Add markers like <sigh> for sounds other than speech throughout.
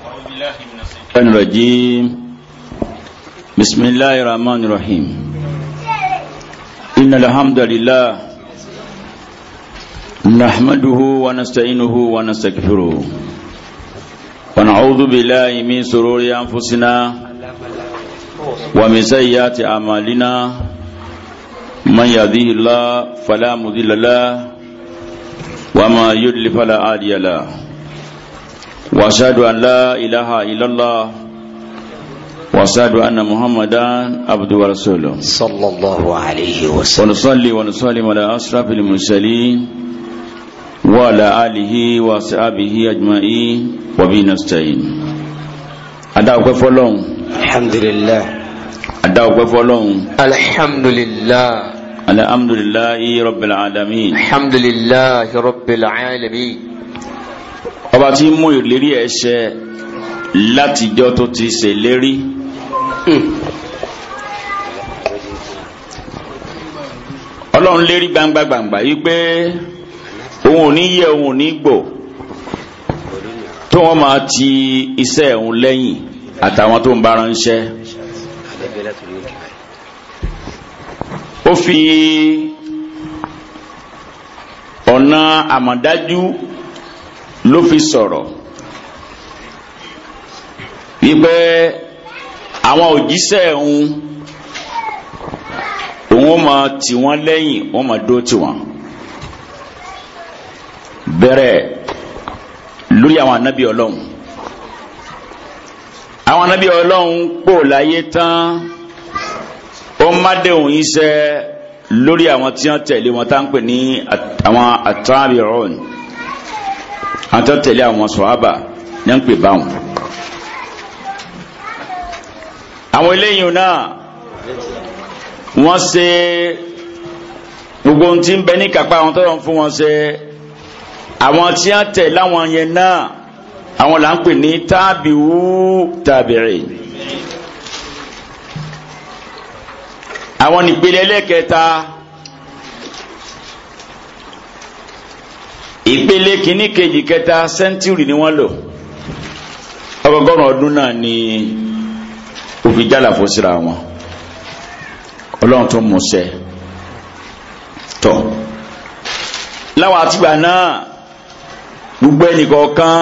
أعوذ بالله من الشيطان الرجيم بسم الله الرحمن الرحيم إن الحمد لله نحمده ونستعينه ونستغفره ونعوذ بالله من سرور أنفسنا ومن سيئات أعمالنا من يهده الله فلا مضل له وما يضلل فلا هادي له واشهد ان لا اله الا الله واشهد ان محمدا عبده ورسوله صلى الله عليه وسلم ونصلي ونسلم على اشرف المرسلين وعلى اله وصحبه اجمعين وبه نستعين adáwọ̀pẹ́ fọ́lọ́hun الحمد لله. الحمد لله رب العالمين. الحمد لله رب العالمين ọba tí ń mú ìlérí ẹ̀ ṣẹ látijọ́ tó ti ṣèlérí. Hmm. ọlọ́run lérí gbangba gbangba yìí pé òun ò ní yẹ òun ò ní gbò tó wọ́n máa ti iṣẹ́ òun lẹ́yìn àtàwọn tó ń bá ránṣẹ́. ó fi ọ̀nà àmọ̀dájú ló fi sọ̀rọ̀ wípé àwọn òjíṣẹ́ òun òun ó máa tì wọ́n lẹ́yìn wọ́n máa dó tì wọ́n bẹ̀rẹ̀ lórí àwọn anábì ọlọ́run àwọn anábì ọlọ́run pò láyé tán ó má déhùn yín sẹ́ lórí àwọn tí wọ́n tẹ̀lé wọn tá ń pè ní àwọn àtàbí ọ̀hún àtọ́tẹ̀lé àwọn sọ̀hábà ní ń pè báwọn. àwọn eléyìí náà wọ́n ṣe gbogbo ohun tí ń bẹ ní kápá àwọn tọ́lọ̀ ń fún wọn ṣe àwọn tí wọ́n tẹ̀ láwọn yẹn náà àwọn là ń pè ní tábìwú tábìrì. àwọn nìpele ẹlẹ́kẹta. ìpele kìíní kejì kẹta sẹ́ńtúrì ni wọ́n lò ọgọgọ́rùn ọdún náà ni òfin jálàfó síra wọn ọlọ́run tó mú sẹ́ tọ̀ láwọn àtìgbà náà gbogbo ẹnìkọ̀ọ̀kan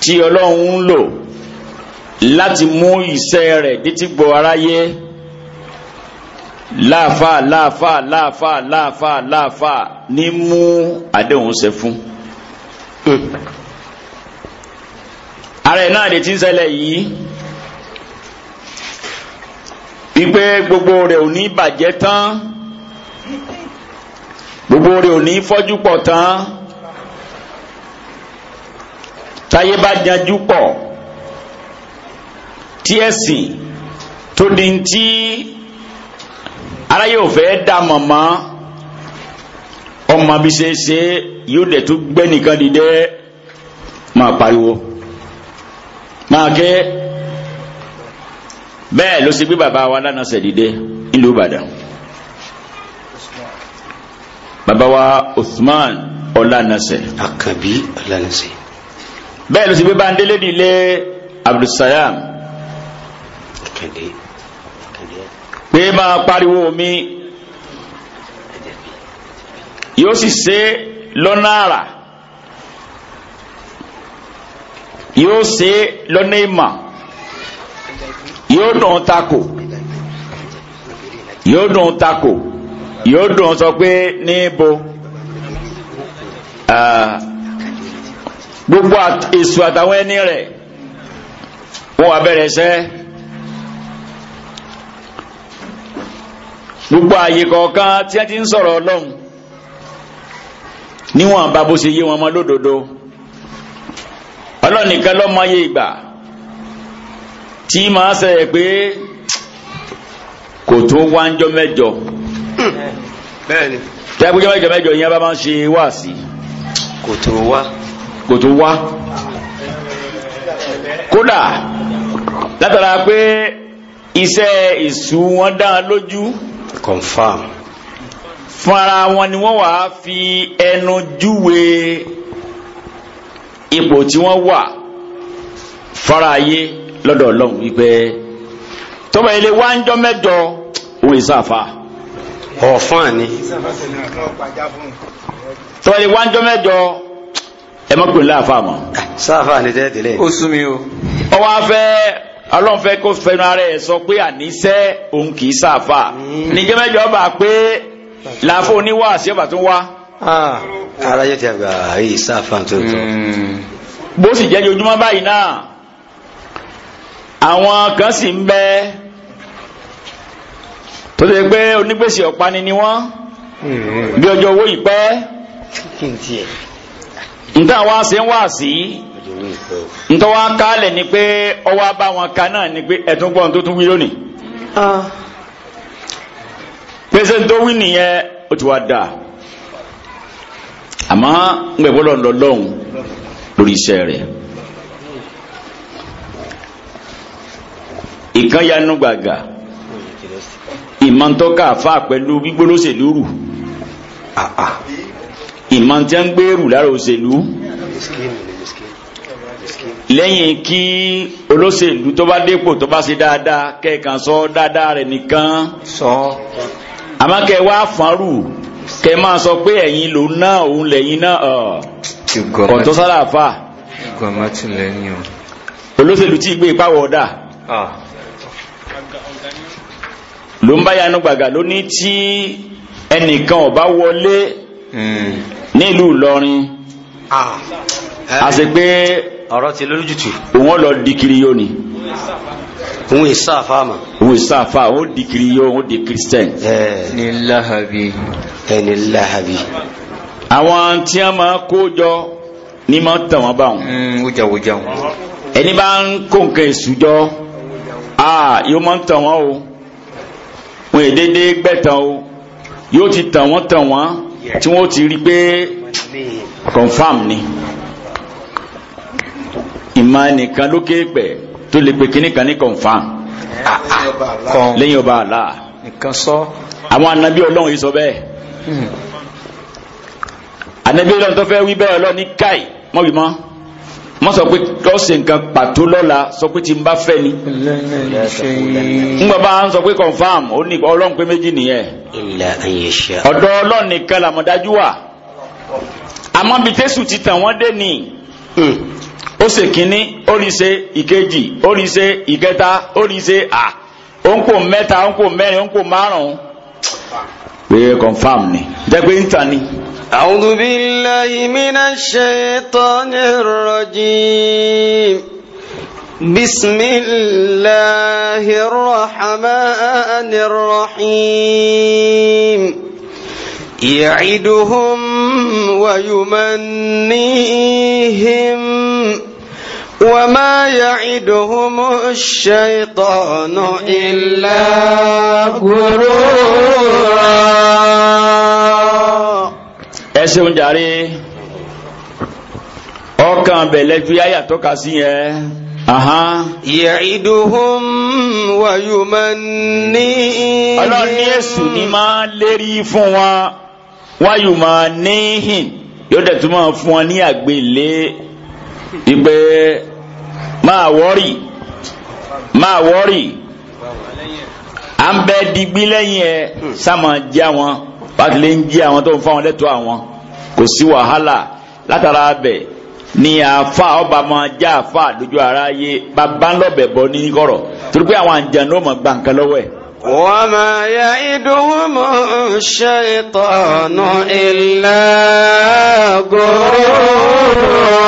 tí ọlọ́run ń lò láti mú iṣẹ́ rẹ̀ dé tí aráyé láàfà láàfà láàfà láàfà láàfà ní mú àdéhùn ṣe fún. Hmm. ara ẹ̀ náà lè ti ń ṣẹlẹ̀ yìí wípé gbogbo rẹ̀ ò ní bàjẹ́ tán gbogbo rẹ̀ ò ní fọ́jú pọ̀ tán táyé bá yanjú pọ̀ tí ẹ̀sìn tó di ń tí ara yóò fẹ́ dà mọ̀mọ́ ọmọ bí ṣe ṣe yóò dẹ̀ tún gbé nìkan dìde máa pariwo máa ké bẹ́ẹ̀ ló ṣe gbé bàbá wa lánàá ṣẹ̀ dìde nílùú Ìbàdàn bàbá wa Usman ọlànàṣẹ. àkàbí ọlànàṣẹ. bẹ́ẹ̀ ló ṣe gbé bá ń délé dìde Abdulsalam pé máa pariwo mi yóò sì ṣe lọ́nà àrà yóò ṣe lọ́nà ìmọ̀ yóò dùn takò yóò dùn takò yóò dùn sọ pé níbo gbogbo èso àtàwọn ẹni rẹ̀ wọ́n wà bẹ̀rẹ̀ sẹ́ẹ́. gbogbo ààyè kọ̀ọ̀kan tí wọ́n ti ń sọ̀rọ̀ ọlọ́run níwọ̀n bá bó ṣe yé wọn mọ́ lódodo ọlọ́run nìkan lọ́mọ ayé ìgbà tí màá sẹ̀yẹ̀ pé kò tó wáńjọ mẹ́jọ tẹ́gbẹ́jọ́ mẹ́jọ mẹ́jọ yẹn bá máa ń ṣe wá sí kò tó wá kò tó wá kódà látara pé iṣẹ́ ìṣù wọn dá lójú. Confirm. fúnra wọn ni wọ́n wàá fi ẹnu júwe ipò tí wọ́n wà fara ayé lọ́dọ̀ ọlọ́run wípé tọ́ba ilé wa ń jọ mẹ́jọ òun ìsáfà. ọ̀fọ́n ni. tọ́ba ilé wa ń jọ mẹ́jọ ẹ mọ̀ pé láàfà mọ̀. sáfà ni tẹ́lẹ̀ tẹ́lẹ̀. ó sún mi o. ọwọ́ afẹ́ ọlọ́run fẹ́ kó fẹnu ara ẹ̀ sọ pé àníṣẹ́ òun kì í sàfà mm. níjẹ́ mẹ́jọ ọba pé làáfó oníwà àṣẹ ọba tó wá. Ah, ara yóò ti àgbà yìí sàfà tó tọ. Mm. bó sì jẹ́ ojoojúmọ́ báyìí náà àwọn kan sì ń bẹ tó ṣe pé onígbèsè ọ̀pani ni wọ́n mm. bí ọjọ́ owó yìí pẹ́ nta wa se wa si ntọ́ wa kálẹ̀ ni pé ọwọ́ bá wọn kan náà ni pé ẹ̀tún gbọ́n tó tún wí lónìí. Ah. pèsè tó wí nìyẹn ó ti wá dà àmọ́ ń gbẹ̀ bọ́lọ̀ lọ lọ́hùn lórí iṣẹ́ rẹ̀. ìkànyanu gbàgà ìmọ̀ntọ́ka àfa pẹ̀lú gbígbólóṣèlú rù ah, ah. ìmọ̀ntẹ́ ń gbèrú lára òṣèlú lẹ́yìn kí olóṣèlú tó bá dépò tó bá ṣe dáadáa kẹ́ẹ̀kan sọ dáadáa rẹ̀ nìkan sọ àmọ́ kẹ́ wá fọ́nrù kẹ́ máa sọ pé ẹ̀yin lòun náà òun lẹ́yìn náà ọ̀tọ́ sára fà olóṣèlú tí gbé ipá wọ̀ọ́dà ah. ló ń bá yanu gbàgà lóní tí ẹnìkan ò wọlé hmm. nílùú Ìlọrin àti ah ọ̀rọ̀ ti lójútù òun lọ dìkiri yóò ni òun ìsáàfà mà òun ìsáàfà ó dìkiri yóò ó di christian ẹni láhàbí ẹni láhàbí àwọn tí a máa kó jọ ní máa tàn wọ́n bá wọn mm, ẹni bá ń kó nǹkan èṣù jọ yóò máa tàn wọ́n o wọn è dédé gbẹ̀tàn o yóò ti tàn wọ́n tàn wọ́n tí wọ́n ti rí pé confam ni ìmọ̀ nìkan lókè pẹ̀ tó lè pe kíní kan ní kọ̀ǹfàm lẹ́yìn ọba àlá àwọn anabi ọlọ́run yìí sọ bẹ́ẹ̀ anabi hmm. ọlọ́run tó fẹ́ wí bẹ́ẹ̀ ọlọ́run ní káì mọ́ wí mọ́ mọ́ sọ pé ọ̀sẹ̀ nǹkan pàtó lọ́la sọ pé tí n bá fẹ́ ni ngbà bá ń sọ pé kọ̀ǹfàm ó ní ọlọ́run pé méjì nìyẹn ọ̀dọ̀ ọlọ́run nìkan làmọ̀dájú wà àmọ́ bí tẹ́sù ti tàn wọ́n dé ni. Hmm ó ṣe kínní ó rí ṣe ìkejì ó rí ṣe ìkẹta ó rí ṣe à ó ń kó mẹ́ta ó ń kó mẹ́rin ó ń kó márùn-ún pé confam ni jẹ́ pé ń tàn ni. أعوذ بالله من الشيطان الرجيم بسم الله الرحمن الرحيم يعدهم ويمنيهم وما يعدهم الشيطان إلا غرورا ẹ ṣeun jàre ọkàn bẹ̀lẹ̀ ju yáyà tọ́ka sí yẹn. Yẹ̀iduhum wa yumannihim. Ọlọ́run ní èṣù ni máa lérí fún wa wáyù máa níhìn yóò dẹ̀ tún máa fún wọn ní àgbélé ìpè máa wọ́rì máa wọ́rì à ń bẹ digbí lẹ́yìn ẹ sáma jẹ́ àwọn pàtìlẹ́ ń jẹ́ àwọn tó ń fáwọn lẹ́tọ́ àwọn kò sí wàhálà látara abẹ ni àáfà ọba máa já àáfà lójú aráyé bàbá ńlọbẹ bọ ní kọ̀rọ̀ torí pé àwọn àǹjànú ọmọ gbàǹkan lọ́wọ́ ẹ̀. وما يعدهم الشيطان إلا غرورا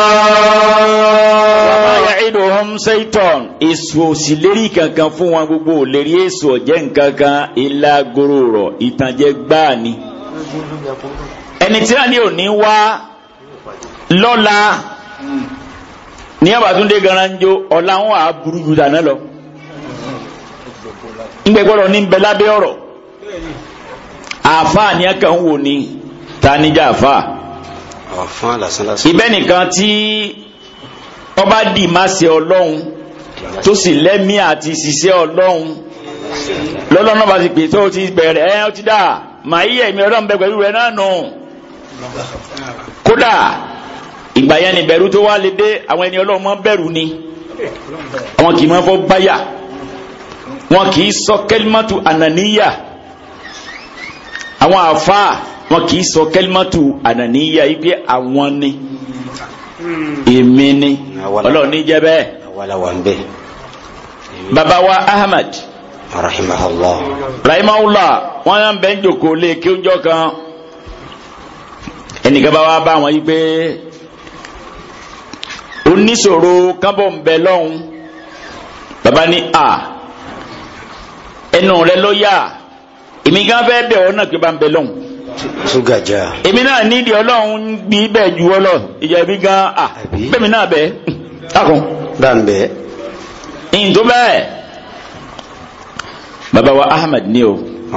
ìdòhom seitan èso òsì lérí kankan fún wọn gbogbo lérí èso ọ̀jẹ́ nkankan ilá goro rọ̀ ìtànjẹ gbáà ni. ẹni tí wọ́n ní òní wá lọ́la ní àbàtúndé garanjo ọ̀la wọn àá burú jù dáná lọ ńgbẹ́gbọ́rọ̀ ní bẹ lábẹ́ ọ̀rọ̀ àfa ni a kàn wò ní tanijá àfa ibẹ̀ nìkan tí ọba dì má ṣe ọlọ́run tó sì lẹ́mí àti ṣiṣẹ́ ọlọ́run lọ́lọ́run bá ti pè tó ti bẹ̀rẹ̀ ẹ́ ó dà màá yí ẹ̀mí ọlọ́run bẹ pẹ̀lú rẹ náà nù kódà ìgbà yẹn ni bẹ̀rù tó wá lè dé àwọn ẹni ọlọ́run mọ́ bẹ̀rù ni àwọn kì í mọ́ fọ́ báyà wọn kì í sọ kẹlímàtù ànàníyà àwọn àfáà wọn kì í sọ kẹlímàtù ànàníyà yìí pé àwọn ni èmi ni ọlọ́run ní jẹ́ baba wa ahmed rahimahullah rahimahullah wọn yà ń bẹ́ ń jòkó lé kí ó jọ kan ẹnìkan bá wa bá wọn yìí pé oníṣòro kábọ̀ ń bẹ lọ́hùn baba ní a. Ah ẹnu rẹ ló yá èmi gan fẹ́ bẹ̀ ọ́ náà pé bá ń bẹ lọ́hùn. sugaja. èmi náà nídìí ọlọ́run ń gbí bẹ́ẹ̀ ju ọlọ ìjà èmi gan à bẹ́ẹ̀ mi náà bẹ́ẹ̀ takùn. bá ń bẹ. ǹjọ́ bẹ́ẹ̀ baba wa Ahmed ni o.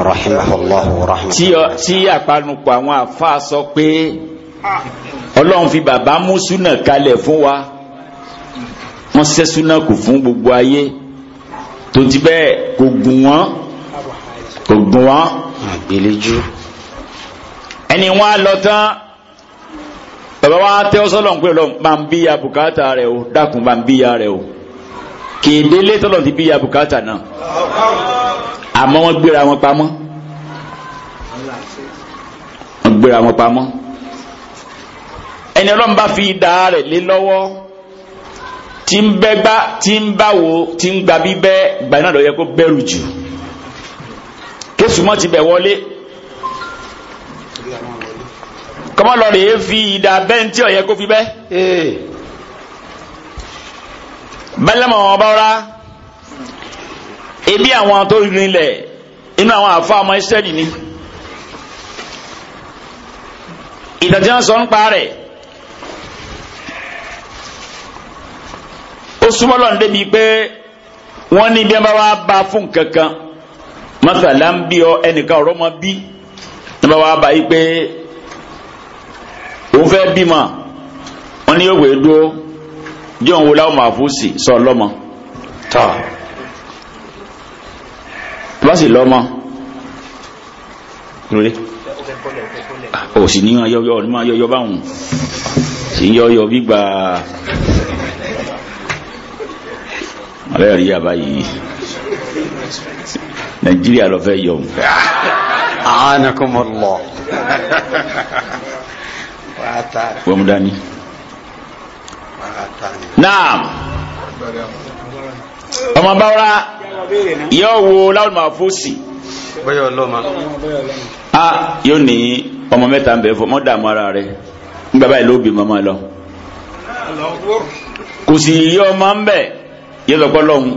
rahimahullahu rahimahullahu. tí àpanupọ̀ àwọn àfa sọ pé ọlọ́run fi bàbá mú súnà kalẹ̀ fún wa wọ́n ṣẹ́ súnà kù fún gbogbo ayé tó ti bẹ́ẹ̀ kò gùn wọ́n kò gùn wọ́n àgbélẹ́jú ẹni wọn á lọ tán bàbá wa tẹ́ ọ sọ́lọ̀ ń pè lọ bá ń bíya bùkátà rẹ̀ o dákun bá ń bíya rẹ̀ o kéde létọ́lọ̀ ti bíya bùkátà náà àmọ́ wọ́n gbéra wọn pamọ́ wọ́n gbéra wọn pamọ́ ẹni ọlọ́run fi dàá rẹ̀ lé lọ́wọ́ tí ń bẹ́ gbá tí ń bá wo tí ń gba bíbẹ́ gbà náà ló yẹ kó bẹ̀rù jù késùmọ́ ti bẹ̀ wọlé kọ́mọ́ lọ rèé fi ìdá bẹ́ẹ̀ tí ó kó fi bẹ́ bẹ́lẹ́mọ̀ wọn bá rá ebi àwọn tó rinlẹ̀ inú àwọn àfa ọmọ Ísírẹ́lì ni ìdájọ́ sọ ń pa súnmọ́ lọ́n débi pé wọ́n ní bí wọ́n bá wá bá fún kankan masala ń bí ọ ẹnìkan ọ̀rọ̀ mọ bí ní bá wá bá yí pé òun fẹ́ bímọ wọ́n ní yóò dúró jẹ́ òun láwọn máa fún sí sọ lọ́mọ bá sì lọ́mọ lórí ah, ò sì ní yọ yọ báwọn sì ń yọ yọ ọlẹ́rí yàbá yìí nàìjíríà lọ fẹ́ yọ àánàkùnmọ̀lọ́ wọ́mùdání náà ọmọ báwọ́rá yóò wo láwọn máa fó sí bọ́yọ̀ ọlọ́mà a yóò ní ọmọ mẹ́ta ń bẹ̀ fọ́ mọ́dàmú ara rẹ̀ ń gbà báyìí ló bí mọ́mọ́ lọ kò sì yí ọmọ ń bẹ̀ yẹ sọ pé lọ́hùn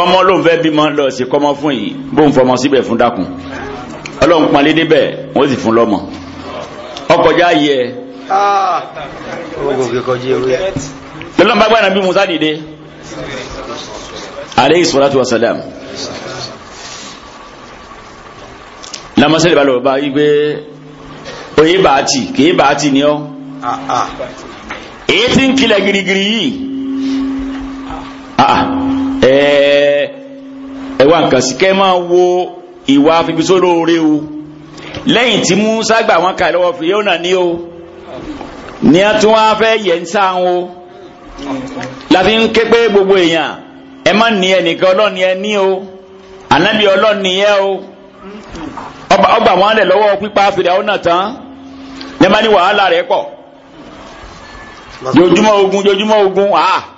ọmọ lóun fẹ́ bímọ lọ sí kọ́mọ fún yìí bóun fọmọ síbẹ̀ fún dákun ọlọ́run panlé débẹ̀ wọ́n sì fún lọ́mọ ọkọjá yẹ. lọ́lọ́mọ bá gbàdúrà bí Musa dìde aleyhi salatu wa salam lamasẹ́lẹ̀ bá lọ́wọ́ bá yí pé oyè bàá tì kéé bàá tì ni ọ́ ah, ah. èyí tí ń kilẹ̀ girigiri yìí. Ah, eh, ẹ wá nǹkan sí kẹ́ máa wo ìwà o lẹ́yìn tí mú sàgbà wọn kà lọ́wọ́ fi yóò nà ní o ní a tún wá fẹ́ yẹ ń o láti ń gbogbo èèyàn ẹ má ní ẹnìkan ọlọ́ni ẹ ní o ànábì ẹ o ọgbà wọn lẹ lọ́wọ́ pípa fèrè àwọn náà tán ní a wàhálà pọ̀ ah.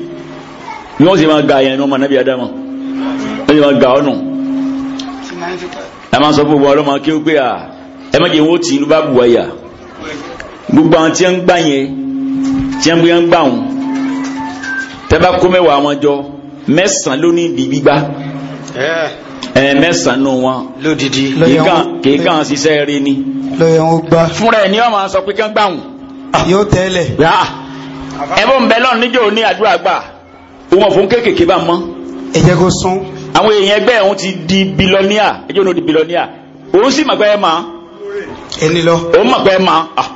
ní wọ́n sì máa ga yẹn ní ọmọ nàbí adama wọ́n sì máa ga ọ̀nà ẹ máa sọ fún gbogbo ọlọ́mọ kí ó pé à ẹ má jẹ́ wọ́n ti ìlú bá bù wáyà gbogbo àwọn tí wọ́n ń gbà yẹn tí wọ́n ń gbà wọn tẹ́ bá kó mẹ́wàá wọn jọ mẹ́sàn-án ló ní ibi gbígbá ẹ mẹ́sàn nù wọn kì í kàn án ṣiṣẹ́ rí ni fúnra ẹ̀ ní ọmọ sọ pé kí wọ́n gbà wọn. yóò tẹ́lẹ̀. ẹ bó ń bẹ lọ́run níjó ní àdúrà gbà wọn fún kéékèèké bá mọ́. ẹ jẹ́ kó sún. àwọn èèyàn ẹgbẹ́ òun ti di bilọ́níà ẹjọ́ òun di bilọ́níà òun sì màgbẹ́ ẹ ma. ẹni lọ. òun màgbẹ́ ẹ ma. Ah.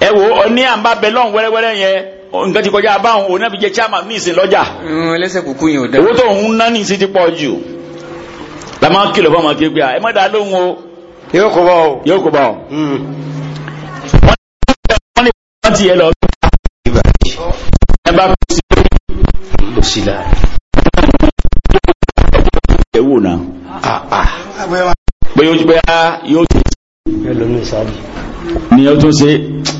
ẹ wo ọní àǹbá bẹ lọ́hùn wẹ́rẹ́wẹ́rẹ́ yẹn nǹkan ti kọjá abáhùn òun náà fi jẹ chairman ní ìsìn lọ́jà. Mm, ẹlẹ́sẹ̀ kúkú yẹn ò dáa. owó tó ń ná ní ìsìn ti pọ̀ jù. la máa ń kìlọ̀ fún ọmọ akéwì à ẹ má dá lóhùn o. yóò kó bá sílá ẹwò náà pé ojú bẹ́yà yóò tún ní ó tún ṣe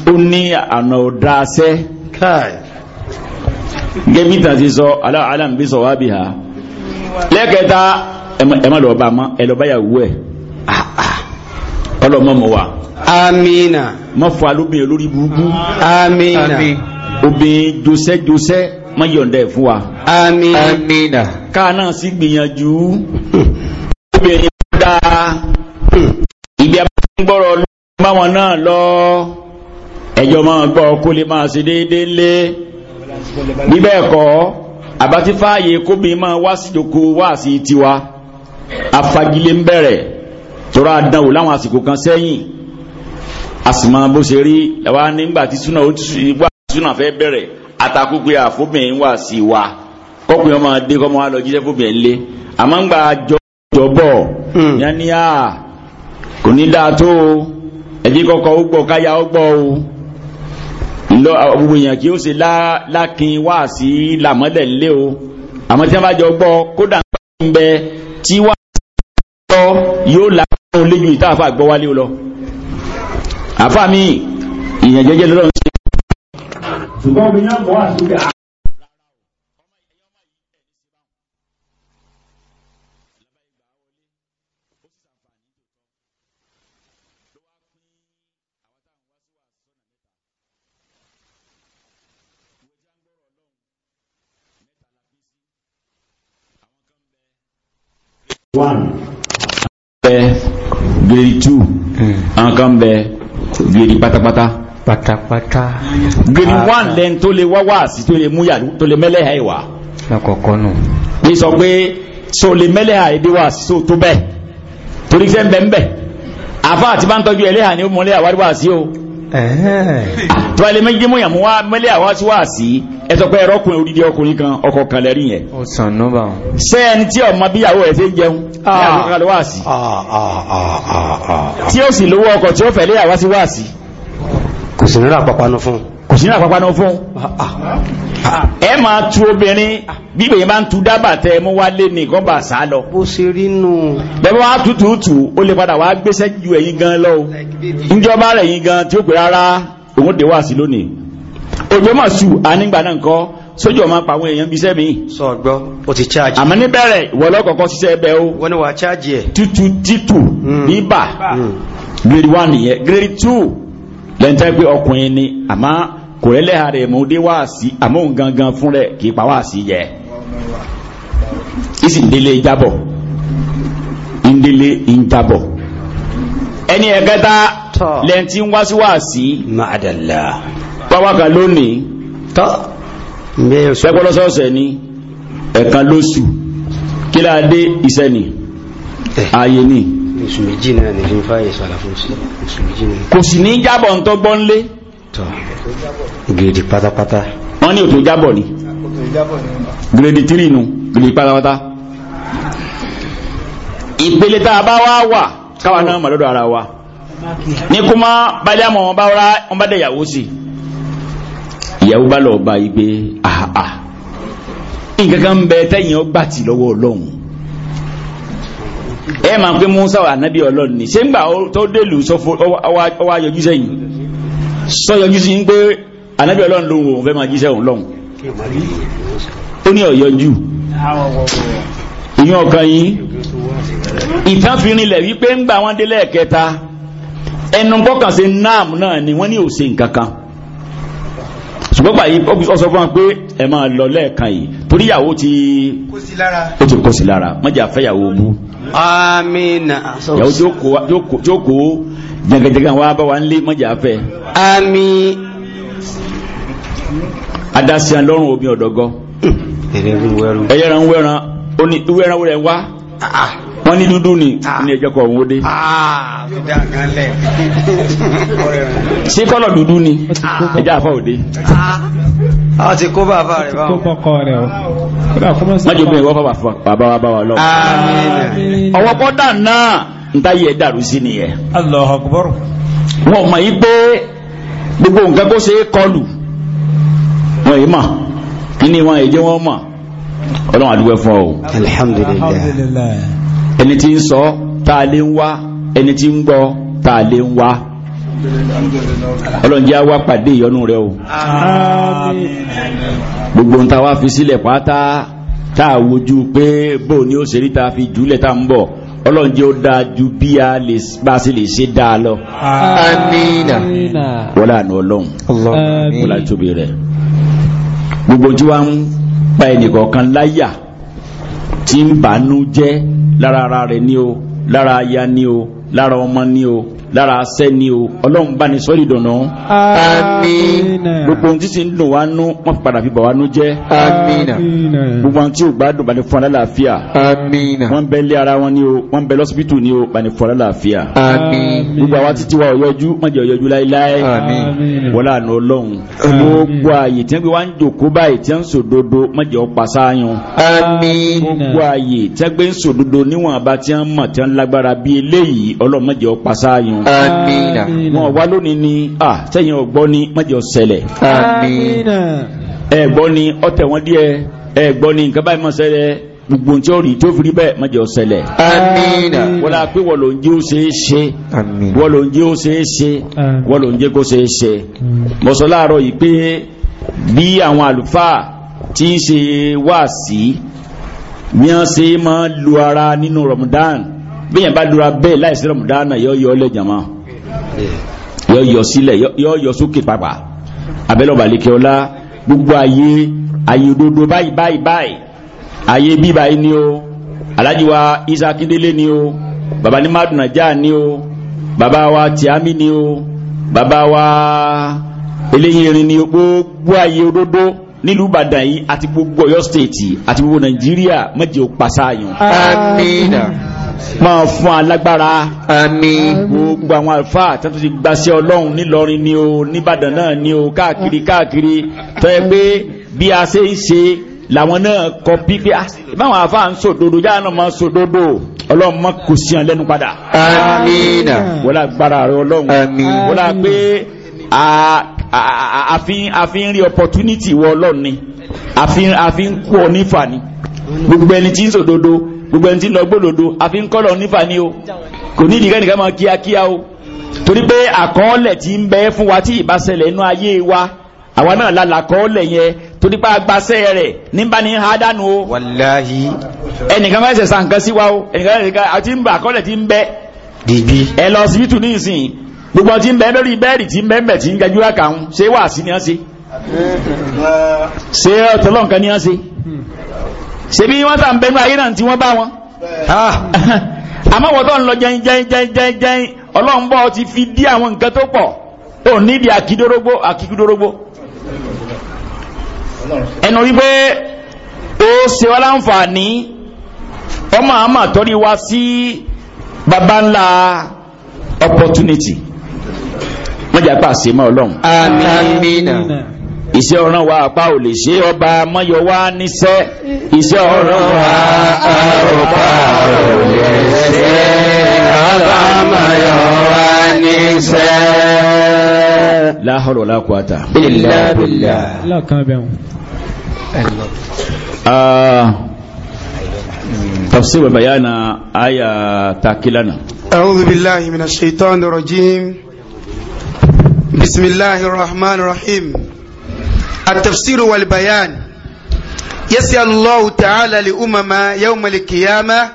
ó ní àna ọ̀dá aṣẹ́ gẹ́bí tàbí sọ aláàbí sọ wábí ha lẹ́kẹta ẹmọ́ lọ bá mọ́ ẹlọ́báyàwó ẹ̀ ah, ah. ọlọ́mọ́ mọ̀ wà amina mọ́ fọ́ alóbìnrin lórí burúkú amina obìnrin josẹ́ josẹ́ má yọ̀ǹda ẹ̀ fún wa. amina. káà náà sì gbìyànjú. obìnrin tó dáa ibi abáńgbọ́rọ̀ ló ń bá wọn náà lọ ẹjọ́ máa gbọ́ kó lè máa ṣe déédéé lé níbẹ̀ ẹ̀kọ́ àbátí fààyè kóbìn máa wá sí ìjókòó wá sí tiwa afagilé ń bẹ̀rẹ̀ tọ́ra àdánwò láwọn àsìkò kan sẹ́yìn àsìmọ́ bó ṣe rí ẹ̀wá nígbà tí súnà ó ti wá súnà fẹ́ bẹ̀rẹ̀ atakugbe àfọbìnrin wà sí wa kọkùnrin ọmọ adé kọmọ wa lọ jíṣẹ́ fọbìnrin lé àmọ́ ń gba àjọ ìjọbọ̀ hmm. yánníyà kò ní dáa tó o ẹ̀jẹ̀ kọkọ ó gbọ́ káyà ó gbọ́ o lọ gbogbo èèyàn kí ó ṣe lákin wá sí làmọ́lẹ̀ lé o àmọ́ tí wọ́n bá jọ gbọ́ kódà ń bẹ tí wà lọ yóò lákùn lójú ìta àfa àgbọ́ wálé o lọ àfa mi ìyàn jẹjẹ lọ́dọ̀ ń ṣùgbọ́n obìnrin náà mọ́ àṣírí one bẹ grade two hmm. àwọn kan bẹ grade pátápátá pátápátá. grade one lẹ́ni tó lè wá wáàsí tó lè múyà tó lè mẹ́lẹ́hà ìwà. lákọ̀ọ́kọ́ nù. bí sọ pé so lè mẹ́lẹ́hà èdè wáàsí so tó bẹ́ẹ̀ torí sẹ́ ń bẹ́ ń bẹ́ àfa àti bá ń tọ́jú ẹlẹ́hà ni ó mọ̀lẹ́ àwárí wáàsí o. tó a lè méjì mú yàn mú wá mẹ́lẹ́ àwáṣí wáàsí ẹ sọ pé ẹ̀rọ ọkùnrin odidi ọkùnrin kan ọkọ̀ kan lẹ́rìn yẹn. ó sàn ní bá wọn. sẹ́ẹ̀ni tí ọmọ bíyàwó ẹ̀ kò sí rírà pàpánú fún kò sí rírà pàpánú fún ah, ah. Ah, ẹ máa tu obìnrin bí ìbèyàn bá ń tu dábà tẹ mú wá lé ní nǹkan bá sá lọ. bó ṣe rí nù. bẹ́ẹ̀ bá wá tutù tù ó lè padà wá gbéṣẹ́ ju ẹ̀yin gan lọ o njọba rẹ̀ yín gan tí ó pè rárá òun dé wá sí lónìí òjò máa sù ànígbà náà nǹkan sójú ọmọ pa àwọn èèyàn bí iṣẹ́ mi. sọ gbọ́ o ti chaajì. àmọ́ níbẹ̀rẹ̀ ìwọ lọ́kọ̀ọ́kọ́ ṣiṣẹ́ ẹbẹ̀ o. wọ́n ní wàá chaajì ẹ̀. tutu titu ibà grade one nìyẹn grade two lẹ́ntẹ́ pé ọkùnrin ni àmọ́ kò lẹ́lẹ́ ààrẹ mú dé wáàsí àmọ́ òun gangan fún rẹ̀ kì í pa wáàsí yẹ ìsì ndélé jábọ̀ ndélé ìjábọ̀ ẹni ẹ̀kẹta lẹ́ntí ń wá sí wáàsí ma'adala lónìí tọ́ ni ẹ̀kan eh. ayé ni. oṣù méjì náà ní fi ń fàyè sọ́la fún oṣù méjì náà kò sì ní jábọ̀ ń tọ́gbọ́n lé tọ́ gírèdì pátápátá wọ́n ní òtò jábọ̀ ni gírèdì tírì nu gírèdì pátápátá ìpele tá a bá wá wà káwa náà mọ̀ ara wa ní kó má balẹ̀ àmọ́ wọn bá rá wọn bá dẹ̀ ìyàwó sí ìyàwó bá lọ bá igbe àhàhà nǹkan kan bẹ tẹ́yìn ọgbà tì lọ́wọ́ ọlọ́run ẹ máa pé Musa wà nábì Ọlọ́run ni ṣé ń gbà tó délù ọwọ́ ayọjú sẹ́yìn sọ yọjú sí ń pé ànábì Ọlọ́run ló ń wò fẹ́ máa jíṣẹ́ òun lọ́hùn ó ní ọ̀yọjú ìyún ọkàn yìí ìtàn fi rinlẹ̀ wípé ń gbà wọ́n délẹ̀ kẹta ẹnu kọkàn nam náà ni wọ́n ní òsè nǹkan ṣùgbọ́n báyìí ó sọ fún wa pé ẹ máa lọ lẹ́ẹ̀kan yìí torí ìyàwó ti ó ti kó sí lára mọ́jà fẹ́yàwó mú. amina. ìyàwó tí ó kó jẹgẹjẹgẹ wa bá wa ń lé mọ́jà fẹ́. ami. adasi alọ́run omi ọ̀dọ́gọ́. ẹ̀yẹ́ran wẹ́ran wẹ́ran wẹ́ran wá. Ah, ah. wọn ní dúdú ni ah. ní ẹjọ́ kọ̀ òun ó dé. ṣé kọlọ dúdú ni ah. ẹjọ́ àfa òde. Ah. a ti kó bàbá kó o. wọ́n bàbá wa bá wa lọ. ọwọ́ kọ́dà náà ń táyé dàrú sí nìyẹn. Allahu Akbar. wọn ò mọ̀ pé gbogbo nǹkan kó ṣe é kọlù wọn yìí kí ni wọn wọn àdúgbò fún ọ. ẹni tí ń sọ tá a lè ń wá ẹni tí ń gbọ́ tá a lè ń wá ọlọ́run jẹ́ pàdé ìyọnu rẹ o gbogbo ń ta wá fi sílẹ̀ pátá tá wojú pé bó ni ó ṣe ta fi jùlẹ̀ tá a ń bọ̀ ọlọ́run jẹ́ ó dáa ju bí a lè bá sí lè ṣe dáa lọ amina àná ọlọ́run wọ́lá tóbi rẹ̀ gbogbo tí wọ́n ń pa ẹnìkọ̀ọ̀kan láyà tí ń bànú jẹ́ lára ara rẹ̀ ni o lára aya ni o lára ọmọ ni o lára asẹ́ ni o ọlọ́run bá ní sọ́ọ́lì dọ̀nà. àmín. gbogbo ohun tí sì ń dùn wá nú wọn padà fi bà wá nú jẹ́. àmín. gbogbo àwọn tí ò gbádùn bá ní fún alálàáfíà. àmín. wọ́n bẹ lé ara wọn ni o wọ́n bẹ lọ́sibítù ni o bá ní fún alálàáfíà. àmín. gbogbo àwa títí wa ọ̀yọ́jú wọ́n jẹ́ ọ̀yọ́jú láéláé. àmín. wọ́lá àná ọlọ́run. gbogbo ààyè tí wọ́n gbé wá ń jòkó báyìí tí wọ́n ń sòdodo wọ́n jẹ́ ọ̀pá sáyún. àmín. gbogbo àmìnà wọn wá lónìí ni à sẹ́yìn ọgbọ́n ni májọ ṣẹlẹ̀ àmìnà ẹ̀gbọ́n ni ọ̀tẹ̀ wọn díẹ̀ ẹ̀gbọ́n ni nǹkan báyìí mọ̀ ṣẹlẹ̀ gbogbo tí ó rí tí ó fi rí bẹ́ẹ̀ májọ ṣẹlẹ̀ àmìnà wọ́n la pé wọ́n ló ń jẹ́ ó ṣeé ṣe wọ́n ló ó ṣeé ṣe wọ́n ló kó ṣeé ṣe mọ̀sọ́ yìí pé bí àwọn àlùfáà tí ń ṣe wáàsí bí wọ́n ṣe máa lu ara nínú Ramadan bẹ́yàn bá dúra bẹ́ẹ̀ láìsí rọ̀mùdánà yọ yọ lẹ̀ jàmá yọ yọ sílẹ̀ yọ yọ sókè pàpà abẹ́lẹ̀ ọba àlekẹ́ ọlá gbogbo ayé ayé òdodo báyìí báyìí báyìí ayé bí báyìí ni o alájí wa Isa Akíndélé ni o baba ní madunaja ni o baba wa Tiami ni o baba wa eléyìnrin ni o gbogbo ayé òdodo nílùú Ìbàdàn yìí àti gbogbo Ọ̀yọ́ stéètì àti gbogbo Nàìjíríà mẹ́jọ pàṣẹ àyàn. amiina. Ah, Ma fún alágbára àmín gbogbo àwọn alfa, tó ti gba sí ọlọ́run nílọrin ni o níbàdàn náà ni o káàkiri káàkiri tó yẹ pé bí a ṣe ń ṣe làwọn náà kọ pípé ah, báwọn àlùfáà ń sòdodo jáà náà máa ń sòdodo ọlọ́run má kò sí hàn lẹ́nu padà àmín wọ́n lá gbára rẹ ọlọ́run àmín wọ́n lá pé àfi ń rí opportunity wọ ọlọ́run ni àfi ń kú ọ nífà ni gbogbo ẹni tí ń sòdodo gbogbo ẹni tí ń lọ gbòdòdó àfi ń kọ́lọ̀ nífà ni o kò ní ìdíkẹ́ nìkan máa kíákíá o torí pé àkọọ́lẹ̀ tí ń bẹ fún wa tí ìbáṣẹlẹ̀ inú ayé wa àwa náà la làkọọ́lẹ̀ yẹn torí pé agbáṣẹ́ rẹ̀ nígbà ní ha dànù o. wàláhi. ẹnìkan máa ń ṣẹ̀ṣà nǹkan sí wa o ẹnìkan àti àkọọ́lẹ̀ tí ń bẹ. dìbí. ẹ lọ síbítù ní ìsìn gbogbo tí ń bẹ lórí bẹ́ẹ̀rì tí ń bẹ mẹ tí ń gajú àkàún ṣé wàásì ni wọn ṣe. ṣé ọtọlọ́nkan ni wọn ṣe. ṣe bí wọ́n tàn bẹnu ayé náà tí wọ́n bá wọn <laughs> àmọ́ tó ń lọ jẹun ti fi dí àwọn nǹkan tó pọ̀ ó nídi àkídórógbó àkíkúdórógbó ẹnu wípé ó ṣe wá láǹfààní ọmọ àmà torí wá baba ńlá opportunity wọ́n jà pa àṣemọ́ ọlọ́run. iṣẹ́ ọ̀ràn wa àpá ò lè ṣe ọba mọ́yọ wá níṣẹ́ iṣẹ́ ọ̀ràn wa àpá ò lè ṣe ọba mọ́yọ wá níṣẹ́. la hawla wala quwata. illa billah. lákàn bẹ̀rù. تفسير بيان آية تاكلنا أعوذ بالله من الشيطان الرجيم بسم الله الرحمن الرحيم التفسير والبيان يسأل الله تعالى لأمم يوم القيامة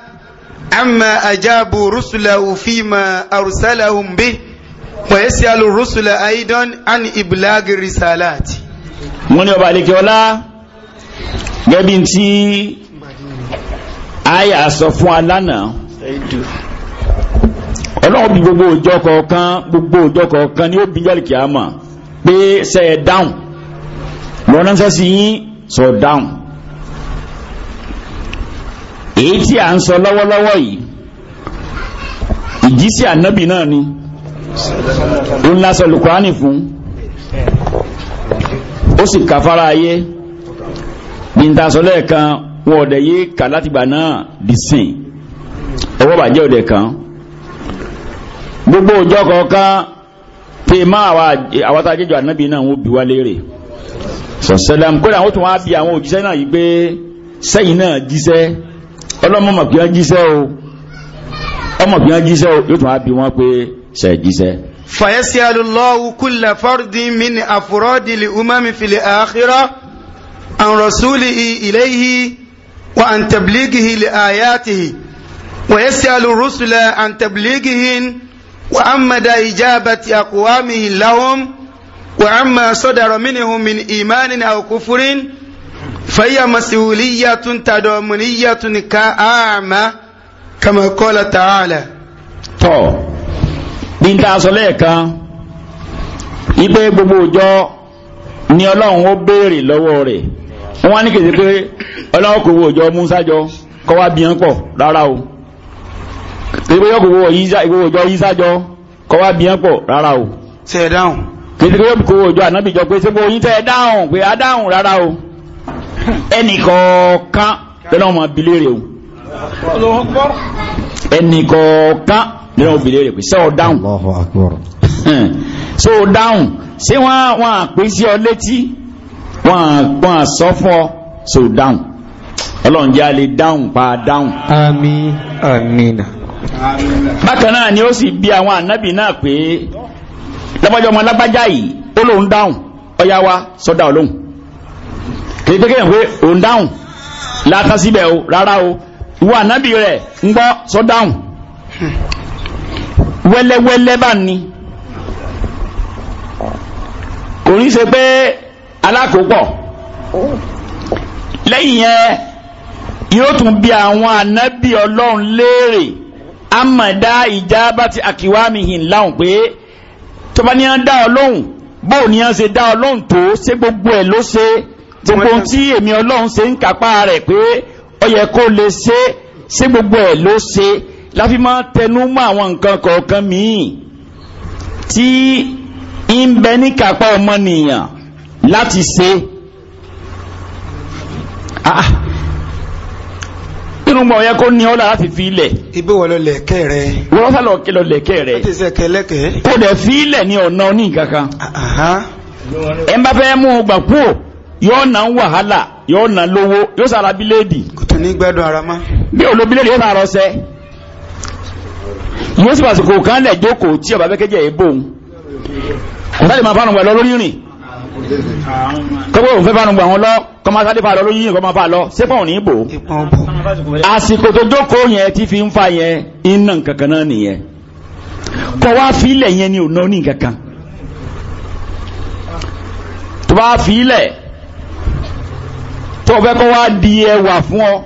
عما أجابوا رسله فيما أرسلهم به ويسأل الرسل أيضا عن إبلاغ الرسالات من يبقى لك ولا gẹ́bíntí àyà sọ fún alánà ọlọ́run bí gbogbo òjò kọ̀ọ̀kan gbogbo òjò kọ̀ọ̀kan ni ó bí jálìkì àmà pé sẹ́ẹ̀ dáhùn ọ̀rọ̀ ránṣẹ́ sí yín sọ dáhùn èyí tí a ń sọ lọ́wọ́lọ́wọ́ yìí ìjísí ànábì náà ni ó ń lásọ lukurani fún ó sì kàfàrà ayé bí n ta sọ lẹ́ẹ̀kan wọn ọ̀dẹ̀ yé kà látìgbà náà di sìn ọwọ́ bàjẹ́ ọ̀dẹ̀ kan gbogbo ọjọ́ kọ̀ọ̀kan pé má àwa àtàjẹjọ ànábì náà wọ́n bí wá léèrè sọ̀sẹ́lám kódà wọ́n tún wá bí àwọn òjíṣẹ́ náà yìí pé sẹ́yìn náà jíṣẹ́ ọlọ́mọ mọ̀ pé wọ́n jíṣẹ́ o ọmọ pé wọ́n jíṣẹ́ o yóò tún wá bí wọ́n pé sẹ́ jíṣẹ́. fàyẹ́sì alùlọ́wù kúlẹ̀ fọ́rọ̀dì mi ni àfúrọ́dì lè umami fìlẹ̀ àkírọ́ àrùnsúlì ìlẹ́yìí wà à tẹ̀blígìhì lè àyàtìhì wàyẹ́sì alùrùsùlẹ̀ à tẹ̀blígìhì wà á mẹ́dà ìjábàtì àkùwámìhì láwọn. وعما صدر منه من إيمان أو كفر فهي مسؤولية تضامنية كعامة كما قال تعالى tọ́ ní tá a sọ lẹ́ẹ̀kan ipe gbogbo òjọ ni wọ́n wá ní pé ọlọ́run kò Musa jọ kọ́ wá bí pọ̀ rárá o kèsì pé yọ jọ kọ́ wá pọ̀ kìtìkì yóò kó òjò ànábì jọ pé sẹ́gbọ́ oyin tẹ́ ẹ dáhùn pé a dáhùn rárá o ẹnìkọ̀ọ̀kan lọ́nà ọmọ abilé rẹ̀ o ẹnìkọ̀ọ̀kan lọ́nà ọmọ abilé rẹ̀ pé sẹ́ ọ dáhùn sẹ́ ọ dáhùn ṣé wọ́n wọ́n àpè sí ọ létí wọ́n wọ́n sọ fún ọ sẹ́ dáhùn ọlọ́run jẹ́ a lè dáhùn pa dáhùn. àmín àmín. bákan náà ni ó sì bí àwọn ànábì náà pé lágbájá ọmọ lágbájá yìí ó lóun dáhùn ọyá wa sọdá ọlóhùn kìí pé kéèyàn pé òun dáhùn látàn síbẹ̀ o rárá o ìwọ ànábì rẹ̀ ń gbọ́ sọdáhùn wẹ́lẹ́wẹ́lẹ́ bá ní kò ní ṣe pé alákòópọ̀ lẹ́yìn yẹn yóò tún bí àwọn ànábì ọlọ́run léèrè amọ̀dá ìjábá ti àkíwámi hìn láhùn pé tó bá ní á dá ọlọ́hun bóò ní á ṣe dá ọlọ́hun tó ṣe gbogbo ẹ̀ ló ṣe gbogbo tí èmi ọlọ́hun ṣe ń kápá rẹ̀ pé ó yẹ kó lè ṣe ṣe gbogbo ẹ̀ ló ṣe láfi máa tẹnu mọ́ àwọn nǹkan kọ̀ọ̀kan míì tí ń bẹ ní kápá ọmọnìyàn láti ṣe. Ah tẹnumọ́ yẹn kó ní ọ́ lára sì fi ilẹ̀. ibi wọ lọ lẹ̀kẹ́ rẹ. wọ́n sá lọ kí lọ lẹ̀kẹ́ rẹ. ó ti sẹ́ kẹlẹ́kẹ́. kó dẹ̀ fi ilẹ̀ ní ọ̀nà oní kankan. ẹ bá fẹ́ mú un gbà kúò yóò ná wàhálà yóò ná lówó yóò sára bíléèdì. kò tún ní gbẹ́dùn ara mọ́. bí olo bíléèdì yóò sára ọsẹ. yóò sì pàṣẹ kò kán lẹ̀ jókòó tí ọ̀bá fẹ́ kẹ́jẹ́ yẹn bò ń. kò sáré máa fárùn wẹ̀ lọ lórí rìn tọ́gbọ́ òun fẹ́ bá nùgbà wọn lọ kọmá sáré bá lọ ló yíyìn kọmá bá lọ sépọ̀ ní ìbò àsìkò tó jókòó yẹn tí fi ń fa yẹn iná kankan náà nìyẹn kọ wá fílẹ̀ yẹn ni ò náà ní kankan tó bá fílẹ̀ tó bẹ́ kọ́ wá di ẹwà fún ọ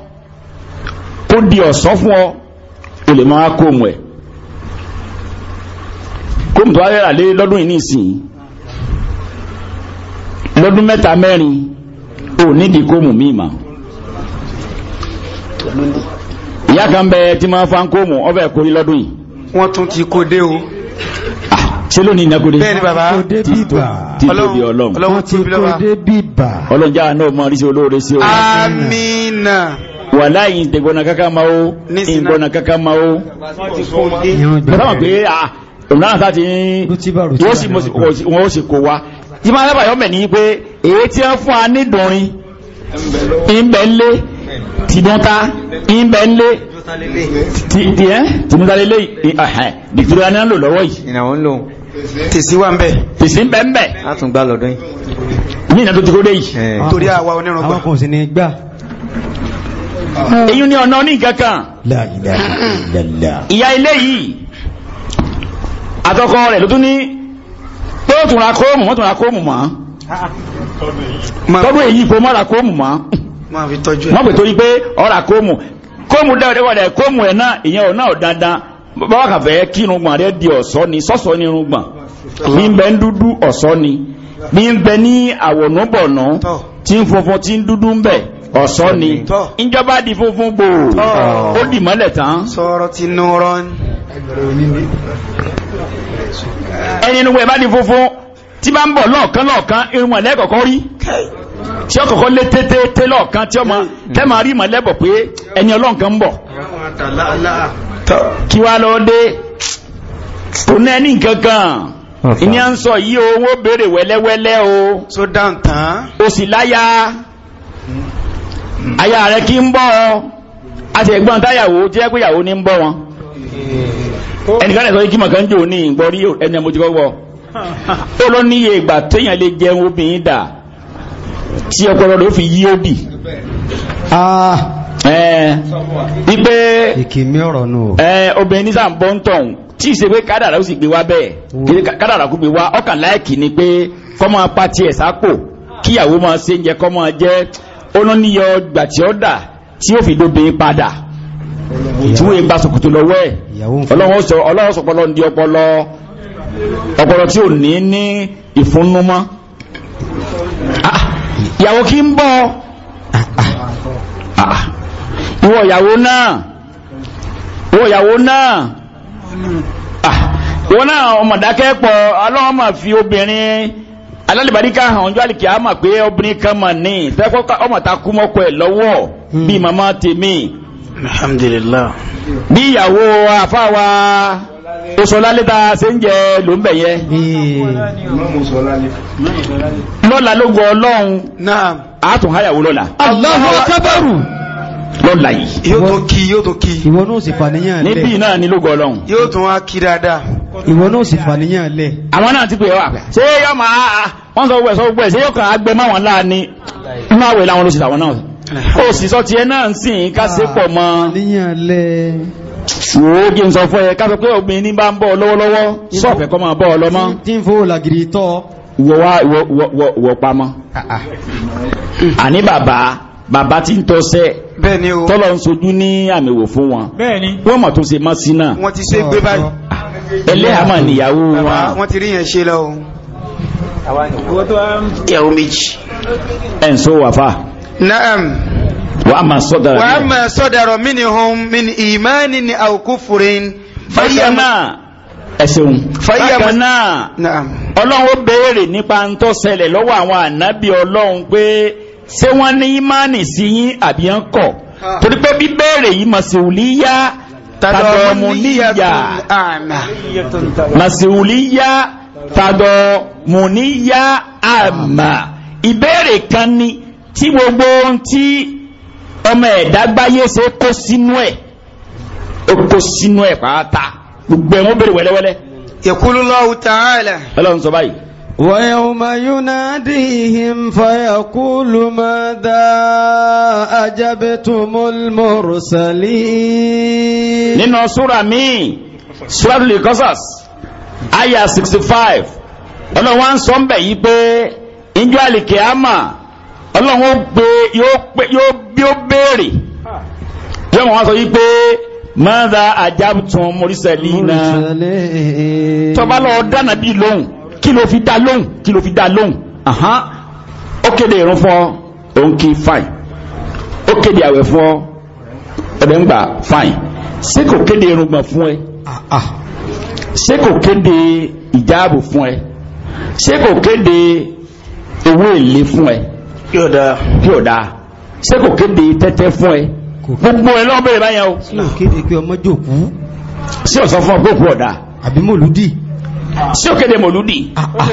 kó di ọ̀sán fún ọ o lè máa kó òun ẹ̀ kó mùtọ́ ayẹ́rà lé lọ́dún yìí nísìnyí lọ́dún mẹ́ta mẹ́rin ò nídìí kóòmù míì mà ìyá kan bẹ tí máa fa kóòmù ọbẹ̀ kórí lọ́dún yìí. wọ́n tún ti kó dé o. Ah, ṣé lónìí iná kó dé. bẹ́ẹ̀ni bàbá kó dé bíbà ti tóbi ọlọ́run ọlọ́run ti kó dé bíbà. ọlọ́run jáà náà mọ oríṣi olóore sí o. amina wàláyé ìgbọ̀nà kankan ma o ìgbọ̀nà kankan ma o bọ́tà wọn pé ọ̀nà àti yóò sì kó wa yìí máa lábàáyọ́ mẹ̀ ní pé èyí tí wọ́n fún wa nídùnrin ìbẹ̀lé tìdúntà ìbẹ̀lé tìmútalélé dìkìtìrì wa ní lò lọ́wọ́ yìí. ìnáwó ń lò tèsí wa ń bẹ. tèsí ń bẹ ń bẹ. a tún gbá lọ́dún yìí. ní ìnáwó tó dé yìí. torí àwa onírun gbà. àwọn kò sì ní gbà. èyí ni ọ̀nà ní kankan. ìyá ilé yìí àtọkọ rẹ̀ ló tún ní pé ó tún ra kóòmù wọ́n tún ra kóòmù mọ́ tọ́dún èyí kó mọ́ra kóòmù mọ́ wọ́n pè torí pé ọ̀ra kóòmù kóòmù dẹ́wọ̀dẹ́wọ̀dẹ́ kóòmù ẹ̀ náà ìyẹn ò náà dandan rẹ ni ni bẹ ń dúdú ọsọ ni bẹ ní tí ń ẹni inú wẹ̀ bá di funfun tí bá ń bọ̀ lọ́ọ̀kan lọ́ọ̀kan irun mọ̀lẹ́ kọ̀kọ́ rí tí ó kọ̀kọ́ lé tétété lọ́ọ̀kan tí ó mọ tẹ́ máa rí mọ̀lẹ́ bọ̀ pé ẹni ọlọ́ọ̀kan ń bọ̀ kí wá lọ dé tó ní ẹni kankan ìní à ń sọ yìí o wọ́n béèrè wẹ́lẹ́wẹ́lẹ́ o so downtown o sì láyà aya rẹ kí ń bọ̀ ọ àti ẹ̀gbọ́n táyàwó jẹ́ pé ìyàwó ní ń bọ̀ wọn ẹnìkan lè sọ kí màkà ń jò ní ìgbọ́ rí ẹni àmójú kọ́kọ́ ó lọ ní iye ìgbà téèyàn lè jẹun obìnrin dà tí ọpọlọ rẹ̀ ó fi yí ó dì ipe ah. ìkìmí ọ̀rọ̀ nù obìnrin ní sàn bọ́ńtọ̀n tí ì ṣe pé kádàrà ó sì gbé wá bẹ́ẹ̀ kádàrà kó gbé wá ọkàn láìkì ni pé kọ́mọ apá tiẹ̀ sápò kíyàwó máa ṣe ń jẹ kọ́mọ jẹ́ ó lọ níyọ gbà tí ó dà tí ó fi dóbe padà. tí wọ́n bá ẹ̀ ọlọ́wọ́ sọpọlọ ń ọpọlọ ọpọlọ tí o ní ní ìfúnnúmọ́ ah, ah, ìyàwó kí ah, náà náà náà ọmọ dákẹ́ pọ̀ máa fi obìnrin alálìbáríkà hàn ọjọ́ àlìkí pé obìnrin kan ní ọmọ ta kú mọ́kọ ẹ̀ lọ́wọ́ hmm. màmá tèmi alhamdulillah bí ìyàwó àfáwa òṣòlálẹ́ta ṣe ń jẹ ló ń bẹ̀yẹ lọ́la ló gọ ọlọ́run àátùnháyàwó lọ́la Allahu akbaru lọ́la yìí yóò tó kí yóò tó kí ìwọ náà sì fàníyàn lẹ́ níbí náà ni ló gọ ọlọ́run yóò tún wá kí dáadáa ìwọ náà sì fàníyàn lẹ́ àwọn náà ti pè wá ṣé yọ máa wọ́n sọ gbẹ̀ sọ gbẹ̀ yóò kàn á gbẹ máwọn máa wẹ̀ láwọn ló sì tàwọn náà ó sì sọ tiẹ̀ náà ń sìn ká ṣe pọ̀ mọ́ ah, wo kí n sọ fún ẹ ká sọ pé obìnrin ní bá ń bọ́ ọ lọ́wọ́lọ́wọ́ sọ́ọ̀fẹ́ kọ́ máa bọ́ ọ lọ́mọ́ tí ń fò làgìrì tọ́ wọ wá wọ pamọ́ ah, ah. àní bàbá bàbá tí ń tọ́sẹ̀ tọ́lọ̀ ń sojú ní àmì wò fún wọn wọ́n mọ̀ tó ṣe mọ́ sí náà wọ́n ti ṣe gbé báyìí ẹlẹ́hàmọ̀ nìyàwó wọn wọ́n ti rí yẹn ṣe lọ ẹ̀hún méjì ẹ̀ ń sọ wàfà na'am wàmà sọdara wàmà sọdara minihum min imanin aw kufrin. fayama ẹsẹ̀hún. fayama náà ọlọ́run ó béèrè nípa ń tó ṣẹlẹ̀ lọ́wọ́ àwọn ànábì ọlọ́run pé ṣé wọ́n ní ìmánì sí yín àbí ń kọ̀ torí pé bíbéèrè yìí màsíwùlíyà tàdọ̀mùníyà màsíwùlíyà tàdọ̀mùníyà àmà ìbéèrè kan ni tí gbogbo ohun tí ọmọ ẹ̀dá gbáyé ṣe kó sínú ẹ̀ ó kó sínú ẹ̀ pàápàá gbogbo ẹ̀ wọ́n bèrè wẹ́lẹ́wẹ́lẹ́. Yakulullahu ta'ala. ọlọ́run sọ báyìí. ويوم يناديهم فيقول ماذا أجبتم المرسلين nínú súra míì Suratul Qasas àyà 65 ọlọ́run wá ń sọ ń bẹ̀ yí pé ọlọ́run ó gbé yóò béèrè yóò mọ̀ wá sọ wípé mọ́dà àjábùtún mọ́rísẹ̀lìnà tọ́ba lọ dáná bí lóhùn kí ló fi dá lóhùn kí ló fi dá lóhùn ó kéde ìrún fún ọ òun kì í fine ó kéde àwẹ̀ fún ọ ẹ̀rẹ̀ ń gbà fine ṣé kò kéde irùngbọ̀n fún ẹ ah, ah. ṣé kò kéde ìjáàbù fún ẹ ṣé kò kéde owó èlé fún ẹ da, ṣé kò kéde tẹ́tẹ́ fún ẹ gbogbo ẹ lọ́wọ́ bẹ̀rẹ̀ báyẹn o. ṣé o kéde pé ọmọ jòkú. ṣé o sọ fún ọ pé òkú ọ̀dà. àbí mòlúdì. ṣé o kéde mòlúdì. Ah, ah.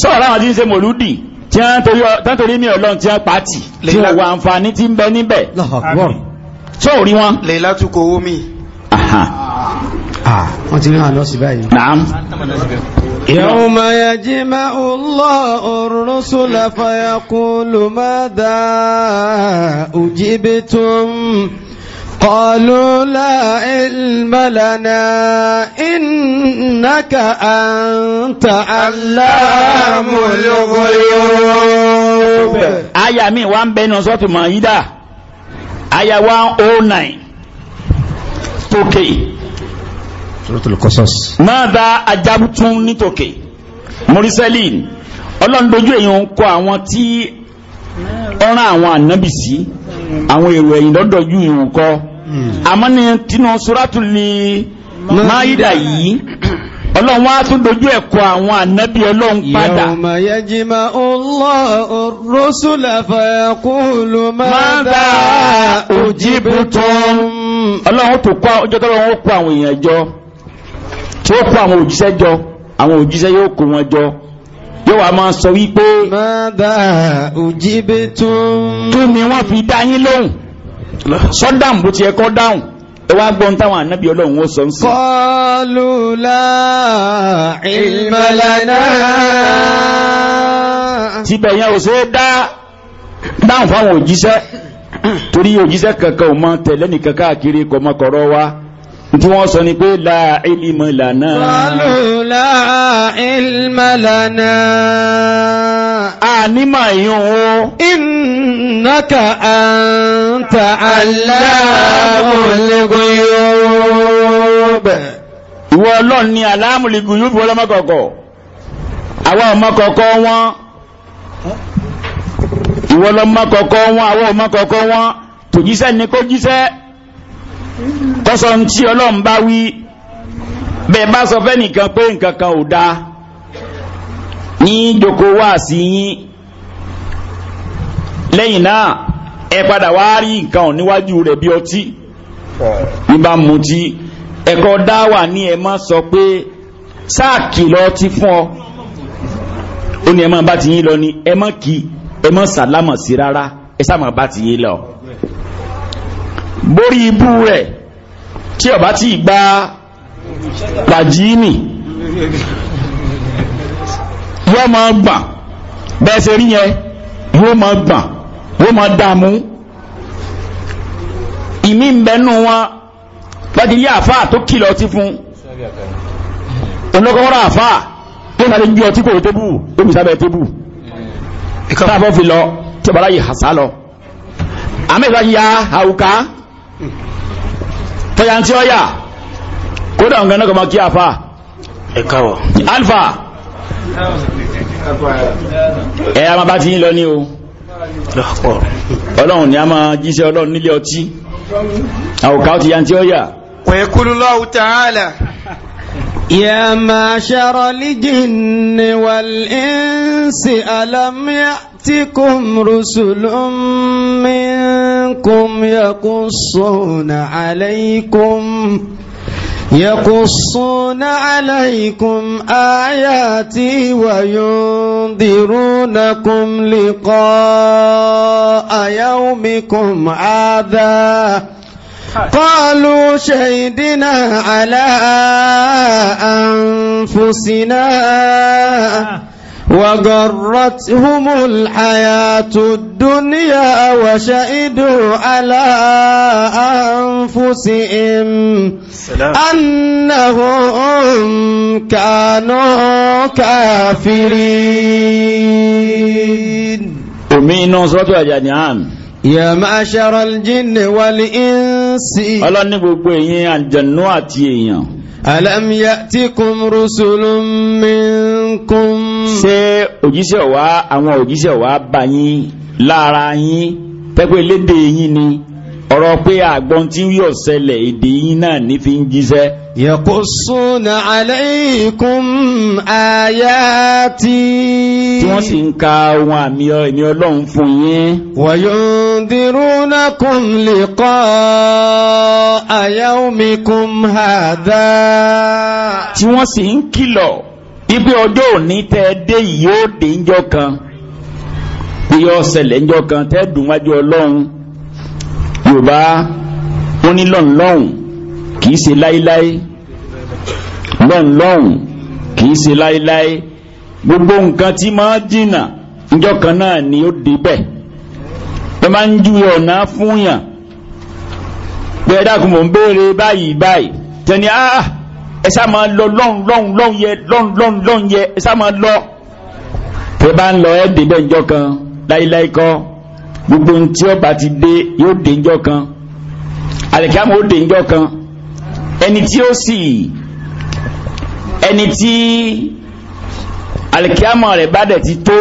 ṣé ọ̀rọ̀ àwọn tí ń ṣe mòlúdì tí wọ́n torí mi ọlọ́run tí wọ́n pàtì tí wọ́n wà àǹfààní tí ń bẹ níbẹ̀. ṣé o rí wọn. lè látúkọ̀ owó mi. Ah. wọ́n ti rán lọ́sí báyìí. Naam. Yawma yajma'u Allahu ar-rusula fayaqulu madha ujibtum. قالوا لا علم لنا إنك أنت علام الغيوب آية مين وان بين صوت مايدة آية 109 توكي suratul qasas. mada ajabutun nitoke, murisalin ọlọ́run dojú èèyàn ń kọ àwọn tí ọ̀ràn àwọn ànábì sí àwọn èrò ẹ̀yìn lọ́dọ̀jú ìwọ̀n kọ hmm. àmọ́ ní tinú suratul máyídà yìí ọlọ́run wá tún dojú ẹ̀kọ́ àwọn ànábì ọlọ́run padà. yawma yajma'ullahu ar-rusula fayaqulu madha ujibtum. ọlọ́run tó kọ́ ọjọ́ tó lọ́wọ́ kó àwọn èèyàn jọ tí ó kó àwọn òjíṣẹ́ jọ àwọn òjíṣẹ́ yóò kó wọn jọ yóò wá máa sọ wípé. mọ́dà òjìbí tún. tún ni wọ́n fi dá yín lóhùn sọ́dáhùn bó ti ẹ kọ́ dáhùn ẹ wá gbọ́n táwọn ànábì ọlọ́run ó sọ ń sìn. kọlu la ìmọ̀lẹ́nà. tibẹ̀ yẹn ò ṣeé dá dáhùn fáwọn òjíṣẹ́ torí òjíṣẹ́ kankan ò mọ tẹ̀lé nìkan káàkiri kọ̀mọkọ̀rọ̀ wa tí wọ́n sọ ni pé la ilma lana qalu la ilma lana a nímà yíò ó innaka anta allamul ghuyub ìwọ ọlọ́run ni allamul ghuyub ọlọ́mọkọ̀kọ̀ àwọn ọmọkọ̀kọ̀ wọn ìwọ ọlọ́mọkọ̀kọ̀ wọn àwọn ọmọkọ̀kọ̀ wọn tòjíṣẹ́ ni kó jíṣẹ́ kọ́sọ̀ tí ọlọ́run bá wí bẹ́ẹ̀ bá sọ fẹ́nìkan pé nǹkan kan ò dáa ní joko wá sí yín lẹ́yìn náà ẹ padà wá rí nǹkan níwájú rẹ̀ bí ọtí nígbà mutí ẹ̀kọ́ dáwà ní ẹ má sọ pé sáàkì lọ ti fún ọ ó ní ẹ má bá ti yín lọ ni ẹ má kí ẹ má sàlámọ̀ sí rárá ẹ sáà má bá ti yín lọ borí ibú rẹ̀ tí ọba tí gba pàjínì yóò máa gbà bẹ́ẹ̀ ṣe rí yẹn yóò máa gbà yóò máa dààmú ìmí ń bẹnu wọn láti rí àfáà tó kìlọ̀ ọtí fún olókòwòrán àfáà tó nàlẹ́ gbé ọtí kò tébù tóbi sábẹ́ tébù káàbọ̀ fi lọ tí ọba láyé hàsá lọ àmì ìlú ayé ya àwùká tọ́jà tí ó yà kódà nǹkan náà kọ́ máa kí àfà ẹ̀kàwọ̀ alfa ẹ̀ a bá ti yín lọ ní o ọlọ́run ni a máa jíṣẹ́ ọlọ́run nílé ọtí àwòká ti yà tí ó yà ويقول الله تعالى يا معشر الجن والإنس ألم يأتي تأتكم رسل منكم يقصون عليكم يقصون عليكم آياتي وينذرونكم لقاء يومكم هذا قالوا شهدنا على أنفسنا وغرتهم الحياة الدنيا وشهدوا على أنفسهم أنهم كانوا كافرين ومن سورة الجنان يا معشر الجن والإنس الله نبقى يا الجنة alam ya'tikum rusulun minkum ṣé òjíṣẹ́ ọ̀wá àwọn òjíṣẹ́ ọ̀wá bá yín lára yín pẹ́pẹ́ lédè yín ni ọ̀rọ̀ pé àgbọn tí yóò ṣẹlẹ̀ èdè yín náà ní fi ń jíṣẹ́ يقصون عليكم آياتي tí wọ́n sì ń ka àwọn àmì ẹ̀mí ọlọ́run fún yín. وينذرونكم لقاء يومكم هذا. tí wọ́n sì ń kìlọ̀ wípé ọjọ́ òní tẹ́ dé yìí dé ńjọ́ kan bí yọ ṣẹlẹ̀ kan tẹ́ dùn wájú ọlọ́run yorùbá wọn ní lọ́nlọ́hùn kìí ṣe láíláí lọ́hùn lọ́hùn kìí ṣe láíláí gbogbo nǹkan tí máa jìnnà níjọ́ kan náà ni ó débẹ̀ ẹ máa ń júwe ọ̀nà fún yàn pé ẹ dákun mò ń béèrè báyìí báyìí tẹni ah ẹ sá máa lọ lọ́hùn lọ́hùn lọ́hùn yẹ lọ́hùn lọ́hùn lọ́hùn yẹ ẹ sá máa lọ tẹ bá ń lọ ẹ débẹ̀ níjọ́ kan láíláí kọ́ gbogbo ohun tí ọba ti dé yóò dé níjọ́ kan àlẹ́kí àmọ́ ó dé níjọ́ kan ẹni tí ó sì ẹni tí alikiamọ rẹ̀ bá dẹ̀ ti tó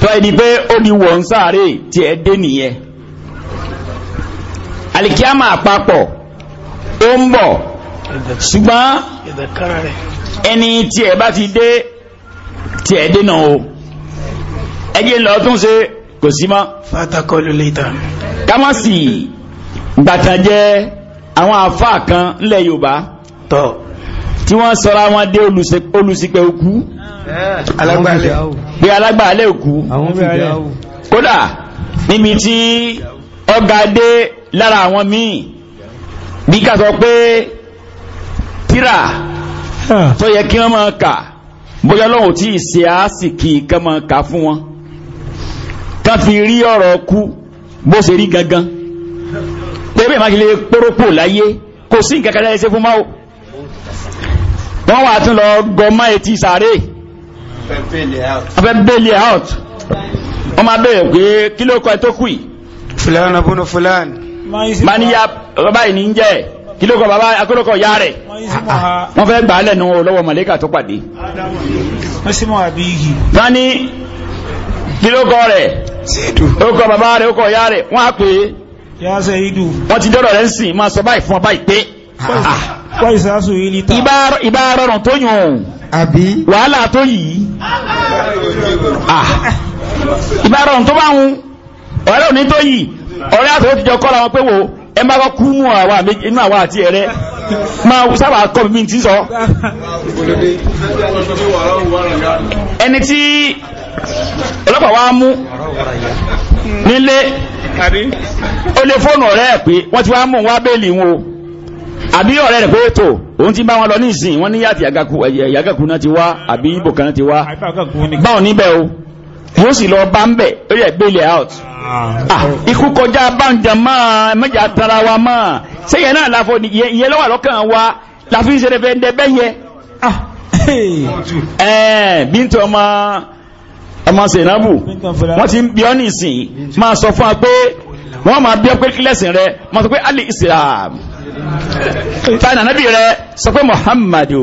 tó ẹni pé ó di wọ̀ ń sáré tí ẹ dé nìyẹn alikiamọ àpapọ̀ ó ń bọ̀ ṣùgbọ́n ẹni tí ẹ bá ti dé tí ẹ dé o ẹ lọ tún ṣe kò sí mọ́. fatakọlu lẹ́tà. gbàtàn jẹ́ àwọn àfáà kan ńlẹ̀ Yorùbá tọ̀ tí wọ́n sọra wọn dé olùsìpẹ̀ òkú pé eh, alágbàálẹ̀ òkú kódà níbi tí ọ̀gá dé lára àwọn míì bí ká sọ pé tíra ah. tó yẹ kí wọ́n máa kà bóyá lọ́wọ́ tí ìṣe àásìkì kan máa kà fún wọn kan fi rí ọ̀rọ̀ kú bó ṣe rí gangan tẹ́bẹ̀ máa lè pórópò láyé kò sí nǹkan kan ṣe fún máa wọ́n wà tún lọ gọmá etí sàárè afẹ́ out wọ́n máa bẹ̀rẹ̀ pé kí ló kọ ẹ tó kù yìí. fulani abunu fulani. máa ní ya bàbá yìí ní jẹ́ kí ló kọ bàbá akólókọ̀ ya rẹ̀ wọ́n fẹ́ gbà á lẹ́nu lọ́wọ́ mọ̀lẹ́kà tó pàdé. wọ́n ní kí ló kọ rẹ̀ ó kọ bàbá rẹ̀ ó kọ ya rẹ̀ wọ́n á pè é wọ́n ti dọ́rọ̀ rẹ̀ ń sìn máa sọ báyìí fún ọ báyìí pé ibà ah, rọrùn tó yùn wàhálà tó yìí ibà ah, rọrùn tó bá ń wàhálà òní tó yìí ọ̀rẹ́ àtọ́wọ́ ti jọ kọ́ra wọn pé wo ẹ máa kú mú inú àwa àti ẹrẹ máa wù sábà mi ti sọ. ẹni tí ọlọ́pàá wa mú nílé ó lè fóònù ọ̀rẹ́ ẹ̀ pé wọ́n ti wá mú wá bẹ́ẹ̀lì wọn o àbí ọ̀rẹ́ rẹ̀ ti bá wọn lọ ní ìsìn wọn ní yàtì náà ti wá àbí ibò náà ti wá báwọn níbẹ̀ yóò sì lọ bá ń bẹ̀ ó yẹ bail out ah. Ah, ikú kọjá báńjà máa mẹ́jà tara wa máa ihe náà láfọ ìyẹn lọ́wọ́ lọ́kàn wa láfi ń ṣe rẹ̀fẹ̀ ǹdẹ bẹ́yẹ ah, bí n tọ́ ọmọ ọmọ sèǹdàbù wọ́n ti ń bí ọ́ nìsín máa sọ fún wa pé wọn máa bí ọ pé kílẹ̀sìn rẹ sọ pé alì <laughs> ta nànábì rẹ sọ pé muhammadu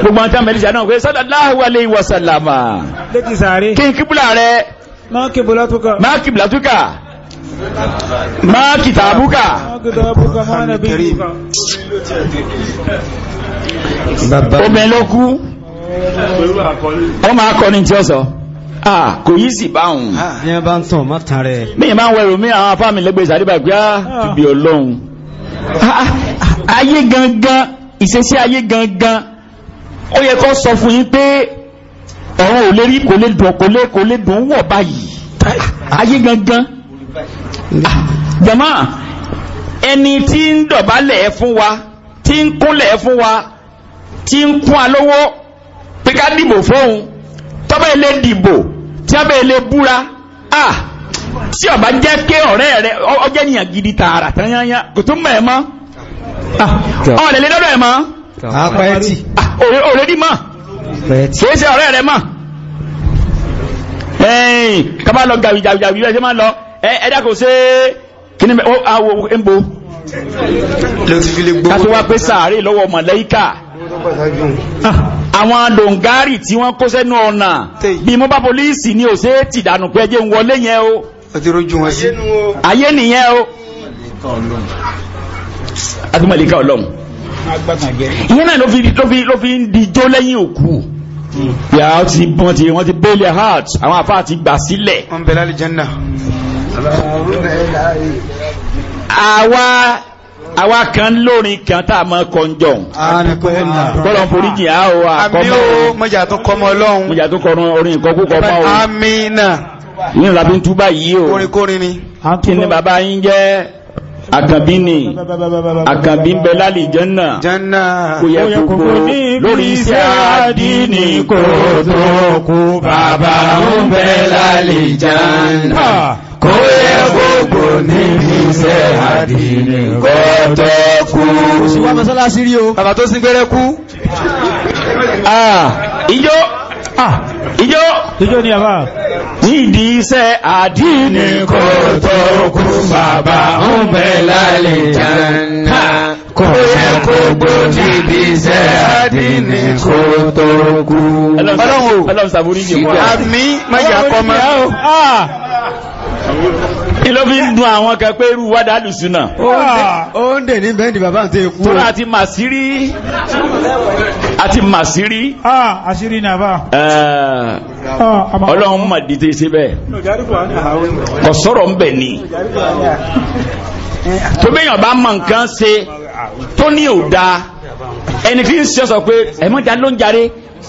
gbogbo àwọn tàbí náà pé sallallahu alaihi wa sallama kí n kíbùlà rẹ máa tí ó sọ ah kò yí sì báhùn ní ẹ bá ń tàn mọ́ta rẹ̀ mí ìmá ń wẹ̀rù mí àwọn afá mi Ah, ah, ah, ayé gangan ìṣesí ayé gangan ó yẹ kó sọ fún yín pé ọ̀run ò lè rí kò lè dùn kò lè kò lè dùn wọ̀ báyìí ayé gangan jama ẹni tí ń dọ̀bálẹ̀ fún wa tí ń kúnlẹ̀ fún wa tí ń kún alówó pé ká dìbò fóun tọ́bẹ̀ ilé dìbò tí wọ́n bẹ̀ ilé búra ah tí ọba jẹ́ pé ọ̀rẹ́ rẹ ọjẹ́ nìyàn gidi tààrà tanyanya kò tún mọ̀ ẹ̀ mọ́ ah, ọ̀rẹ́ lé lọ́dọ̀ ẹ̀ mọ́ ọ̀rẹ́ dì ah, mọ́ kìí ṣe ọ̀rẹ́ rẹ mọ́ kaba lọ gàwí gàwí gàwí ẹ ṣe máa lọ ẹ dákò ṣe kí ni awo ń bo kátó wá pé sàárè lọ́wọ́ mọ̀lẹ́yíkà ah, àwọn dòǹgárì tí wọ́n kó sẹ́nu ọ̀nà bí mọ́bà pólíìsì ni ò ṣe é tìdánù pé ẹjẹ́ ń wọlé yẹn o ó ti rójú wọn sí ayé nìyẹn o adúmọ̀lẹ́kà ọlọ́run ìyẹn náà ló fi ló fi ló fi ń dijó lẹ́yìn òkú yà á ti wọ́n ti wọ́n ti bẹ́ẹ̀lì heart àwọn afá ti gbà sílẹ̀. wọ́n bẹ̀rẹ̀ alìjẹ́nà. àwa àwa kan lórin kan tá a máa kọjọ. bọ́lá ń forí jìn á o àkọ́mọ́. àmì ó mọ̀jà tó kọ́ ọmọ ọlọ́run. mọ̀jà tó kọ́ orin nǹkan kúkọ́ mọ́ o. àmì náà nínú làbí ń túbà yìí o kí ni bàbá yín jẹ́ àkànbí ni àkànbí ń bẹ lálì jẹ́nà kò yẹ kòkò lórí iṣẹ́ àdínì kò tó kú bàbá ń bẹ lálì jẹ́nà kò yẹ kòkò níbi iṣẹ́ àdínì kò tó kú. ṣùgbọ́n mọ́sálásí rí o bàbá tó sín gbẹ́rẹ́ kú. ìjó ah, ìjó ah! ni àbá nídìí iṣẹ́ àdínì kò tó kú bàbá ń bẹ lálẹ́ jàǹdà kò yẹ kó gbòdì bí iṣẹ́ àdínì kò tó kú. ọlọ́run ọlọ́run sàbórí jẹ̀ wọ́n. àmì májà kọ́ máa kí ló fi ń dun àwọn kan pé irú wádà àlùsùn náà. ó ń dè ní bẹ́ẹ̀ni bàbá àti èkú. tóra àti màsírí àti màsírí. àṣírí ni àbá. ọlọ́run mà dìde sí bẹ́ẹ̀ kò sọ̀rọ̀ ń bẹ̀ ni tó bẹ́yàn bá mọ nǹkan ṣe tó ní ò dáa ẹni tí ń ṣe sọ pé ẹ̀mọ́jà ló ń jàre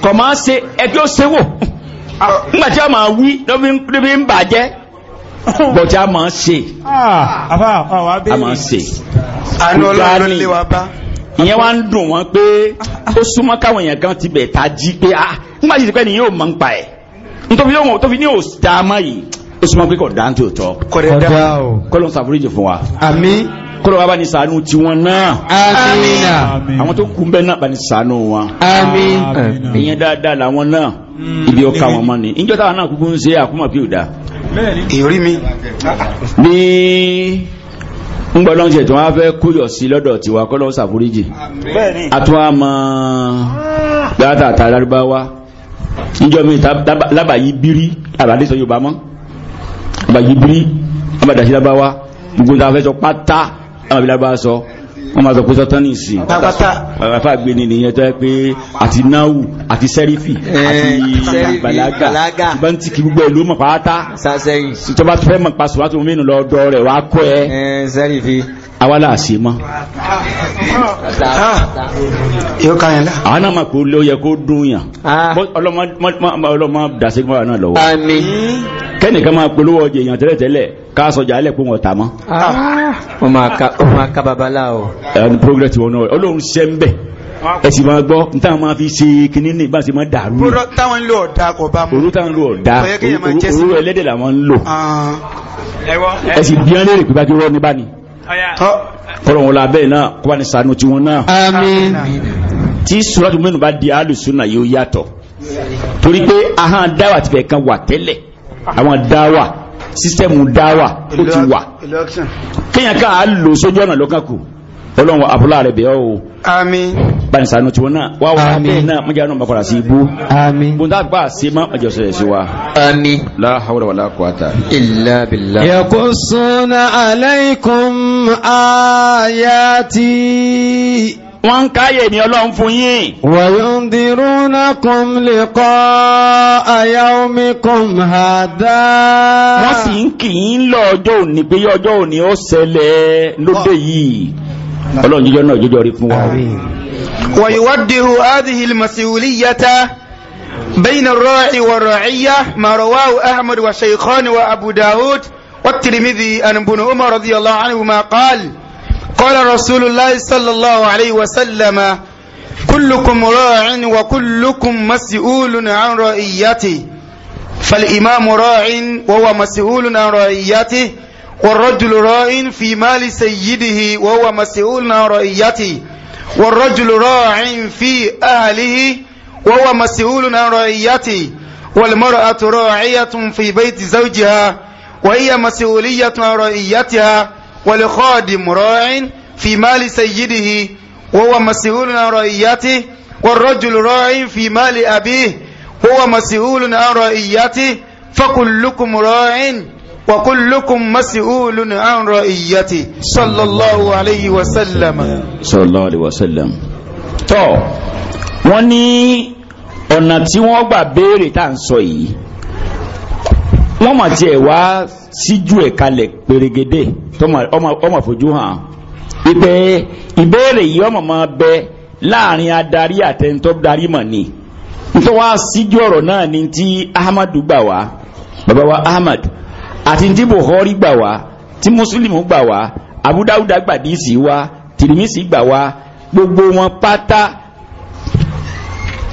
kọ̀ máa ṣe ẹjọ́ ṣe wò nígbà tí wọ́n máa wí ló fi ń bàjẹ́. <laughs> bọ̀tí a máa ṣe ah, a máa ṣe kúránì ìyẹn wá ń dùn wọn pé ó súnmọ́ káwọn èèyàn kan ti bẹ̀ ta jí pé ah nígbà tí ìsìnkú ẹni yóò mọ̀ ń pa ẹ̀ nítorí yóò tó fi ní òsìta mọ́ yìí ó súnmọ́ pé kò dáńtì ò tọ́ kọ́lọ́ ń ṣàforíjì fún wa. àmín kọ́lọ̀ wá bá ní sàánú tí wọ́n náà amina àwọn tó kú bẹ́ náà bá ní sàánú wọn àmín ìyẹn dáadáa làwọn náà mm. ibi ọkà wọn mọ́ ni ìjọta àwọn náà kúkú ń ṣe àkúmọ̀ bí ò dáa ìrí mi. ní ngbọ́dọ̀nṣẹ̀ tí wọ́n fẹ́ kúyọ̀ sí lọ́dọ̀ tiwa kọ́lọ́ ṣàforíjì àtúwàmọ́ gbáàtà tàdárúbáwá níjọ́ mi lábàáyí bírí àbádé sọ Yorùbá mọ́ àbáyí bírí àbádàṣí lábáwá gbogbo ta fẹ́ sọ pátá àwọn àbí lábáwá sọ. So wọ́n máa sọ pé sọ́tán ní ìsìn àfà gbé ni nìyẹn tó yẹ pé àti náwù àti sẹ́rífì àti bàlágà ìbá ń ti kí gbogbo ìlú mọ̀ pátá ìjọba tó fẹ́ mọ̀ pa sùn láti mú lọ́dọ̀ rẹ̀ wá kọ́ ẹ sẹ́rífì awala àṣì mọ́ àwọn náà máa kó ah. lóye kẹ́nìkan máa polówó ọjà èèyàn tẹ́lẹ̀tẹ́lẹ̀ ká sọjà alẹ́ pé wọ́n tà mọ́. ká babalá o. ẹni progress wọn náà olóhùn ṣiṣẹ́ ń bẹ̀ ah. ẹ sì máa gbọ́ n táwọn máa fi ṣe kinní ní ìbáṣe máa dàrú. bọ́dọ̀ táwọn ń lo ọ̀dà kò bá mu. olú táwọn ń lo ọ̀dà olú ẹlẹ́dẹ̀ làwọn ń lò. Ah. ẹ bí wọn léèrè pé bá ti rọ́ ní bá ni. kọ́lọ̀ wọn la bẹ́ẹ̀ náà kó bá ní sànú tiwọn náà. àmín. tí sùrọ̀tù mẹ́nu bá di alùsùn náà yóò yàtọ̀ torí pé ahọ́n dáwà tibẹ̀ kan wà tẹ́lẹ̀ àwọn dáwà sísítẹ́mù dáwà ó ti wà kéèyàn ká a lò sójú ọ̀nà lọ́kàn kù ọlọ́run àbúlá rẹ̀ bẹ̀ẹ́ o àmín banisanu tiwọn náà wà wà bẹ́ẹ̀ náà mọ́jà náà mọ́kànlá sí ibú àmín bùndà gbà sí mọ́ ọjọ́ sẹ̀rẹ̀ sí wa àmín la hawla wala quwata illa billah yaqussuna alaykum ayati wọ́n ń káyè ní ọlọ́run fún yín. wayundirunakum liqa'a yawmikum hadha. wọ́n sì ń kì í lọ ọjọ́ òní pé ọjọ́ òní ó ṣẹlẹ̀ lóde yìí ọlọ́run jíjọ́ náà jíjọ́ rí fún wa. wayuwaddihu hadhihi al-mas'uliyyata bayna ar-ra'i war-ra'iyyah ma rawahu ahmad wa shaykhani wa abu dawud والترمذي عن ابن عمر رضي الله عنهما قال قال رسول الله صلى الله عليه وسلم كلكم راع وكلكم مسؤول عن رعيته فالإمام راع وهو مسؤول عن رعيته والرجل راع في مال سيده وهو مسؤول عن رعيته والرجل راع في أهله وهو مسؤول عن رعيته والمرأة راعية في بيت زوجها وهي مسؤولية عن رعيتها والخادم راع في مال سيده وهو مسؤول عن رعيته والرجل راع في مال أبيه هو مسؤول عن رعيته فكلكم راع وكلكم مسؤول عن رعيته صلى الله عليه وسلم صلى الله عليه وسلم tó wọ́n ní ọ̀nà tí wọ́n gbà béèrè tá à ń sọ yìí wọ́n mà tiẹ̀ wá síjú ẹ̀ kalẹ̀ pèrègede ọmọ fojú hàn ìpè ìbéèrè yìí ọmọ máa bẹ láàrin adarí àtẹnitọ́ darí mọ̀ ni nítorí wá síjú ọ̀rọ̀ náà ni ti Ahmadu gbà wá bàbá wa Ahmad àti ti Buhari gbà wá ti Muslimu gbà wá Abu Dawud gbàdísì wá tìrìmísì gbà wá gbogbo wọn pátá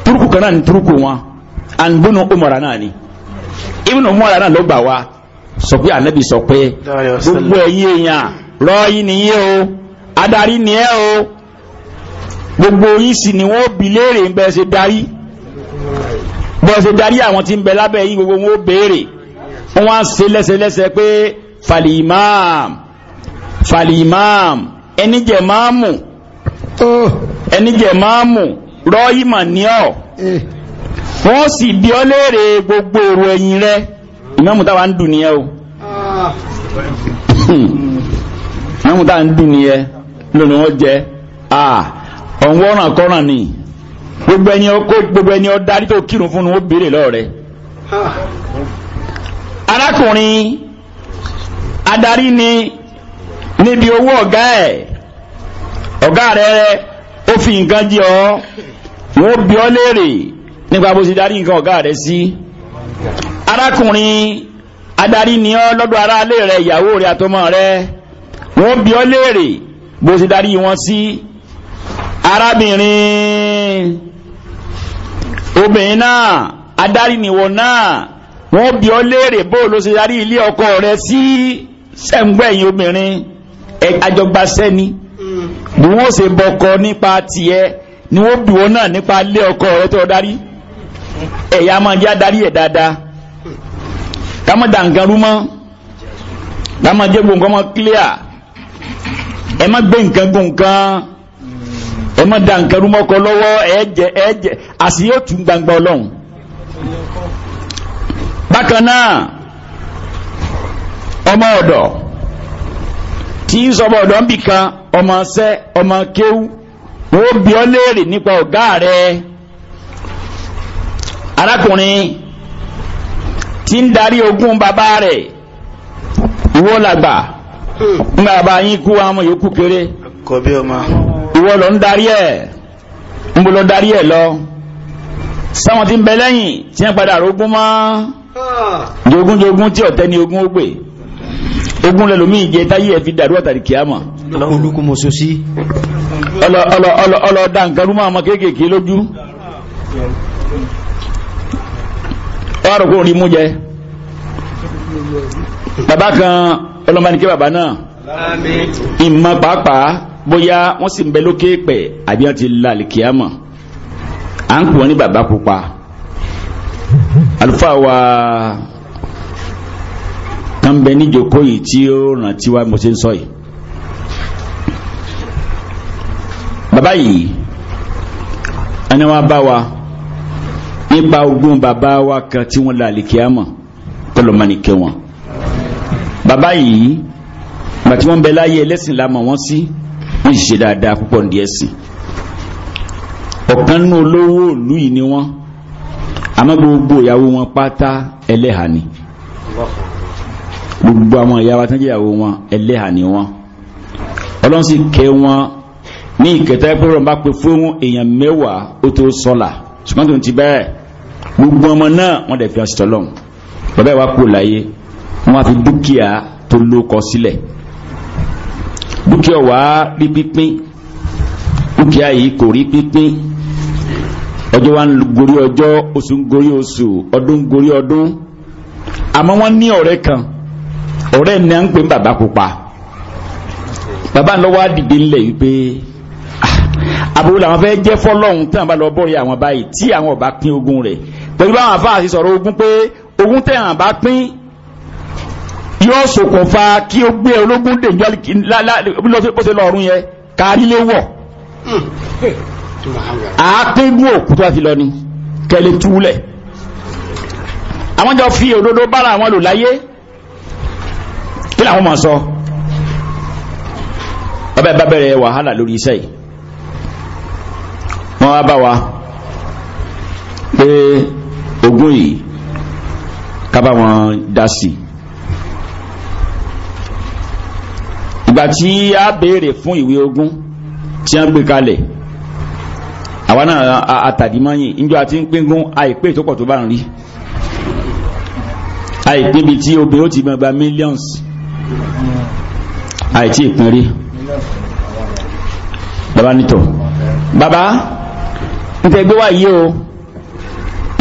turuku kan náà ni turuku wọn àǹgbónú Umar náà ni ibùnà mọ́ra náà ló gbà wá sọ pé ànábì sọ pé gbogbo ẹ̀yin èèyàn rọ́ọ̀yì nìyẹn o adarí nìyẹn o gbogbo yín sì ni wọ́n bi léèrè ń bẹ́ẹ̀ ṣe darí bọ́ọ̀ ṣe darí àwọn tí ń bẹ lábẹ́ yín gbogbo wọn ó béèrè wọ́n á ṣe lẹ́sẹlẹ́sẹ pé falimam falimam ẹni jẹ máàmù oh. ẹni jẹ máàmù rọ́ọ̀yì mà ní ọ̀. wọ́n sì bí ọ léèrè gbogbo èrò ẹ̀yìn rẹ ìmọ̀mù táwa ń dùn ẹ o hmm. ìmọ̀mù ń dùn ẹ lónìí wọ́n jẹ́ ah, ọ̀hún ọ̀ràn kọ́ràn ni gbogbo ẹni ọkọ gbogbo ẹni ọdarí tó kírun fún un ó béèrè lọ́rẹ. arákùnrin adarí ni níbi owó ọ̀gá ẹ̀ ọ̀gá ó fi nǹkan jẹ ọ́ wọ́n bí ọ nípa bó ti darí nǹkan ọ̀gá rẹ̀ sí arákùnrin adarí ni ọ́ lọ́dọ̀ aráalé rẹ̀ ìyàwó rẹ̀ àtọmọ rẹ̀ wọ́n bi ọ́ léèrè bó ti darí wọn sí arábìnrin obìnrin náà adarí nìwọ náà wọ́n bi ọ́ léèrè bó ló ti darí ilé ọkọ rẹ̀ sí sẹ́ǹgbẹ̀yìn obìnrin àjọgbàṣẹ́ ni bí wọ́n ṣe bọkọ nípa tiẹ̀ ni wọ́n bí wọn náà nípa ilé ọkọ rẹ̀ tó darí ẹ̀yà máa jẹ́ adarí ẹ̀ dáadáa ká má da nǹkan rú mọ́ ká má jẹ́ gbogbo ọmọ clear ẹ má gbé nǹkan gùn kan ẹ má da nǹkan rú mọ́kọ lọ́wọ́ ẹ jẹ ẹ jẹ àṣì yóò tún gbangba ọlọ́run bákan náà ọmọ ọ̀dọ̀ tí ń sọ ọ̀dọ̀ ń bì ọmọ ṣẹ́ ọmọ kéwú wọ́n bí ọ léèrè nípa ọ̀gá rẹ̀ arákùnrin tí ń darí ogún bàbá rẹ̀ ìwọ làgbà ńgbà bàbá yín kú àwọn yòókù kéré ìwọ ló ń darí ẹ̀ ń bolo darí ẹ̀ lọ sáwọn tí ń bẹ lẹ́yìn tí ń padà rogún mọ́ jogun jogun tí ọ̀tẹ́ ni ogun ó gbé ogun lẹ́lòmíì jẹ táyé ẹ̀ fi dàrú àtàrí kìámọ̀ olùkùnmọ̀sọ́sí ọlọ́ọ̀dá nǹkan rúmọ̀ ọmọ kéékèèké lójú wọ́n rò kó rí mú jẹ bàbá kan ọlọ́mọdé kí bàbá náà ìmọ̀ pàápàá bóyá wọ́n sì ń bẹ lókè pẹ̀ àbí wọ́n ti la àlìkíyàmọ̀ à ń pè ní bàbá pupa àlùfáà wa kan bẹ níjókòó yìí tí ó ràn tiwa mo ṣe ń sọ yìí bàbá yìí ẹni wọn bá wa nípa ogún bàbá wa kan tí wọ́n la àlìkíyàmọ̀ kọlọ̀mọ́ni kẹ́ wọn. bàbá yìí gbà tí wọ́n bẹ láyé ẹlẹ́sìn la mọ̀ wọ́n sí wọ́n sì ṣe dáadáa púpọ̀ ní ẹ̀sìn. ọ̀kan nínú olówó ìlú yìí ni wọ́n àmọ́ gbogbo ìyàwó wọn pátá ẹlẹ́hà ni gbogbo àwọn ìyàwó àtúnjẹ ìyàwó wọn ẹlẹ́hà ni wọ́n ọlọ́run sì kẹ́ wọn ní ìkẹta ẹgbẹ́ rẹ̀ bá pe fún èèyàn mẹ́wàá ó tó sọ́là ṣùgbọ́n tó ti bẹ́ẹ̀ gbogbo ọmọ náà wọ́n dẹ̀ fi hàn sítọ́ lọ́hùn bàbá ìwà kú láyé wọ́n á fi dúkìá tó lóko sílẹ̀ dúkìá wà á rí pínpín dúkìá yìí kò rí pínpín ọjọ́ wa ń gorí ọjọ́ oṣù ń gorí oṣù ọdún ń gorí ọdún àmọ́ wọ́n ní ọ̀rẹ́ kan ọ̀rẹ́ ni à ń pè ń bàbá pupa bàbá ń lọ́wọ́ àdìdí ńlẹ̀ yìí pé ah, àbúrò làwọn fẹ́ jẹ́ fọ́lọ́hún tí àwọn bá lọ bọ́ọ̀rẹ́ àwọn báyìí tí àwọn ọba pín ogún rẹ̀ pẹ̀lú àwọn àfáà sì sọ̀rọ̀ ogun pé ogun tẹ̀hàn bá pín yóò ṣokùnfà kí ó gbé ológun dèjọ́ lọ́sẹ̀ lọ́ọ̀rún yẹn kárí lé wọ̀ àápégun òkú tó fi lọ ni kẹlẹ̀ túlẹ̀ àwọn jọ fi òdodo bára àwọn lò láyé kí làwọn máa sọ ọbẹ̀ bá bẹ̀rẹ̀ wàhálà lórí iṣẹ́ yìí wọ́n wá bá wa pé ogún yìí ká bá wọn dá sí i ìgbà tí a béèrè fún ìwé ogún tí wọ́n gbé kalẹ̀ àwa náà àtàdímọ́yìn níjọ́ àti ń pín gún àìpé tó pọ̀ tó bá ń rí àìpé bíi tí obìnrin ó ti gbọ̀ngba millions àìtí ìpín rí bàbá nítọ̀ bàbá ń tẹ́ gbé wá yìí o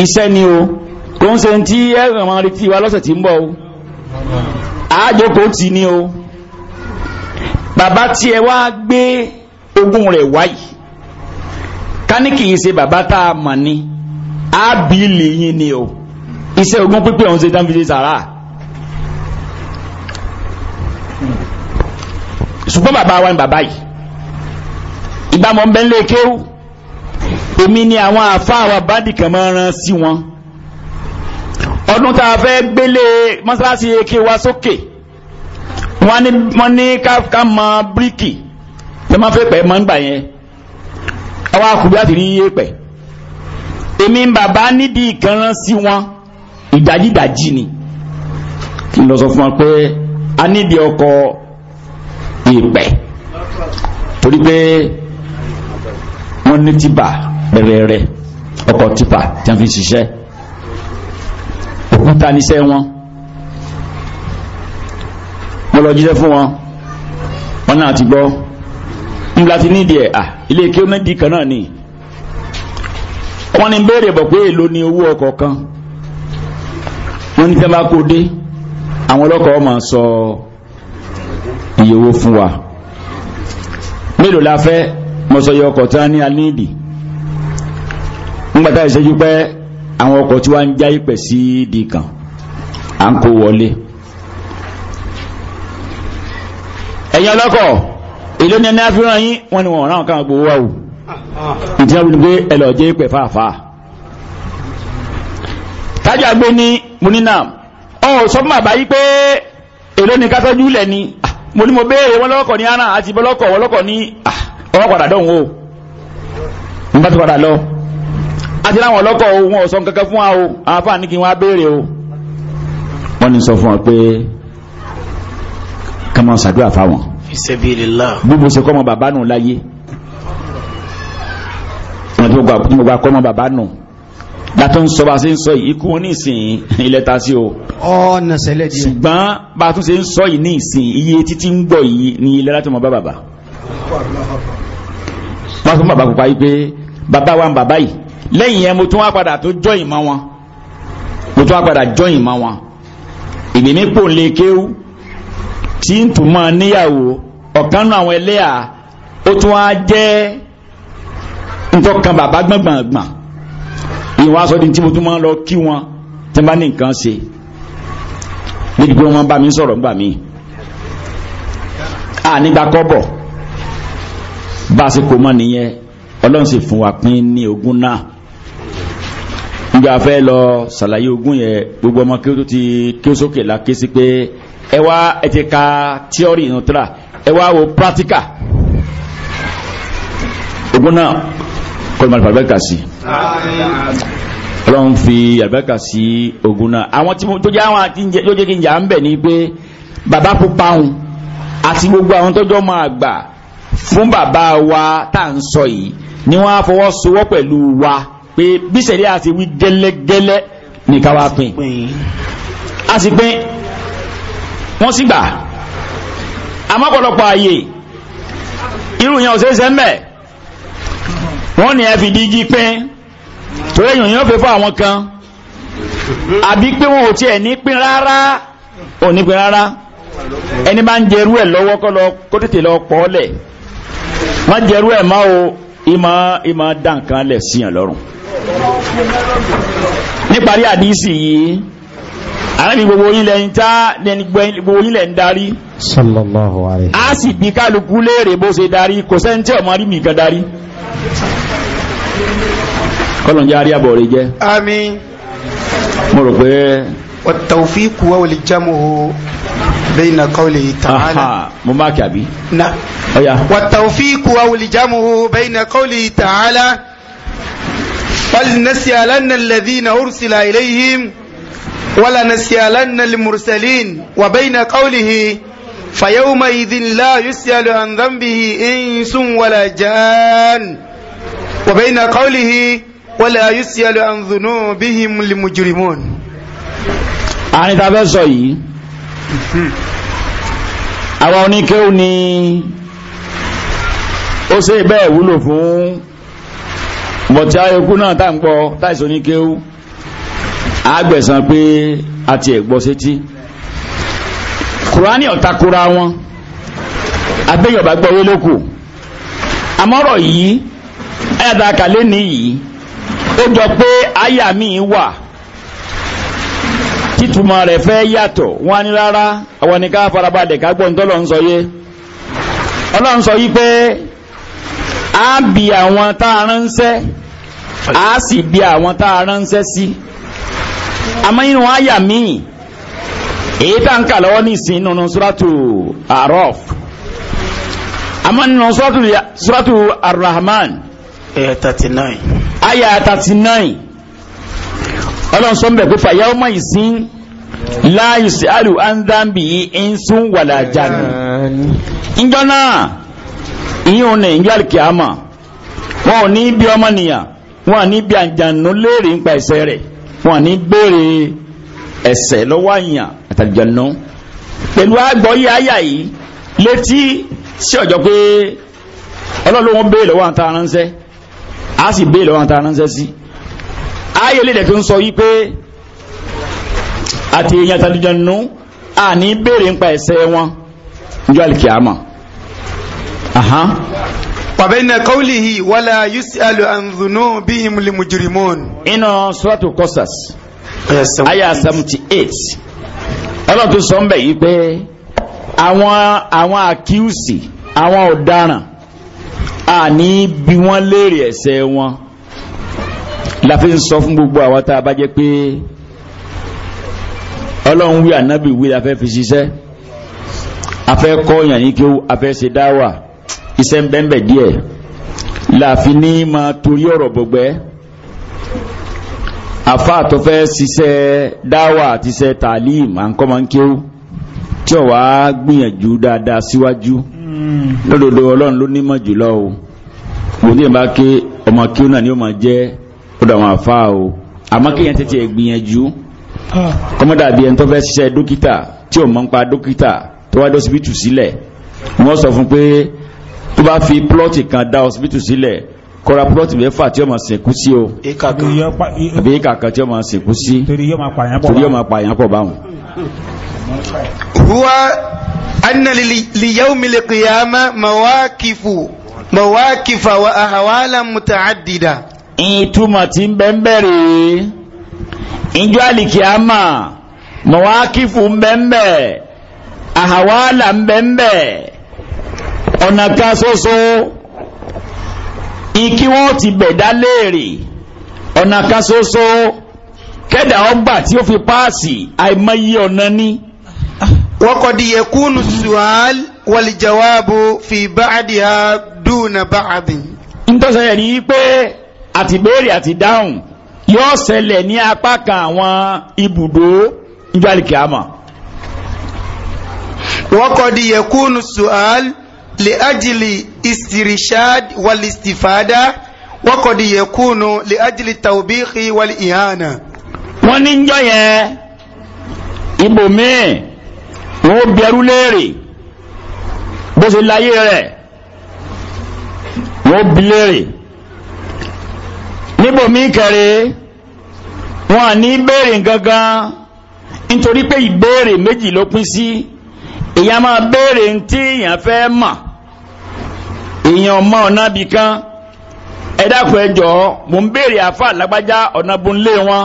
iṣẹ́ ni o kò ń ṣe tí ẹ̀rùn ọmọ retí wa lọ́sẹ̀ tí ń bọ̀ o àájókòó ti ni o bàbá tí ẹ wá gbé ogún rẹ̀ wáyìí ká ní kì í ṣe bàbá tá a mọ̀ ni á bí ilé yín ni o iṣẹ́ ogún pípẹ́ ọ̀hún ṣe dán fi ṣe sàrà ṣùgbọ́n bàbá wa ni bàbá yìí ìgbà mọ̀ kéwù èmi ni àwọn àfáàwà bádìkàn máa ran sí wọn ọdún tá a fẹ́ gbélé mọ́sálásí eke wa sókè wọ́n ní ká mọ bíríkì tẹ́ máa fẹ́ pẹ́ mọ́ nígbà yẹn àwọn akùnrin àti rí yé pẹ́ èmi bàbá nídìí kan ran sí wọn ìdájídájí ni kí n lọ sọ fún wọn pé a nídìí ọkọ ìpẹ́ torí pé wọ́n ní ti bà bẹ̀rẹ̀rẹ̀ ọkọ̀ tipa tí wọ́n fi ṣiṣẹ́ òkúta níṣẹ́ wọn mo lọ jíṣẹ́ fún wọn wọn náà ti gbọ́ ńlá ti nídìí ẹ̀ à ilé ike onídìí kan náà ni wọ́n ní béèrè bọ̀ pé èlò ni owó ọkọ̀ kan wọ́n ní tẹ́lá kó dé àwọn ọlọ́kọ̀ ọmọ sọ iye owó fún wa mélòó la fẹ́ mọ̀sọ̀yọ̀ ọkọ̀ tí wọ́n ní alídìí ńgbàtà ìṣẹ́jú pẹ́ àwọn ọkọ̀ tí wọ́n ń já ìpẹ̀ sí kan a ń kó wọlé ẹ̀yin ọlọ́kọ̀ èló ní ẹni àfihàn yín wọ́n ní wọ́n ráwọn káwọn gbowó wà wò ìdí àwọn olùgbé ẹlọ́jẹ́ ìpẹ̀ fàáfàá tájà gbé ní múnínà ọ̀hún sọ fún pé ní ni mo ní mo béèrè wọn lọ́kọ̀ ní ara àti bọ́lọ́kọ̀ wọ́lọ́kọ̀ ní ah, ọwọ́ àti láwọn ọlọ́kọ̀ ohun ọ̀sán kankan fún wa o àwọn afáà ní kí wọ́n á béèrè o wọ́n ní sọ fún wọn pé ká máa ṣàdúrà fáwọn bí mo ṣe kọ́ mọ bàbá nù láyé tí mo gba kọ́ mọ bàbá nù látọ́ ń sọ bá ṣe ń sọ yìí ikú wọn ní ìsìn ilẹ̀ ta sí o. ọ̀nà sẹ́lẹ̀ díẹ̀. ṣùgbọ́n bá a tún ṣe ń sọ yìí ní ìsìn iye títí ń gbọ̀ yìí ní ilẹ̀ láti mọ bá bàbá. wọ́n sọ fún bàbá pupa yìí pé bàbá wa ń bàbá yìí lẹ́yìn yẹn mo tún wá padà tó jọyìn mọ́ wọn mo tún wá padà jọyìn mọ́ wọn ìgbìmí pò lè kéwú tí ń tún mọ́ níyàwó ọ̀kan náà àwọn ẹlẹ́yà ó tún wá jẹ́ ntọ́kan bàbá gbọ̀ngbọ̀ngbọ̀n ìwọ̀n aṣọ ni tí mo tún máa lọ kí wọn tí wọ́n bá ní nǹkan ṣe níbi pé wọ́n bá mi sọ̀rọ̀ nígbà míì a nígbà kọ́bọ̀ bá a ṣe kó mọ́ nìyẹn ọlọ́run sì fún wa pín ní ogún náà níjọ́ afẹ́ lọ ṣàlàyé ogún yẹn gbogbo ọmọ kí ó ti kí ó sókè la ké sí pé ẹ wá ẹ ti ka tíọ́rì inú tíra ẹ wá wo pírátíkà ogún náà kọlùmọ̀ àlùbáríkà sí ọlọ́run fi àlùbáríkà sí ogún náà àwọn tí tó tó jẹ́ kí n jà ń bẹ̀ ni pé bàbá pupa òun àti gbogbo àwọn tọ́jọ́ máa gbà fún bàbá wa tá à ń sọ yìí ni wọ́n á fọwọ́ sowọ́ pẹ̀lú wa pé bísẹ̀rí àti wí gẹ́lẹ́gẹ́lẹ́ nìkan wá pín a sì pín wọ́n sì gbà àmọ́ ọ̀pọ̀lọpọ̀ ààyè irú yẹn òṣèṣẹ́ ń bẹ̀ wọ́n ní ẹ fi dígí pín torí èèyàn yẹn fẹ́ fún àwọn kan àbí pé wọn ò tiẹ̀ ní pín rárá ò ní pín rárá ẹni bá ń jẹrú ẹ̀ lọ́wọ́ kó tètè lọ pọ̀ wọ́n jẹrú ẹ̀ máa o ima ima dànkan lẹ̀ síyàn lọ́rùn. níparí àdísì yìí alábi gbogbo ilẹ̀ ń tá gbogbo ilẹ̀ ń darí. sallallahu alayhi. a sì bí kálukú léèrè bó ṣe darí kò sẹ́ni tí ọmọ rí mi kan darí. kọ́lọ̀njẹ́ àríyàbọ̀ rẹ jẹ́. àmín. mo rò pé. wa tawfiq wa wal jamu bayna qawlihi ta'ala mo máa kàbí. na wa tawfiqu awlijamuhu bayna qawlihi ta'ala fal nasyalanna alladhina ursila ilayhim wala nasyalanna almursalin wa bayna qawlihi فيومئذ لا يسأل عن ذنبه إنس ولا جان وبين قوله ولا يسأل عن ذنوبهم المجرمون. àní tá a fẹ́ sọ yìí àwọn oníkéwù ni ó ṣe bẹ́ẹ̀ wúlò fún bọ̀tí ayokú náà tá ń gbọ́ táìsọ oníkéwù àgbẹ̀sán pé àti ẹ̀gbọ́ sétí kùránì ọ̀takura wọn abẹ́yọ̀bá gbọ́ wélókù àmọ́rọ̀ yìí ayàtàkà lé ní yìí ó jọ pé àyà míì wà títúmọ̀ rẹ̀ fẹ́ yàtọ̀ wọ́n ní rárá àwọn ní ká farabalẹ̀ ká gbọ́n tọ́lọ̀ ń sọ yé ọlọ́run sọ yí pé a bi àwọn tá a ránṣẹ́ a sì bi àwọn tá a ránṣẹ́ sí àmọ́ inú àyà míì èyí tá ń kà lọ́wọ́ nísìn nínú suratu Araf àmọ́ nínú suratu Ar-Rahman aya 39 aya 39 ọlọ́run sọ bẹ̀ pé fàyà ọmọ ìsín láàyè sí àlù andámbì ìsún wàlà jáde ìjọ náà ìyóò ní ìjọ àlùkìyàmà wọn ò ní bí ọmọ nìyàn wọn à ní bí àjànú léèrè nípa ẹ̀ṣẹ̀ rẹ̀ wọn à ní béèrè ẹ̀ṣẹ̀ lọ́wọ́ àyàn àtàjànú pẹ̀lú àgbọ́yé àyà yìí létí sí ọjọ́ pé ọlọ́run béèrè lọ́wọ́ àtàránṣẹ́ a sì béèrè lọ́wọ́ àtàránṣẹ́ sí. Si ayé lè dẹ̀ fi ń sọ wípé àti èèyàn tàdújọ́nù àní béèrè ń pa ẹ̀ṣẹ̀ wọn níjọ́ àlìkìyàmọ̀ pàbẹ́nà kọ́wùlìhì wàlá yus'alu an dhunubihim li mujrimun. iná suratu Qasas aya seventy eight ọlọ́run tó sọ ń bẹ̀ yìí pé àwọn àwọn àkíyèsí àwọn ọ̀daràn àní bí wọ́n léèrè ẹ̀ṣẹ̀ wọn la fi ń sọ fún gbogbo àwọn tá a bá jẹ́ pé ọlọ́run wí ànábì wí la fẹ́ fi ṣiṣẹ́ a fẹ́ kọ́ọ̀yàn ní kí a fẹ́ ṣe dáwà iṣẹ́ ń bẹ́ẹ̀ díẹ̀ la fi ní máa torí ọ̀rọ̀ gbọgbẹ́ àfa tó fẹ́ ṣiṣẹ́ dáwà àti ṣe tàlíìm à ń kọ́ máa ń kíó tí ọ̀wá gbìyànjú dáadáa síwájú lódodo ọlọ́run ló nímọ̀ jùlọ o mo ní ìbá ké ọmọ kíó náà ni ó máa jẹ́ ó dà wọn àfa o àmọ́ kéèyàn tètè gbìyànjú kọ́mọ́dà bíi ẹni tó fẹ́ ṣiṣẹ́ dókítà tí ò mọ̀ ń pa dókítà tó wá dé ọsibítù sílẹ̀ wọ́n sọ fún pé tó bá fi plọ́ọ̀tì kan dá ọsibítù sílẹ̀ kọ́ra plọ́ọ̀tì mẹ́fà tí ó máa sìnkú sí o àbí ìka kan tí ó máa sìnkú sí torí yóò máa pààyàn pọ̀ báwọn. huwa anna liyawmi liqiyama mawakifu mawakifa wa ahawala muta'addida ìtumọ̀ tí ń bẹ ń bẹ̀rẹ̀ ìjọ àlìkíámà mọ̀wákìfù ń bẹ ń bẹ̀ àhàwálà ń bẹ ń bẹ̀ ọ̀nà kan ṣoṣo ikí wọ́n ti bẹ̀ dá léèrè ọ̀nà kan ṣoṣo kẹ́dà ọgbà tí ó fi páàsì àìmọye ọ̀nà ní. وقد يكون السؤال والجواب في بعدها دون بعض. ń tọ́sẹ̀ yẹ̀ ni pé àti béèrè àti dáhùn yóò ṣẹlẹ̀ ní apá kan àwọn ibùdó ìjọ́lìkì àmọ́. وقد يكون السؤال لأجل استرشاد والاستفادة وقد يكون لأجل التوبيخ والإهانة wọ́n ní njọ́ yẹn ibòmíì wọ́n bẹ̀rù léèrè bó ṣe láyé rẹ̀ wọ́n bi léèrè níbòmí kẹrẹ wọn ní beere gangan nítorí pé ìbéèrè méjì ló pín sí èyàn máa béèrè tí èyàn fẹ́ mọ̀ èyàn mọ ọ̀nà bì kan ẹ dákun mò ń lágbájá ọ̀nà wọn ó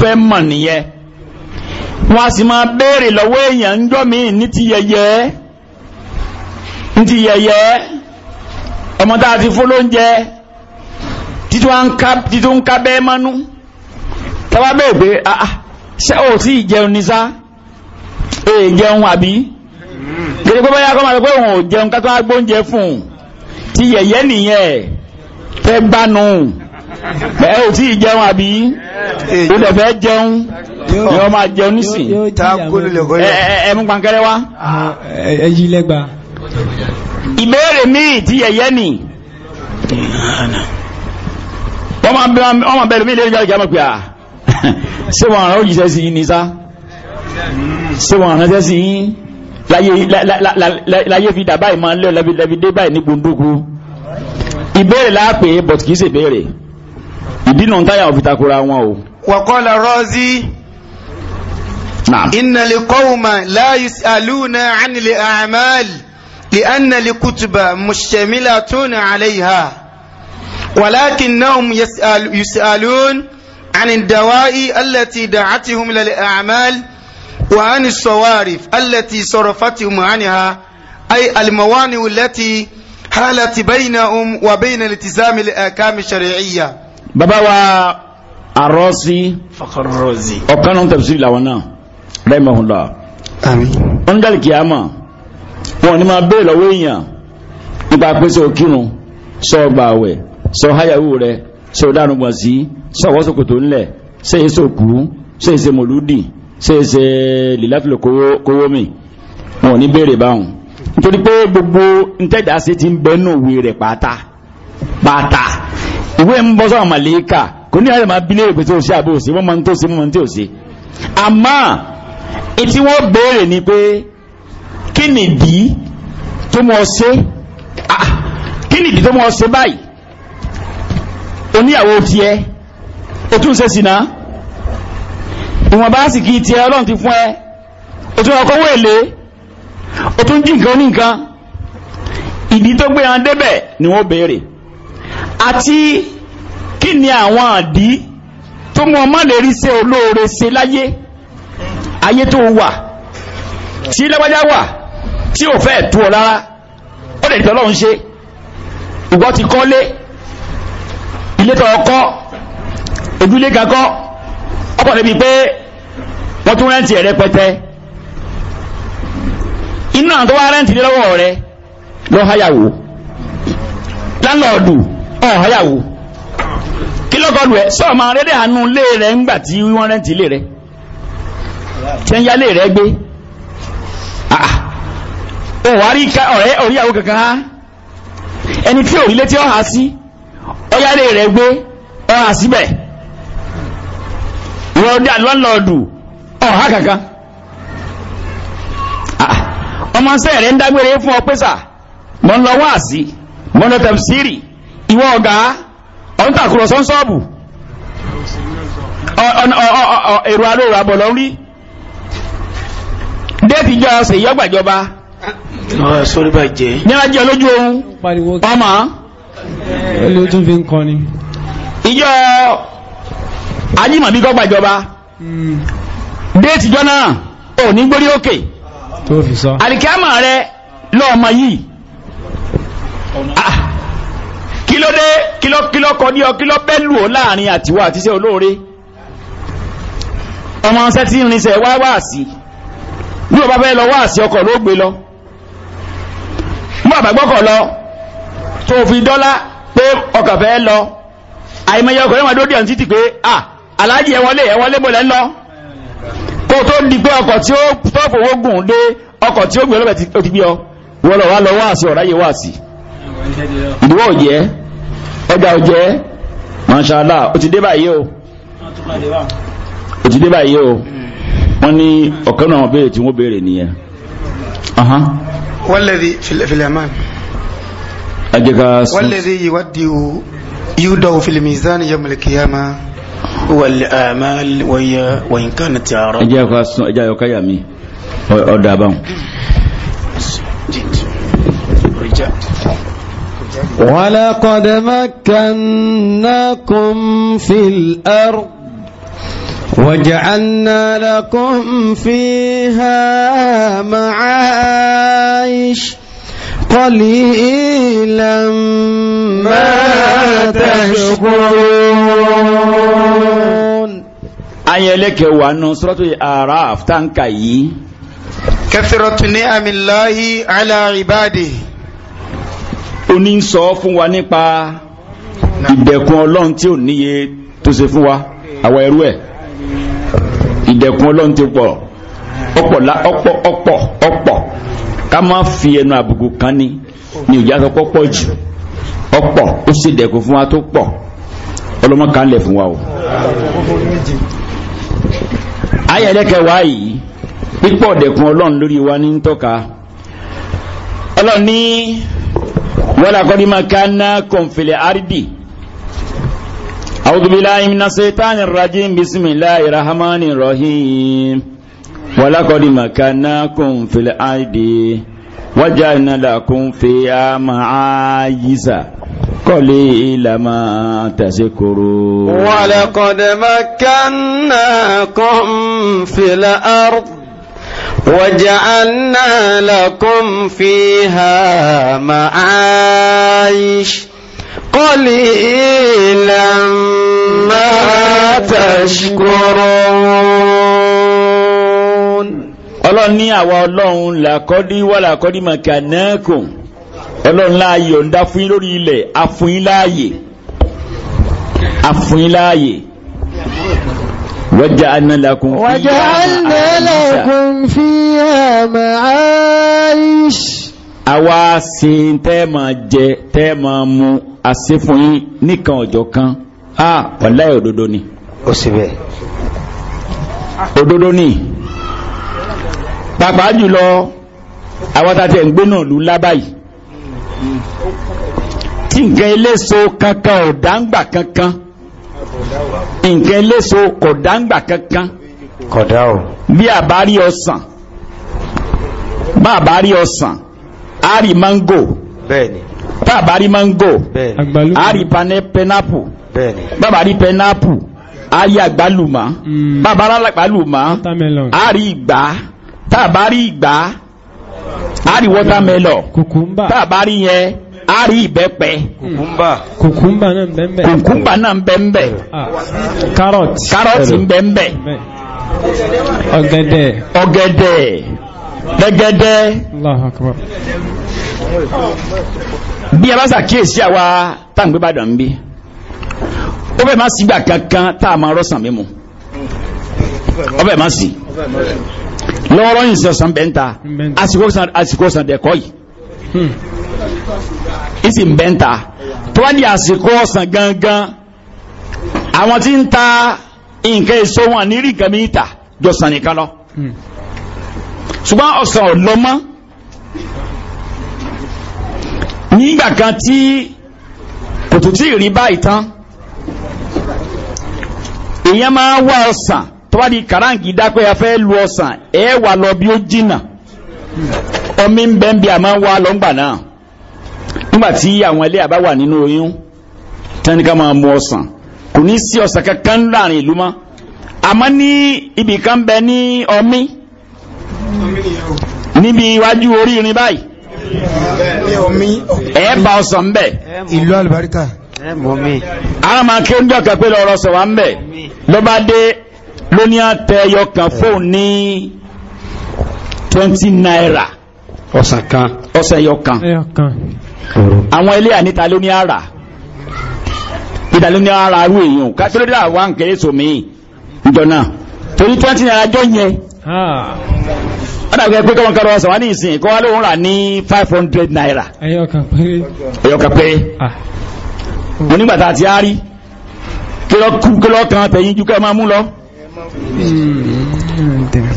fẹ́ beere nìyẹn wọn a sì máa lọ́wọ́ ń yẹyẹ ní yẹyẹ ọmọ tá títún ń ká bẹ́ẹ̀ mọ́nú tọ́wá bẹ́ẹ̀ pé ah, ah, ṣé ò tí ì jẹun ní sá èè jẹun àbí gẹ́gẹ́ pé báyá kọ́ máa pé òun ò jẹun ká tó wá gbóúnjẹ fún un ti yẹ̀yẹ́ nìyẹn fẹ́ gbánu ẹ ò tí ì àbí ó dẹ̀ fẹ́ jẹun ni máa jẹun nísìn ẹ mú pankẹ́rẹ́ wá. Ah, ẹ lẹ́gbàá. ìbéèrè míì ti yẹ̀yẹ́ nì ọmọ bẹ̀rẹ̀ mi lè rí gbàgbà mọ̀ pé à ṣé wọn àrán òjìṣẹ́ sí yín ní sá ṣé wọn àrán ṣẹ́ sí yín láyé fi dà báyìí máa ń lẹ́ọ̀ ní gbòǹdókú ìbéèrè láàpè but kìí ṣe béèrè ìdínà táyà òfin takora wọn o. wàkọ́lá rọ́ọ̀zí inna lè kọ́wùmá láàyè àlùna ànilè àmàlì lè ànà kùtùbà mùsùlùmí látúnà àlẹ́ yìí ولكنهم يسألون عن الدواء التي دعتهم للأعمال وعن الصوارف التي صرفتهم عنها أي الموانع التي حالت بينهم وبين التزام الأحكام الشرعية بابا و الرازي فقر الرازي وكانوا تفسير لونا رحمه الله آمين عند القيامة wọn ni máa bẹ́ẹ̀ lọ́wọ́ èèyàn nípa pé sọ kírun sọ sọ háyàwó rẹ sọ dárúgbọ̀n sí sọ wọ́sọ̀kò tó ńlẹ̀ ṣe é sòkú ṣe é ṣe mòlúdì ṣe é ṣe lìláfìlò kówó mi wọn ò ní béèrè báwọn nítorí pé gbogbo ntẹ́dàsí ti ń bẹnu òwe rẹ̀ pátá pátá ìwé ń bọ́ sọ́wọ́n màlẹ́kà kò ní àyẹ̀mọ́ abilé rẹ̀ pé tó ṣe àbò òsè wọ́n máa ń tó ṣe wọ́n máa ń tó ṣe àmọ́ etí wọ́n béèrè ni pé kí nìdí tó mọ̀ ah, ọ́ ṣe báyìí oníyàwó ti ẹ o tún ṣe sìnà ìwọ̀nba sì kí ti ẹ ọlọ́run ti fún ẹ o tún ọkọ̀ wèlé o tún jí nǹkan oníkan ìdí tó gbé wọn débẹ̀ ni wọ́n béèrè àti kí ni àwọn àdí tó mú ọmọ lè rí ṣe olóore ṣe láyé ayé tó wà tí lágbájá wà tí ò fẹ́ tó ọ rárá ó lè tọ́lọ́run ṣe ìgbọ́ ti kọ́lé ilé tó ọkọ́ ojúlé ọkọ̀ níbi pé wọ́n tún rẹ́ǹtì ẹ̀ rẹpẹtẹ inú tó wá rẹ́ǹtì lọ́wọ́ rẹ lọ́ háyàwó láńlọ́ọ̀dù ọ̀ háyàwó kí lọ́kọ̀ọ́dù ẹ sọ ma àánú lé rẹ ńgbà tí wọ́n rẹ́ǹtì lé rẹ tí ń yálé rẹ gbé ọ̀ wá ọ̀rẹ́ kankan ẹni ọyálé rẹ̀ gbé ọ̀hà síbẹ̀ rọ̀dà lọ́lọ́ọ̀dù ọ̀hà kankan ah, ọmọ sẹ́ rẹ̀ ń dágbére fún ọ pẹ́sà mọ́ ń lọ wá sí mọ́ ń lọ tẹ̀síìrì ọ̀gá ọ̀n èrò alóòrò abọ̀ lọ rí déètì jọ ọ̀sẹ̀ ìyọ́gbàjọba ọmọ ló tún fi ń ni. ìjọ ajímọ̀bí gọ́gbà ìjọba déètì jọ náà ò ní gbórí òkè tó fi sọ rẹ yìí ah, kí ló dé kí ló kí ní ọ kí ló ó láàrin ọmọ ọsẹ tí ń rinṣẹ́ sí bí fẹ́ lọ wá ọkọ̀ ló lọ bí lọ tó fi dọ́là pé ọkàn fẹ́ lọ àìmọye ọkọ̀ yẹn wà lórí ọ̀n pé à aláàjì ẹ wọlé ẹ lọ kó tó di pé ọkọ̀ tí ó tọ́pù owó gùn dé ọkọ̀ tí ó gbé ọlọ́bẹ̀ ó ti gbé ọ wọ́n lọ wá lọ wáàsí ọ̀rá yẹ wáàsí ìdíwọ́ òjẹ́ ọjà òjẹ́ mọ̀ṣálà ó ti dé báyìí o ó ti dé báyìí o wọ́n ní ọ̀kan náà wọ́n béèrè tí wọ́n béèrè nìyẹn. wọ́n lè fi filẹ̀ máa. والذي يودي يودع في الميزان يوم القيامة والآمال ويا وإن كانت عرب ajaka sun ajaka kayami odaban ولقد مكناكم في الأرض وجعلنا لكم فيها معايش قليلا ما تشكرون ayẹlẹ́kẹ̀ wà nù sọ́tò ààrá àftáǹkà yìí kẹfìrọ̀tù ní àmìláyí aláìbáde ó ní sọ fún wa nípa ìdẹ̀kùn ọlọ́run tí ò níye tó ṣe fún wa àwọn ẹrú ẹ̀ ìdẹ̀kùn ọlọ́run ti pọ̀ ọ̀pọ̀ ọ̀pọ̀ ọ̀pọ̀ ká má fi ẹnu àbùkù kan ni ni ìjà sọ pọ́ pọ̀ jù ọ̀pọ̀ ó sì dẹ̀kun fún wa tó pọ̀ ọlọ́mọ kan lẹ̀ fún wa o. ayẹ̀lẹ́kẹ̀wá yìí pípọ̀ dẹ̀kun ọlọ́run lórí wa ní tọ́ka ọlọ́run ní wala kọ́ni máa ká ná kọ̀ǹfẹ̀lẹ̀ àrídì. a'udhu billahi minash shaitani rrajim bismillahir rahmanir rahim. ولقد مكناكم في الأرض وجعلنا لكم فيها معايز قليلا ما تشكرون ولقد مكناكم في الأرض وجعلنا لكم فيها معايش قليلا ما تشكرون ọlọ́run ní àwa ọlọ́run làkọ́dí wà làkọ́dí màkà náà kò ọlọ́run láàyè ọ̀ǹda fún yín lórí ilẹ̀ àfún yín láàyè àfún yín láàyè. وجعلنا لكم فيها وجعلنا لكم فيها معايش àwa sin tẹ́ máa jẹ tẹ́ máa mu àṣẹ fún yín níkan ọjọ́ kan ah wàláì ni. ó sì bẹ́ẹ̀. òdodo ni pàápàá jùlọ àwọn tá a ti ẹ̀ ń gbé náà lù lábàyí tí nǹkan eléso kankan ò kankan nǹkan eléso kò kankan bí àbárí ọsàn bá àbárí ọsàn a mango bẹ́ẹ̀ni bá àbárí mango ari a rí pineapple bẹ́ẹ̀ni bá àbárí pineapple a rí àgbálùmọ̀ mm. bá àbárí àgbálùmọ̀ a ìgbà. tàbá rí ìgbá a rí watermelon kùkùmbà tàbá rí yẹn a rí ìbẹ́pẹ kùkùmbà náà ń bẹ́ẹ̀ kárọ̀tì ń bẹ́ẹ̀ ọ̀gẹ̀dẹ̀ gẹ́gẹ́dẹ́ bí a bá àwa bá dàn bí ó fẹ́ máa sígbà kankan tá a máa rọ́sàn mímu ó fẹ́ máa lọ́rọ́ yìí sọ̀sán bẹ́ńtà àsìkò sàn dẹ̀kọ́ yìí hmm. ìsì ń bẹ́ńtà tó wá ní àsìkò ọ̀sán gangan àwọn tí ń ta nǹkan èso wọn nírí nǹkan mi ta jọ sàn nìkan lọ hmm. ṣùgbọ́n ọ̀sán ọ̀lọ́mọ́ nígbà kan tí kò tí ì rí báyìí tán èèyàn máa wá ọ̀sán tó bá di kàráǹkì dápẹ́ afẹ́ lu ọ̀sán ẹ wà lọ bí ó jìnà omi ń bẹ́ ń bí a máa ń wá lọ́ngbà náà nígbà tí àwọn ilé àbá wà nínú oyún tẹ́ni ká máa mu ọ̀sán kò ní sí ọ̀sán kankan láàrin ìlú mọ́ àmọ́ ní ibì kan bẹ ní omi níbi iwájú orí irin báyìí ẹ bá ọ̀sán ń ìlú àlùbáríkà. àwọn máa ké ń jọ kẹ́pẹ́ lọ́rọ̀ sọ̀wá ń bẹ ló dé ló ní àtẹyọ kan fóun ní twenty naira ọ̀sán kan ọ̀sán ẹyọ kan àwọn ilé àníta ló ní àrà ìdá ló ní àrà arú èèyàn kátó ló dé àwọn nkéré sòmí ìjọ náà torí twenty naira jọ yẹn ah. wọ́n dàgbé pé kọ́wọ́n kọ́wọ́ sọ̀wọ́n ní ìsìn kọ́ wá lóhun rà ní 500 naira ẹ̀yọ̀kà pé ah. mo nígbàtà àti àárí kí lọ́kàn tẹ̀yìn jù kẹ́ máa mú lọ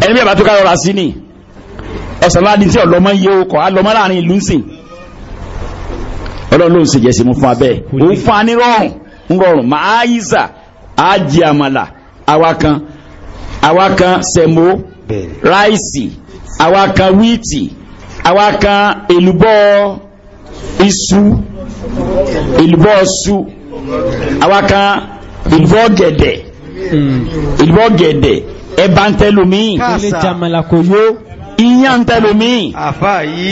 ẹni bí àbátúkà rọra sí ni ọ̀sán tí ọ̀lọ́mọ yé o kọ̀ á lọ́mọ láàrin ìlú ń sìn ọlọ́run ló ń ṣe jẹ́sí mú fún abẹ́ òun fún anírọ̀rùn ń rọrùn máa yíṣà á jẹ àmàlà awakan awakan sẹ̀mó ráìsì awakan wíìtì awakan èlùbọ́ iṣu èlùbọ́ ṣu awakan èlùbọ́ gẹ̀dẹ̀ Hmm. ìbọ̀ gẹ̀dẹ̀ ẹ̀bà ń tẹ́lómi ìyàn ń tẹ́lómi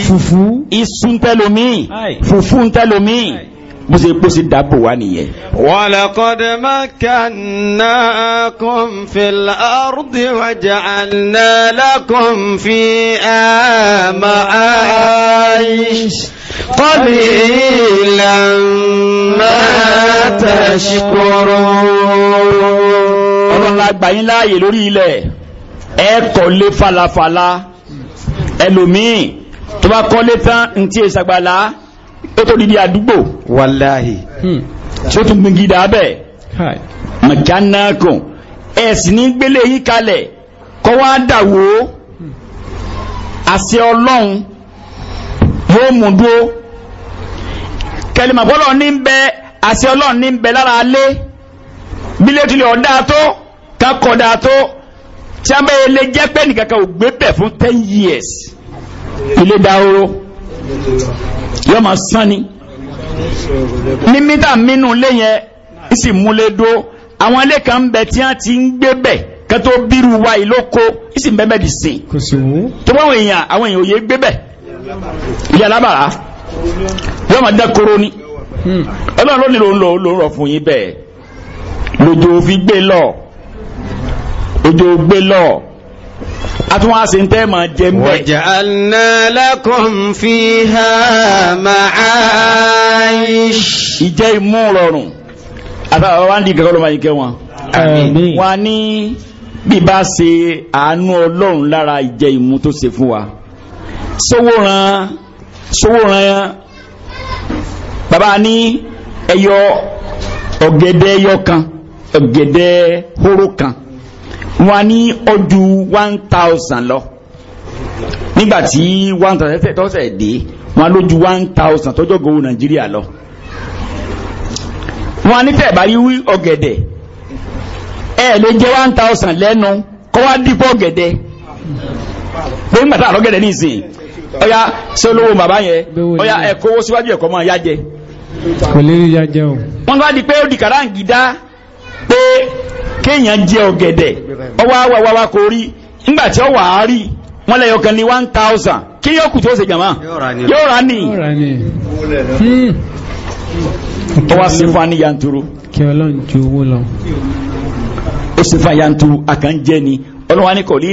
fùfú iṣu ń tẹ́lómi fùfú ń tẹ́lómi bó ṣe pọ́ sí dábò wá nìyẹn. Walaqad makkannakum fil ardi wa ja'alna lakum fiha ma'ayish qalilan ma tashkurun ọlọ́run la gbà yín láàyè lórí ilẹ̀ ẹ kọ́lé falafala ẹlòmíì tó bá kọ́lé tán ntí ìsàgbàlá ó tó didi àdúgbò. wàláhì. Hmm. tí ó tún gbìngì dàbẹ̀ mọ̀jánnákùn ẹ̀sìn ní gbélé yín kalẹ̀ kọ́ wá dàwó àṣẹ ọlọ́run yóò mú dúró kẹlẹ́mọ̀ bọ́lọ̀ ní bẹ àṣẹ ọlọ́run ní bẹ lára alé bílẹ̀ tilẹ̀ ọ̀dá tó kakọ̀dà tó tí a bẹ́ẹ̀ lè jẹ́ pé nìkankan ò gbé bẹ̀ fún ten years ilé dahoro yọ ma sán ni ní mítà mínú lé yẹn ìsì múlẹ̀ dó àwọn ilé kan ń bẹ tí a ti ń gbé bẹ̀ kẹtó bírú wa ìlóko ìsì bẹ́ẹ̀ bẹ́ẹ̀ di sè tó bá àwọn èèyàn àwọn èèyàn òye gbé bẹ̀ ìyá yọ ma dẹ́ koro ni hmm. ọlọ́run ló ní lọ fún yín bẹ́ẹ̀ lòjò òfin gbé lọ ojú gbé lọ atúnwá sí tẹ́ ma jẹ mẹ́ waja'alna lakum fiha ma'aish ìjẹ́ imú rọrùn àtàwọn wá ń di kẹ́kọ́ ló máa yí kẹ́ wọn wọ́n ní bí bá ṣe àánú ọlọ́run lára ìjẹ́ imú tó ṣe fún wa sówóran sówóran bàbá ní ẹyọ ọ̀gẹ̀dẹ̀ ẹyọ kan ọ̀gẹ̀dẹ̀ hóró kan wọ́n ní ọdún one thousand lọ nígbàtí one thousand tọ́sẹ̀ dé wọ́n lójú one thousand tọ́jọ́ gowó nàìjíríà lọ wọ́n ní tẹ̀bá rí wí ọ̀gẹ̀dẹ̀ ẹ lè jẹ́ one thousand lẹ́nu kọ́ wá dípò ọ̀gẹ̀dẹ̀ pé nígbà tá àlọ́ gẹ̀dẹ̀ nísìnyí ọ̀ya sọlọ́wọ́ bàbá yẹn ọ̀ya ẹ̀kọ́ owó síwájú ẹ̀kọ́ máa yá jẹ. kò lè rí yá jẹ o. wọ́n bá di pé ó di kàráǹgì dá pé kéèyàn jẹ ọ̀gẹ̀dẹ̀ ọwọ́ awọ́wọ́ kò rí nígbàtí ọ àárí wọ́n lẹ́yọ kan ní 1000 kí yóò kù tó ṣe jàmá yóò rà ní ọwọ́ sí fún kí ọlọ́run ju owó lọ ó sì fún ni ọlọ́wà ní kọ̀lí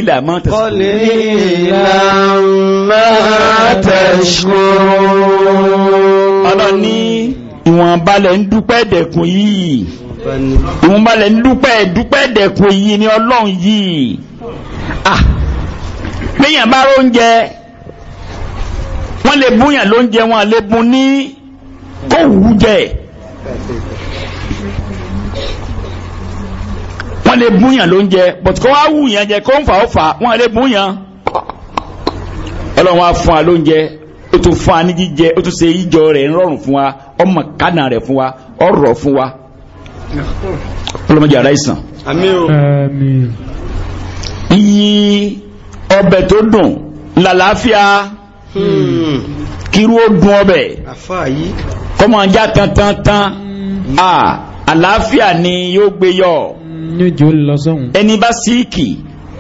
ní òun balẹ̀ ń dúpẹ́ dúpẹ́ dẹ̀kun yìí ni ọlọ́run yìí ah péyàn bá róúnjẹ wọ́n lè búyàn lóúnjẹ wọn lè bun ní kó wù jẹ wọ́n lè búyàn lóúnjẹ bọ̀tù kó wá wù yàn jẹ kó ń fà ó fà wọ́n lè búyàn ọlọ́run á fún wa lóúnjẹ ó tún fún wa ní jíjẹ ó tún ṣe ìjọ rẹ̀ ń rọrùn fún wa ọmọ kánà rẹ̀ fún wa ọrọ̀ fún wa ọlọ́mọdé ara ìsàn yí ọbẹ̀ tó dùn làlàáfíà hmm. kírú ó dùn ọbẹ̀ kọ́mọ ajá tán tán tán hmm. àlàáfíà ni yóò gbé yọ hmm, ẹni bá síìkì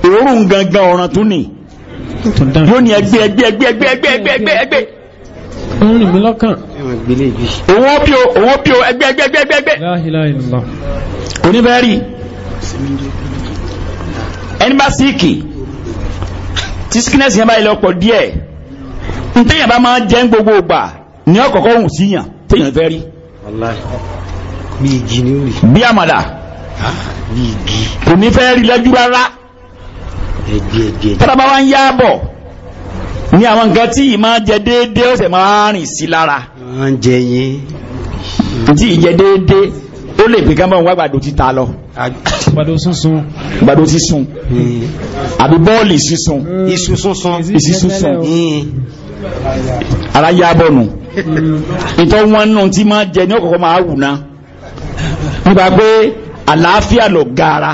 òórùn gangan ọ̀ràn tún ni yóò ní ẹgbẹ́ ẹgbẹ́ ẹgbẹ́ ẹgbẹ́ ẹgbẹ́ ẹgbẹ́ ẹgbẹ́ ń rìn mí lọ́kàn owó pio owó pio ẹgbẹ́gbẹ́gbẹ́gbẹ́ oníbẹ̀rí ẹni bá síìkì tí sickness yẹn bá ilẹ̀ ọ̀pọ̀ díẹ̀ n téèyàn bá máa jẹ́ ń gbogbo ògbà ní ọ̀kọ̀ọ̀kọ̀ ohun síyàn téèyàn fẹ́ rí bí àmàlà ah, kò ní fẹ́ rí lẹ́jú rárá tábà wá ń yá bọ̀ ní àwọn nǹkan tí ìmá jẹ déédé ó sì máa rìn sí lára tí ìjẹ déédé ó lè pè kán bá wọn wá gbàdó títa lọ gbàdó sísun gbàdó sísun hmm. àbí bọ́ọ̀lì sísun hmm. iṣu sísun iṣu sísun hmm. ara yá bọ̀nù ìtọ́ wọn nù tí máa jẹ ní ọ̀kọ̀ọ̀kọ̀ máa wù ná nípa pé àlàáfíà lọ gara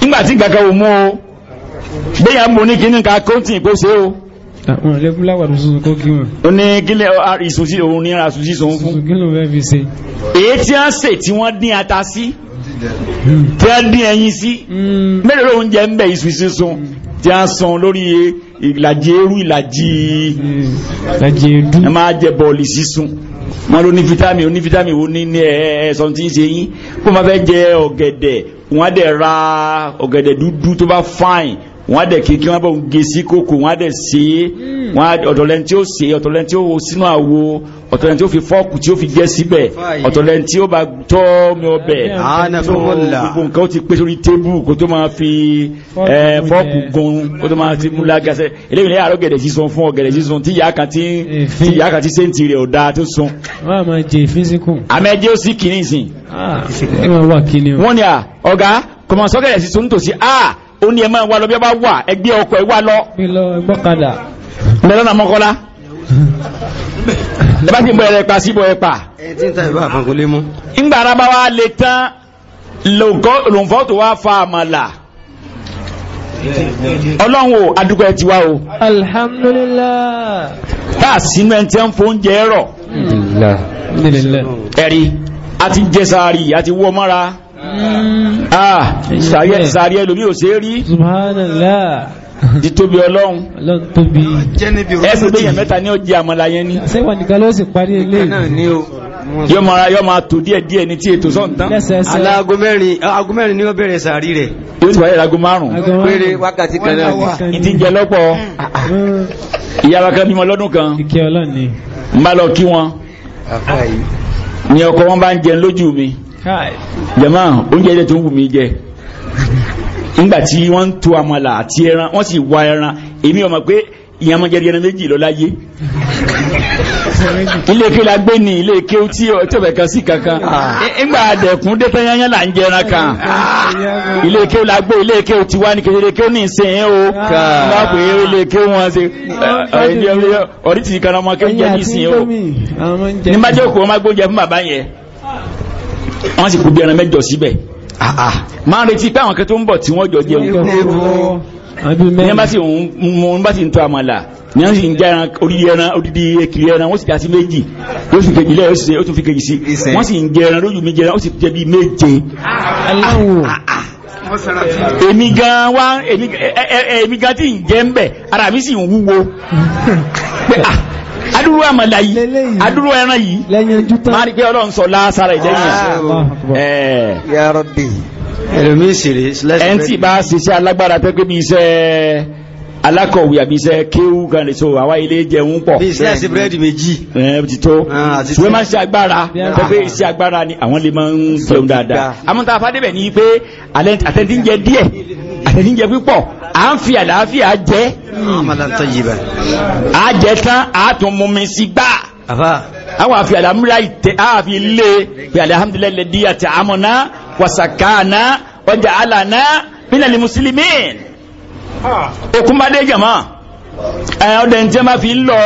nígbà tí gbàgbọ́ mú o bẹ́yà mú ní kíní ká kóntì kó ṣe o àwọn ilé fúláwà tó kó kí wọn ó ní kílẹ̀ ìsúsí òun ní àṣùsí sọ fún èyí tí a ń sè tí wọ́n dín ata sí tí a dín ẹyin sí mẹ́rẹ̀ẹ́rẹ́ hmm. oúnjẹ ń bẹ̀ ìsúsí sun tí a san lórí ìlàjì eru ìlàjì ẹdú hmm. ẹ máa jẹ bọ́ọ̀lì sísun máa ló ní fítámì ó ní fítámì ó ní ní ẹ̀ẹ́sọ̀n tí ń ṣe yín kó máa fẹ́ jẹ ọ̀gẹ̀dẹ̀ wọ́n á dẹ̀ wọ́n á dẹ̀ kí kí wọ́n bọ̀ ń gé sí kókò wọ́n á dẹ̀ ṣe é hmm. wọ́n á ọ̀tọ̀lẹ́ni tí ó ṣe ọ̀tọ̀lẹ́ni tí ó wo sínú àwo ọ̀tọ̀lẹ́ni tí ó fi fọ́ọ̀kù tí ó fi jẹ́ síbẹ̀ ọ̀tọ̀lẹ́ni tí ó bá tọ́ mi ọbẹ̀ tó gbogbo nǹkan ó ti pé sórí tébù kó tó máa fi fọ́ọ̀kù gun kó tó máa ti mú lágasẹ́ eléyìí lẹ́yìn àárọ̀ gẹ̀dẹ̀ sísun fún ọ̀gẹ̀dẹ̀ sísun tí ìyá kan ti sẹ́ǹtì rẹ̀ ọ̀dà tó sun. wọ́n á máa jẹ físíkù. àmẹ́jẹ́ ó sì kìíní ìsìn. Ah, wọ́n ní à ọ̀gá ó ní ẹ máa wá lọ bí ẹ bá wà ẹgbẹ́ ọkọ̀ ẹ wá lọ. mẹ́lọ́nà mọ́kọ́lá bá ti bọ ẹ̀rẹ̀ pa síbọ̀ ẹ̀ pa. ńgbà ara bá wa lè tán lòǹfọ́ tó wá fa àmàlà ọlọ́run o adúgbò ẹ ti wá o. alhamdulillah. tá a sínú ẹ ti ń fóúnjẹ rọ. ẹ̀rí a ti jẹ sáárì a ti wọ́ mọ́ra. ah sàrí ẹlòmí ò ṣe rí di tóbi ọlọ́run ẹ̀sùn gbéyàn mẹ́ta ní ó jẹ àmàlà yẹn ni yóò máa yóò máa tò díẹ̀ díẹ̀ ní tí ètò sọ́n tán aláago mẹ́rin aago mẹ́rin ni ó bẹ̀rẹ̀ sàárì rẹ̀ yóò sì wáyé aago márùn péré wákàtí kan náà ní ti jẹ lọ́pọ̀ mm. ìyá kan bímọ lọ́dún kan ń bá lọ kí wọn ni ọkọ wọn bá ń jẹun lójú mi jama oúnjẹ ilẹ̀ tó ń wù mí jẹ nígbàtí wọ́n ń to àmàlà àti ẹran wọ́n sì wá ẹran èmi ọmọ pé ìyẹn máa jẹrìí ẹran méjì lọ́láyé ilé ike la gbé ní ilé ike tí ọ̀tọ̀bẹ̀ kan sí kankan nígbà àdẹ̀kùn dẹ́tẹ́ yányán là ń jẹran kan ilé ike la gbé ilé ike ti wá ní kékeré ike ní ìsìn o nígbà pé ilé ike wọn ṣe ọ̀rí ti kan ọmọ kéwọ́n jẹ ní ìsìn o ní bá jẹ́ òkú wọn máa gbóúnjẹ fún bàbá yẹn wọ́n sì kú bí ẹran mẹ́jọ síbẹ̀ ah, ah. máa retí pé àwọn kan tó ń bọ̀ tí wọ́n jọ jẹun ní bá sì ń bá sì ń tọ́ àmàlà ní wọ́n sì ń já ẹran orí ẹran odidi ekiri ẹran wọ́n sì dá sí méjì yóò sì kejì lẹ́yìn ó tún fi kejì sí wọ́n sì ń jẹ ẹran lójú mi jẹ ẹran ó sì jẹ bí méje. Ah, èmi gan wá èmi gan tí ń jẹ ń bẹ̀ ara mi sì ń wúwo. <laughs> adúrú àmàlà yìí adúrú ẹran yìí máa rí pé ọlọ́run sọ lására ìjẹ́yìn ẹn tí bá ṣiṣẹ́ alágbára pẹ́pẹ́ bí iṣẹ́ alákọ̀wé àbí iṣẹ́ kéwú kan lè so àwa ilé jẹun pọ̀ bí iṣẹ́ àti búrẹ́dì méjì ẹ̀ ti tó ah, ṣùgbọ́n máa ń ṣe agbára pẹ́pẹ́ iṣẹ́ agbára ni àwọn lè máa ń jẹun dáadáa amúntàfà débẹ̀ ní pé àtẹ̀tí ń jẹ díẹ̀ àtẹ̀tí púpọ̀ à ń fi àlàáfíà jẹ́ a jẹ́ tán a tún mú mi sí gbà àwọn àfi àlàmúra ìtẹ́ àfi ilé pé alhamdulilayi lẹ́dí àti àmọ́ná wàsàkánà ọjà àlànà mílẹ̀ ní mùsùlùmí okùnbadé jama ẹ̀ ọ̀dẹ̀ ní tí a máa fi ń lọ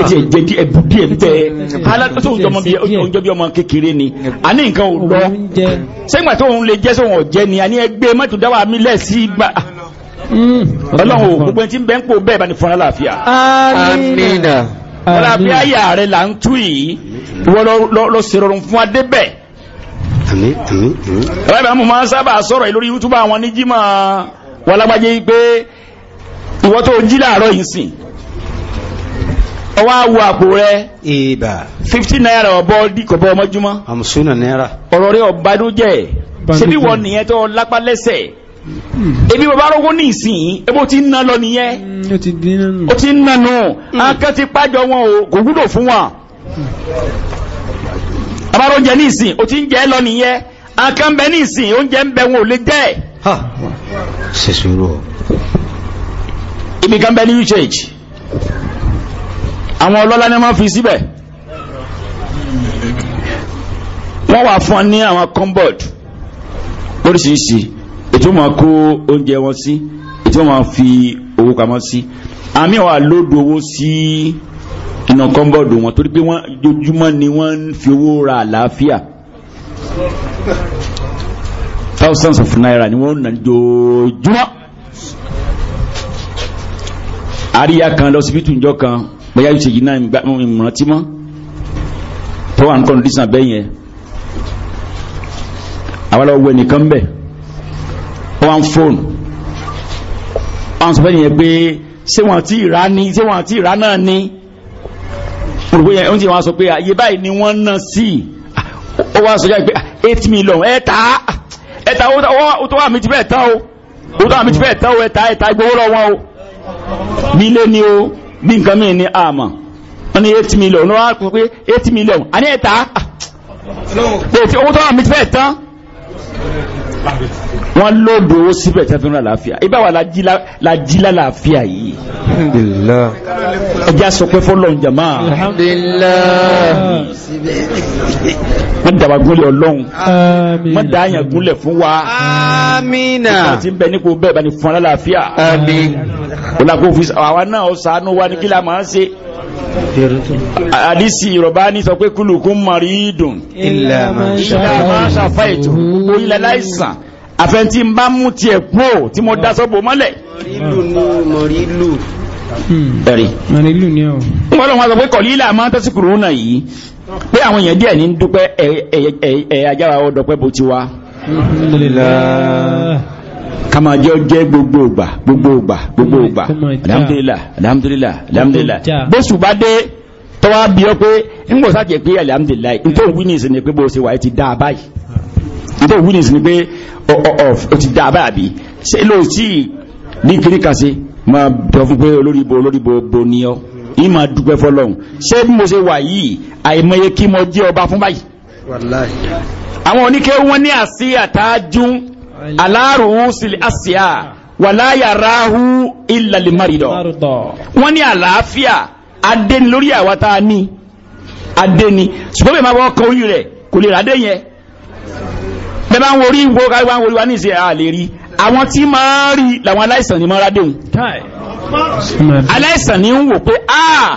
ẹtì ẹjẹ di ẹbù díẹ̀ tẹ alákòóso ọjọmọ bíi ọjọ bíi ọmọ kékeré ni a nǹkan ò lọ sẹ́gbà tó ń lè jẹ́ sóhun ọ̀jẹ́ ni a ní ẹgbẹ́ dáwà mi lẹ̀ sí gbà. Hmm. ọlọ́run ò gbogbo ń bẹ́ ń pò bẹ́ẹ̀ bá ní fún aláàfíà. amina. aláàfíà yà rẹ̀ là ń tú yìí wọ́n lọ sí fún adé bẹ́ẹ̀. aláàbẹ̀ mo máa ń sábà sọ̀rọ̀ lórí youtube àwọn oníjìmọ̀ wọn lágbájé pé ìwọ tó jí láàárọ̀ yìí sìn ọwọ́ àwọ̀ àpò rẹ̀ ìbà 15 naira ọ̀bọ̀ díkọ̀bọ̀ ọmọjúmọ́ 50 naira ọ̀rọ̀ rẹ̀ ọ̀bádó jẹ́ ṣe bí wọ́n nìyẹn tó lápá lẹ́sẹ̀ ebi bàbá arógó ní ìsìn ebó ti ń ná lọ nìyẹn ó mm, ti ń ná nù akẹ́ ti mm. pàjọ wọn o kò wúlò fún wọn bàbá aróúnjẹ ní ìsìn ó ti ń jẹ́ lọ nìyẹn akẹ́ ń bẹ ní ìsìn oúnjẹ ń bẹ wọn ò lè jẹ́ ibi kan bẹ ní uchage àwọn ọlọ́lá ni wọ́n fi síbẹ̀ wọ́n wà fún ọ ní àwọn comboard lóríṣiríṣi ètò máa kó oúnjẹ wọn sí ètò máa fi owó pamọ́ sí àmì àwọn àlódò owó sí iná kọ́ńbọ̀dù wọn torí pé wọ́n jojúmọ́ ni wọ́n ń fi owó ra àlàáfíà thousands of naira ni wọ́n ń nà jojúmọ́ àríyá kan lọ síbítù njọ́ kan bóyá yóò ṣe yìí náà ìmọ̀rántí mọ́ tó wà ní kọ́ńdísàn bẹ́yẹn àwọn ọlọ́wọ́ ẹnìkan bẹ́ẹ̀ wọ́n fóònù àwọn sọfẹ́ nìyẹn pé ṣé wọ́n ti ìrà ni ṣé wọ́n ti ìrà náà ni olùkọ́ yẹn ó ti wọ́n sọ pé àyè báyìí ni wọ́n ná sí ó wá sọ jáde pé eight million ẹ ta ẹ ta ó tó wà mí ti bẹ́ẹ̀ tán o ó tó wà mí ti bẹ́ẹ̀ tán o ẹ ta ẹ ta gbowó lọ wọn o bí ilé ni o bí nǹkan mìíràn ni àmọ́ wọ́n ní eight million wọ́n wá sọ pé eight million àní ẹ ta owó tó wà mí ti bẹ́ẹ̀ tán wọ́n lòdò ó síbẹ̀ tẹ́fẹ́ náà láàfíà ibà wà lájílá láàfíà yìí alhamdulillah ẹjá sọ pé fọ́lọ́n jama alhamdulillah wọ́n dàbà gúnlẹ̀ ọlọ́run wọ́n dà áyàn gúnlẹ̀ fún wa amina àti bẹ nípò bẹ́ẹ̀ bá ní fún aláàfíà àmín òlàkó fi àwa náà ó ṣàánú wa ní kí la máa ń ṣe àdísì ìrọ̀bá ní sọ pé kúlùkún maridun illa ma shafaitu gbogbo ilẹ̀ láìsàn àfẹ́ntí ń bá mú ti ẹ̀kú tí mo dá sọ́bò mọ́lẹ̀ hmm. ẹ̀rí wọ́n lọ́wọ́ sọ pé kọ̀lí ilẹ̀ àmọ́ tẹ́sí kúrò náà yìí pé àwọn èèyàn díẹ̀ ní dúpẹ́ ẹ̀yà ajára ọdọ̀ pẹ́ bó ti wá alhamdulillah kama jọ jẹ gbogbo ògbà gbogbo ògbà gbogbo ògbà alhamdulilah alhamdulilah alhamdulilah bóṣù bá dé tọ́wọ́ bí ọ pé ń gbọ́ sáà jẹ́ pé alhamdulilah nítorí wí ní ìsinmi pé bó ṣe wà ẹ ti dá a báyìí nítorí wí ní ìsinmi pé o ti dá a báyìí àbí ṣé ló sì ní kiri kan sí máa dọ fún pé olóríbo olóríbo bo ni ọ yìí máa dúpẹ́ fọlọ́hún ṣé bí mo ṣe wà yìí àìmọye kí mo jẹ́ ọba fún báyìí. àwọn oníkẹ́ ní àsíyà tá a dún aláàrùsìlì àṣìá wàláyàráhù ìlàlẹ̀ márìdọ̀ wọ́n ní àlàáfíà adé ni lórí àwa tá a ní adé ni ṣùgbọ́n bẹ́ẹ̀ máa wọ́n kọ orí rẹ̀ kò lè ràdé yẹn bẹ́ẹ̀ bá ń worí wo káwé bá ń worí wa ní ìṣe àlè rí àwọn tí máa rí làwọn aláìsàn ni máa rádé òun aláìsàn ni ń wò pé ah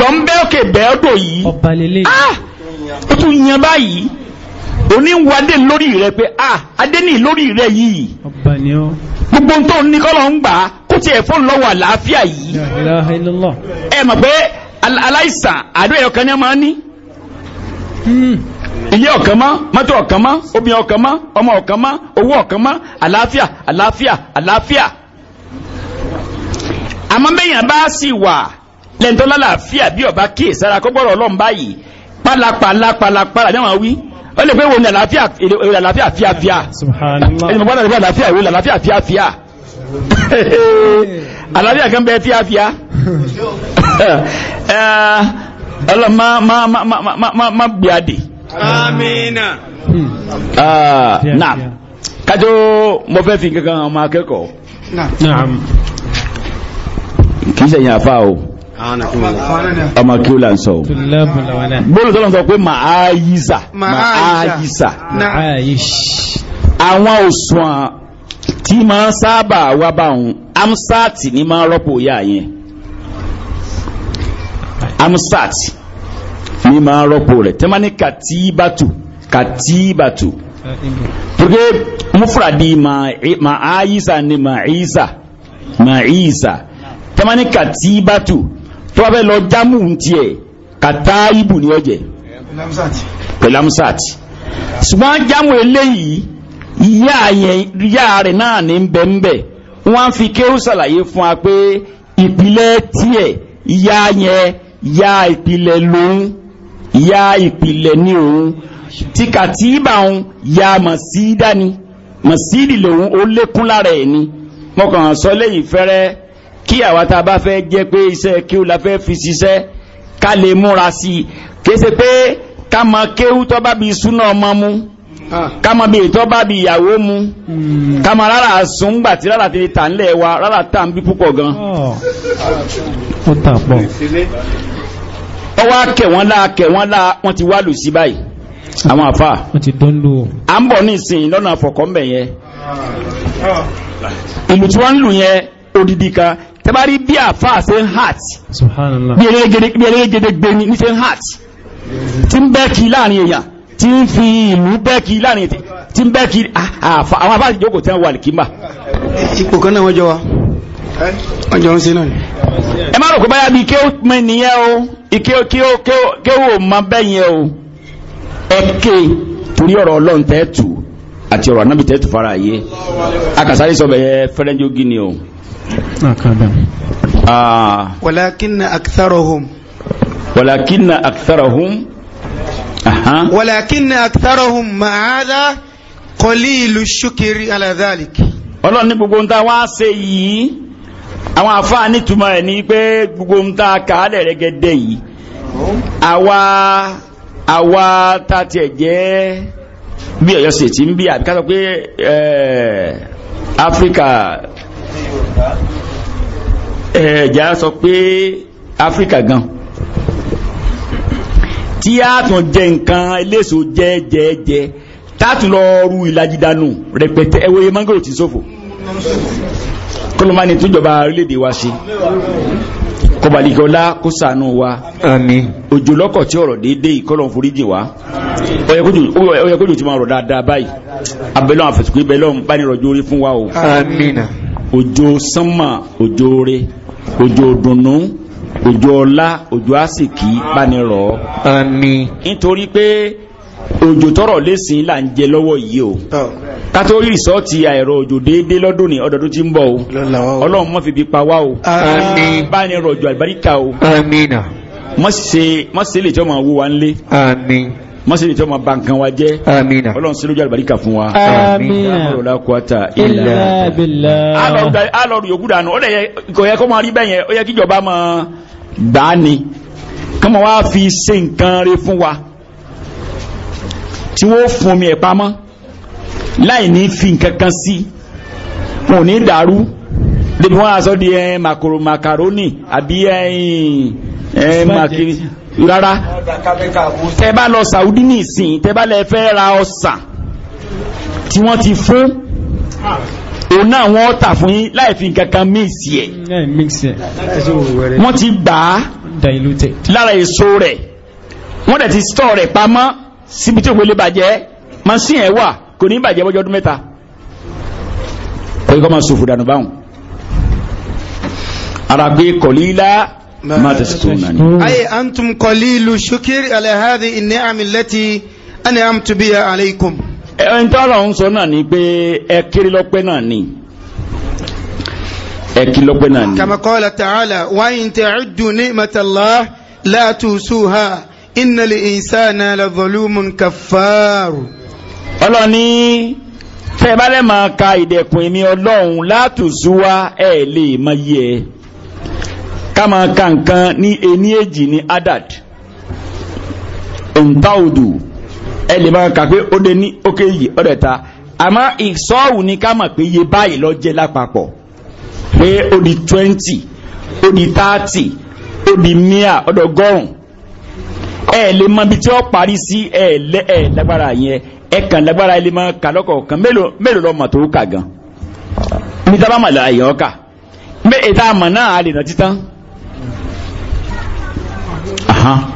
lọ ń bẹ́ bẹ́ẹ̀ ọdọ̀ yìí ah o tún yan báyìí oníwádé lórí rẹ pé ah adéní lórí rẹ yìí gbogbo tó ní kọ́lọ̀ ń gbà kó tiẹ̀ fún lọ́wọ́ àlàáfíà yìí ẹ mọ̀ pé aláìsàn àdó ẹ̀yọ̀ kan ní ọmọ hmm. ní ilé ọ̀kan mọ́ mọ́tò ọ̀kan mọ́ obìnrin ọ̀kan mọ́ ọmọ ọ̀kan mọ́ owó ọ̀kan mọ́ àlàáfíà àlàáfíà àlàáfíà àmọ́ bẹ́yàn bá sì wà lẹ́ńtọ́ lálàáfíà bí ọba kíyèsára kọ́gbọ́rọ̀ ọlọ́run báyìí pálapàlapàlapàlà ní àwọn wí ó lè pé wo ní àlàáfíà fíafíà ẹni mọ̀gbọ́n àlàáfíà àlàáfíà ìwé àlàáfíà fíafíà <laughs> àlàáfíà kan bẹ fíafíà ọlọ́ ma ma ma ma ma ma ma gbé adé. amina. na kájọ mo fẹ́ fi kankan ọmọ akẹ́kọ̀ọ́ kì í ṣe yàn àfa o ọmọ kí ó là ń sọ o gbọ́dọ̀ tó lọ sọ pé màá yíṣà màá yíṣà àwọn òṣùwọ̀n tí máa sábà wá bá òun amsat ni máa rọ́pò yá yẹn amsat ni máa rọ́pò rẹ̀ tẹ́má ní kàtíbàtù kàtíbàtù pèké mufradi màá yíṣà ni màá yíṣà màá yíṣà tẹ́má ní kàtíbàtù tó bá fẹ́ lọ jámù ń tiẹ̀ kàtá ibù ní ọ̀jẹ̀ pẹ̀lú amsat ṣùgbọ́n jámù eléyìí ìyá rẹ̀ náà ní bẹ́ńbẹ́ wọ́n fi kéwù ṣàlàyé fún wa pé ìpìlẹ̀ tiẹ̀ ìyá yẹn ya ìpìlẹ̀ lòun ya ìpìlẹ̀ ní òun tí kàtíbà òun ya màsídà ni màsídì lòun ó lékún lára ẹ̀ ni mọ̀kàn sọ lẹ́yìn fẹ́rẹ́ kí àwa tá a bá fẹ́ jẹ́ pé iṣẹ́ kí o la fẹ́ fi ṣiṣẹ́ ká lè múra sí i kése pé ká mọ kéwú tó bá bi súná ọmọ mu ká mọ bí ètò bá bi ìyàwó mu hmm. ká mọ rárá sùn gbà tí rárá ti tà ńlẹ̀ wa rárá tà ń bí púpọ̀ gan. ó tà pọ̀. ọwọ́ akẹ̀ wọ́n lá akẹ̀ wọ́n lá wọ́n ti wá lù sí báyìí àwọn àfa. à ń bọ̀ ní ìsìn lọ́nà àfọ̀kọ́ mbẹ̀ yẹn. ìlú tí wọ́n ń lù yẹn odidi kan tẹbárí bí àfáà ṣe ń hàt bí erégede gbé ní ṣe ń hàt tí ń bẹ́ẹ̀kì láàrin èèyàn tí ń fi ìlú bẹ́ẹ̀kì láàrin tí ń bẹ́ẹ̀kì àwọn àfáà ti jókòó tí wọ́n wà lè kímbà ipò kan náà wọ́n jọ wa wọ́n jọ ń torí ọ̀rọ̀ ọlọ́run tẹ́ àti ọ̀rọ̀ anábìtẹ́ fara yé akàsáré sọ bẹ́ẹ̀ fẹ́rẹ́njógí ni o walakin na aktharohum walakin na aktharohum walakin هذا قليل ma'ada على ذلك. ala dhalik ọlọ́run ní gbogbo ń ta wá ṣe yìí àwọn àfáà nítumọ̀ ẹ̀ ní pé gbogbo ń ta kàálẹ̀ rẹ́gẹ́dẹ́ yìí àwa àwa ta tiẹ̀ jẹ́ bí ọ̀yọ́ sì ti ń bí àbíkátọ̀ pé áfíríkà ẹ̀ẹ̀já sọ pé áfíríkà gan tí a tún jẹ nǹkan eléso jẹ́jẹ́jẹ́ tátù lọ ru ìlàjì dànù rẹpẹtẹ ẹwọ́ye mángòrò ti ṣòfò kọlọmọani túnjọba orílẹ̀-èdè wa ṣe kọbalikọlá kó sànú wa àmín òjò lọ́kọ̀ tí ọ̀rọ̀ déédé ìkọlọ̀ foríjì wa ọ̀yẹ̀kójò ti máa rọ̀ dáadáa báyìí abẹ́lọ́ àfẹ̀sùkú ibẹ̀lọ́ bá ní rọ̀jò orí fún wa o àmín òjò sánmà òjò re òjò dùnnú òjò ọlá òjò àsìkí bánirọ. àmín. nítorí pé òjò tọrọ lẹ́sìn là ń jẹ lọ́wọ́ yìí o kátórí rìsọ́ọ̀tì àìrọ òjò déédéé lọ́dún ní ọdọọdún tí ń bọ̀ o ọlọ́run má fi bí pa wá o àmín. bá ní rọ̀jò àlùbáríkà o àmín. mọ̀ sí lè jọ́ máa wó wa ń lé. àmín mọ́sí ni tí wọ́n máa ba nǹkan wa jẹ́ àmín ọlọ́run sí lójú àlùbáríkà fún wa àmín ọlọ́run kọ́ta ilẹ̀ abillah alọ́run yòókù dànù ó lẹ́yẹ kò yẹ kó máa rí bẹ́yẹn ó yẹ kíjọba máa gbà á ni kí wọ́n wá fi ṣe nǹkan rẹ̀ fún wa tí wọ́n fún mi ẹ̀ pamọ́ láì ní fi nǹkan kan sí wọn ò ní dàrú débi wọn aṣọ di ẹ màkàrónì àbí ẹ ẹ màkìrì rárá tẹ bá lọ Saudi ní ìsìn tẹ bá lẹ fẹ́ ra ọsàn tí wọ́n ti fún òun náà wọ́n tà fún yín láì fi kankan míìsì ẹ̀ wọ́n ti gbà á lára èso rẹ̀ wọ́n dẹ̀ ti stọ̀ rẹ̀ pamọ́ síbi tí òpele bàjẹ́ machine ẹ̀ wà kò ní bàjẹ́ bọ́jọ́ ọdún mẹ́ta kò ní kọ́ máa sòfò dànù báwọn. ara kọ̀lí la ما تشكرون أي أنتم قليل شكر على هذه النعم التي أنعمت بها عليكم ẹ̀yìn tọ́rọ ń sọ náà ni pé ẹkiri lọ́pẹ́ náà ni ẹkiri lọ́pẹ́ náà ni كما قال تعالى وإن تعدوا نعمة الله لا تحصوها إن الإنسان لظلوم كفار ọlọ́ni tẹ́ẹ̀bálẹ̀ máa ka ìdẹ̀kùn èmi ọlọ́run látùsúwá ẹ̀ lè máa yẹ kama kankan ka nǹkan ní ení èjì adad ntaudu ẹ lè máa kà pé ó dé ní ókè yìí ó dẹ̀ ta àmọ́ ìsọ́ọ̀wù ni kama pe ye iye báyìí lọ jẹ́ lápapọ̀ pé ó di twenty ó di thirty di mia ọ̀dọ̀gọ́rùn ẹ lè mọ ibi tí ọ parí sí ẹ lẹ ẹ lágbára yẹn ẹ kàn lágbára ẹ lè máa kà lọ́kọ̀ọ̀kan mélòó mélòó lọ́mọ tó kà gan níta bá ètò náà a lè nà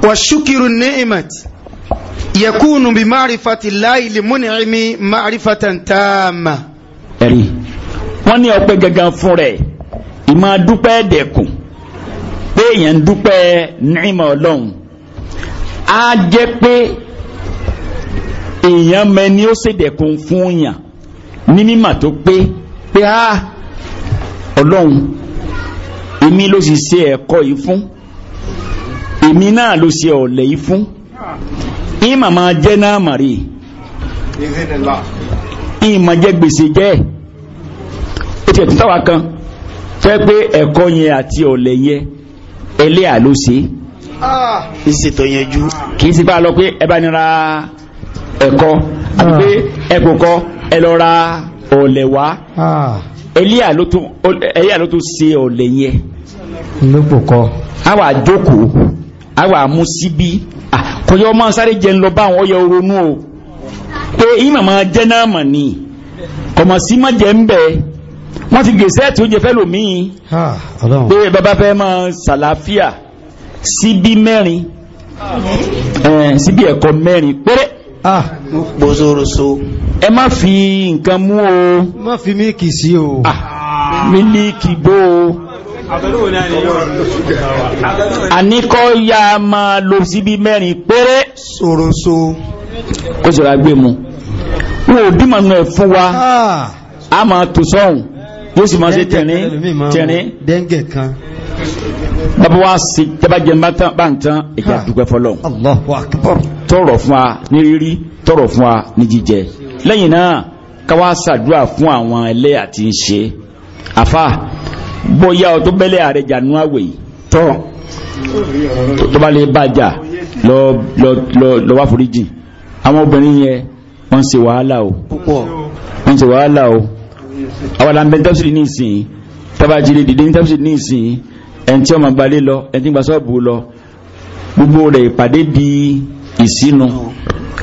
wa shukiru ni'imat yakunu bi ma'rifati llahi li mun'imi ma'rifatan tamma. ẹ̀rí wọ́n ní ọpẹ́ gangan fún rẹ̀ ìmọ̀ dúpẹ́ dẹ̀kùn pé èèyàn dúpẹ́ ni'ima ọlọ́run á jẹ́ pé èèyàn mẹ́ni ó ṣèdẹ̀kùn fún yàn ní mímà tó pé pé á ah, ọlọ́run èmi ló sì ṣe ẹ̀kọ́ yìí fún èmi náà ló ṣe ọ̀lẹ̀ yìí fún ìmọ̀ máa jẹ́ náà màrí ìmọ̀ jẹ́ gbèsè jẹ́ ó ti ẹ̀tún táwa kan fẹ́ pé ẹ̀kọ́ yẹn àti ọ̀lẹ̀ yẹn ẹlẹ́à ló ṣe ìṣètò yẹn jú kì í sì bá lọ pé ẹ bá nira ẹ̀kọ́ àti pé ẹ̀kọ́ kọ́ ẹ lọ ra ọ̀lẹ̀ wá ẹlẹ́à ló ṣe ọ̀lẹ̀ yẹn lópò kọ́ a wà àwa àmú síbí kọjá ọmọ sáré jẹ ńlọ bá àwọn ọyẹ ronú o pé ìmọ̀ máa jẹ́ náà mọ̀ ni kọ̀mọ̀ sí má jẹ́ ń bẹ̀ wọ́n ti gbèsè tí ó jẹ fẹ́ lòmíì ma bàbá fẹ́ máa sàlàáfíà síbí mẹ́rin síbí ẹ̀kọ́ mẹ́rin péré bozoroso ẹ má fi nǹkan mú o Ma fi mílíkì sí o mílíkì bó o àníkọ́ ya máa lọ síbi mẹ́rin péré sòròsò kó sọ̀rọ̀ agbé mu wọ́n ò bímọ nù ẹ̀ fún wa ah. a máa tò sọ́hùn yóò sì máa ṣe tẹ̀rín tẹ̀rín dẹ́ngẹ̀ kan bàbá wa sí jábàjẹ́ bá ń tán ìjà ah. dúpẹ́ fọlọ́ Allahu Akbar tọrọ fún wa ní rírí tọrọ fún wa ní jíjẹ lẹ́yìn náà káwá ṣàdúrà fún àwọn ẹlẹ́ àti ń ṣe àfáà bóyá o tó bẹ́lẹ̀ ààrẹ jànú àwẹ̀ tọ́ tó bá lè bàjá lọ lọ lọ lọ wá foríjì àwọn obìnrin yẹn wọ́n ṣe wàhálà o wọ́n ṣe wàhálà o àwọn àlàmbẹ tẹ́sílì ní ìsìn tábàjìlẹ̀ dìde ní tẹ́sílì ní ìsìn ẹni tí ọmọ balẹ̀ lọ ẹni tí ń gba sọ́ọ̀bù lọ gbogbo rẹ̀ ìpàdé di ìsinu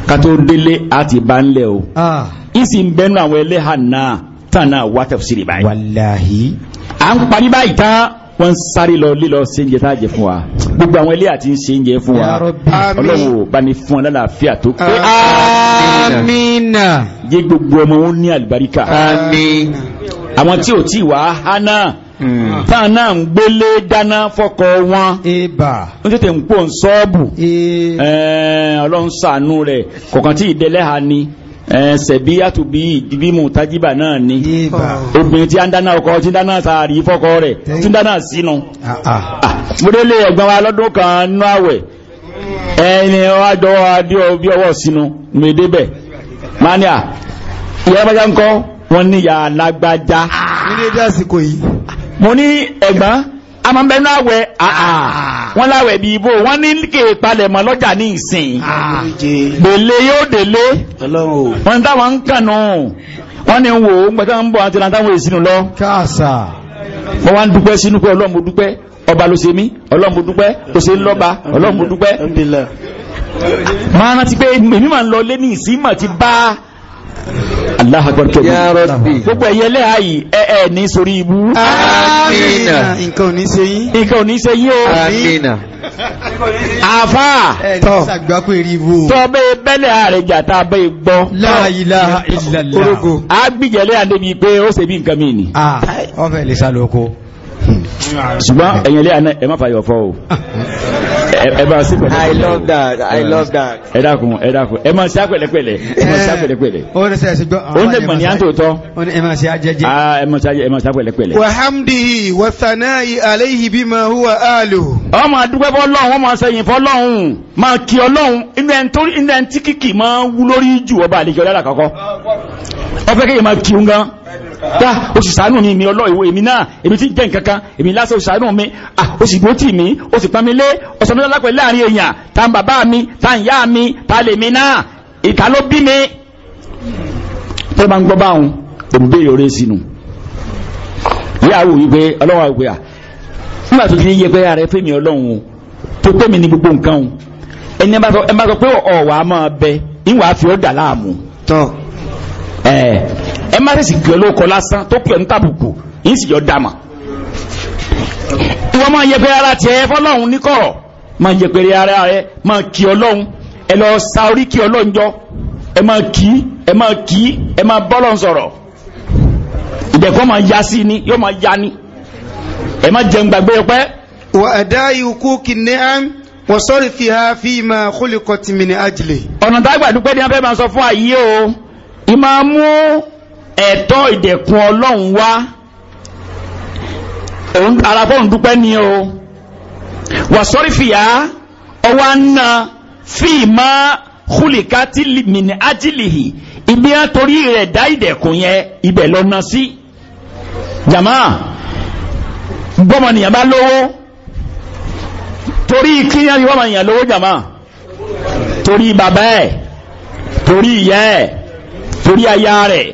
kátó délé àti ìbánlẹ̀ o ah. ìsìn bẹ́nu àwọn ẹlẹ́hà náà tànà wá tafsiri báyìí à ń parí báyìí tán wọ́n sáré lọ lílọ séńjẹ tá a jẹ fún wa gbogbo àwọn ilé àti séńjẹ fún wa ọlọ́run ò bá ní fún ọ lálàáfíà tó pé amínà jẹ́ gbogbo ọmọ wọn ní àlùbáríkà àmín àwọn tí ò tí wàá hánà hmm. táwọn náà ń gbélé dáná fọ́kọ wọn ń tètè ń pò ń sọ́ọ̀bù ọlọ́run ṣàánú rẹ̀ kọ̀ọ̀kan tí ìdẹ́lẹ́ha ni. sẹ̀bíyàtù bí bí mùtájíbà náà ní obìnrin tí a ń dáná ọkọ tí ń dáná sàárì fọ́kọ rẹ̀ tí ń dáná sínú ah, ah. ah, múdélé ẹ̀gbọ́n wa lọ́dún kan nínú àwẹ̀ ẹni ọjọ́ adéọ bí ọwọ́ sínú mẹ́dẹ́bẹ̀ mania ìyá ń kọ́ wọn ní alágbájá mo ní àmọ́ bẹ́ẹ̀ náà wẹ̀ ah. wọ́n láwẹ̀ bí ibo wọ́n ní kè palẹ̀mọ́ lọ́jà ní ìsìn gbèlè ah. yóò délé wọ́n táwọn ń kànú wọ́n ní wò ó gbẹ̀tà ń bọ̀ àti làtàwọn ìsinú lọ. káàsà. wọ́n wá ń dúpẹ́ sínú pé ọlọ́run mo dúpẹ́ ọba ló ṣe mí ọlọ́run mo dúpẹ́ ó ṣe ń lọ́ba ọlọ́run mo dúpẹ́. máa rántí pé èmi máa ń lọ lé ní ìsín mà ti bá aláhàgbọ́n kẹ́bí gbogbo ẹ̀yẹ lẹ́àyì ẹ̀ẹ́ ní sórí ibú àmìnà nǹkan ò ní ṣe yín nǹkan ò ní ṣe yín o àmìnà àfá tọ́bẹ̀ bẹ́lẹ̀ ààrẹ jàta bẹ́ gbọ́ la ilaha illallah orógo agbìjẹ̀lẹ́ àdébí pé ó ṣe bí nǹkan mi ni ọfẹ́ lè sálókó ṣùgbọ́n ẹ̀yẹ̀lẹ́ àná ẹ̀ má fàyọ̀ fọ́ o ẹbá sí pẹ̀lẹ́. I love that I love that. ẹ dákun ẹ dákun ẹ máa ṣe àpẹ̀lẹ́pẹ̀lẹ́ ẹ máa ṣe àpẹ̀lẹ́pẹ̀lẹ́. Eh, ó ní sẹ́ ṣùgbọ́n àwọn ọmọdé mọ̀ ní à ń tò tọ́. ó ní ah, ẹ máa ṣe àjẹjẹ. aa ẹ máa ṣe ẹ máa ṣe àpẹ̀lẹ́pẹ̀lẹ́. wàhámdìhì wàsánáyì aléyìí bí máa hùwà áàlù. ọmọ àdúgbò bọ́ lọ́hùn ọmọ sẹ́yìn fọ́ máa kí ọlọ́hùn ilé ẹni tí kìkì máa wú lórí jù ọba àlejò ọlọ́dà kọ́kọ́ ọ dá ah, o sì sàánù mi mi ọlọ́ ìwé mi náà èmi ti jẹ́ nǹkankan èmi lásán o sàánù mi o ah, sì bó tì mí o sì pamílé ọ̀sán mi lọ́lápẹ̀ láàrin èèyàn ta ń bàbá mi ta ń yá mi ta lè mi náà ìka ló mi. tó bá ń gbọ́ báwọn òrùbé yóò ré sínú ìyáwó wípé ọlọ́wọ́ àgbè à ah, nígbà tó ti yẹ pé ara ẹ fẹ́mi tó pé mi ní gbogbo nǹkan o ẹni ẹ bá sọ pé bẹ ìwà fi ọ́ dà láàmú. tọ́ ẹ má sì pè olóko lásán tó pè ọ ní tàbùkù yìí sì yọ dàmà ìwọ máa yẹpẹrẹ ara tiẹ̀ fọlọ́hún níkọ̀rọ̀ máa yẹpẹrẹ ara rẹ máa kí ọlọ́hún ẹ lọ sa orí kí ọlọ́hún jọ ẹ máa kí ẹ máa kí ẹ máa bọ́lọ̀ sọ̀rọ̀ ìdẹ̀kọ́ máa ya sí ni yóò máa ya ni ẹ má jẹun gbàgbé ọpẹ́. wà á dá ikú kìnní án wọ́n sọ́rí fi ha fi máa kólé kọ́tìmí ní ajílẹ̀. ọ̀nà tá a gbà ni a máa sọ fún àyè o ìmáàmù ẹ̀tọ́ ìdẹ̀kùn ọlọ́run wá ara fóun dúpẹ́ ni o wàsọ́rí fìyà ọwọ́ àna fíìmá kúlìkátì mìíní ájìlìhì ibi á torí rẹ̀ dá ìdẹ̀kùn yẹn ibẹ̀ lọ́nà sí jàmá gbọ́mọnìyàn bá lówó torí kíyàn gbọ́mọnìyàn lówó jàmá torí bàbá ẹ̀ torí ìyá ẹ̀ torí aya rẹ̀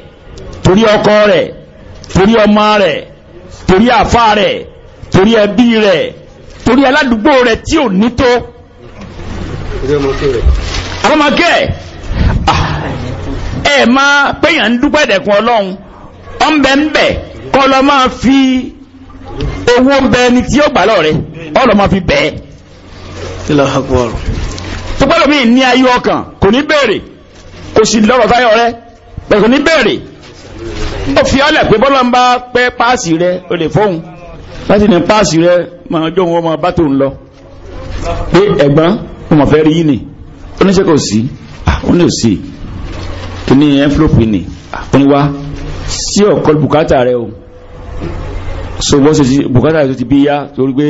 torí ọkọ rẹ̀ torí ọmọ rẹ̀ torí àfa rẹ̀ torí ẹbí rẹ̀ torí aládùúgbò rẹ̀ tí ò ní tó ọmọkẹ́ ah, ẹ máa péyàn ń dúpẹ́ dẹ̀kun ọlọ́run ọ̀nbẹ̀nbẹ̀ kọ́ lọ máa fi owó bẹ ni tí ó gbà lọ́rẹ̀ ọ̀lọ́ máa fi bẹ́ẹ̀. tupẹ́lómi ní ayé ọkàn kò ní béèrè kò sì lọ́rọ̀ táyọ̀ rẹ kò ní béèrè ó fi ọlẹ̀ pé bọ́lá ń bá pẹ́ páàsì rẹ o lè fóun láti ní páàsì rẹ máa jó wọn máa bá tó ń lọ pé ẹ̀gbọ́n mo mọ̀ fẹ́ rí yìí ni oníṣẹ́ kò sí ó ní òsì kí ni envelope ni ó ní wá sí ọ̀kọ́ bùkátà rẹ o so bọ́ sí bùkátà rẹ tó ti bí yá torí pé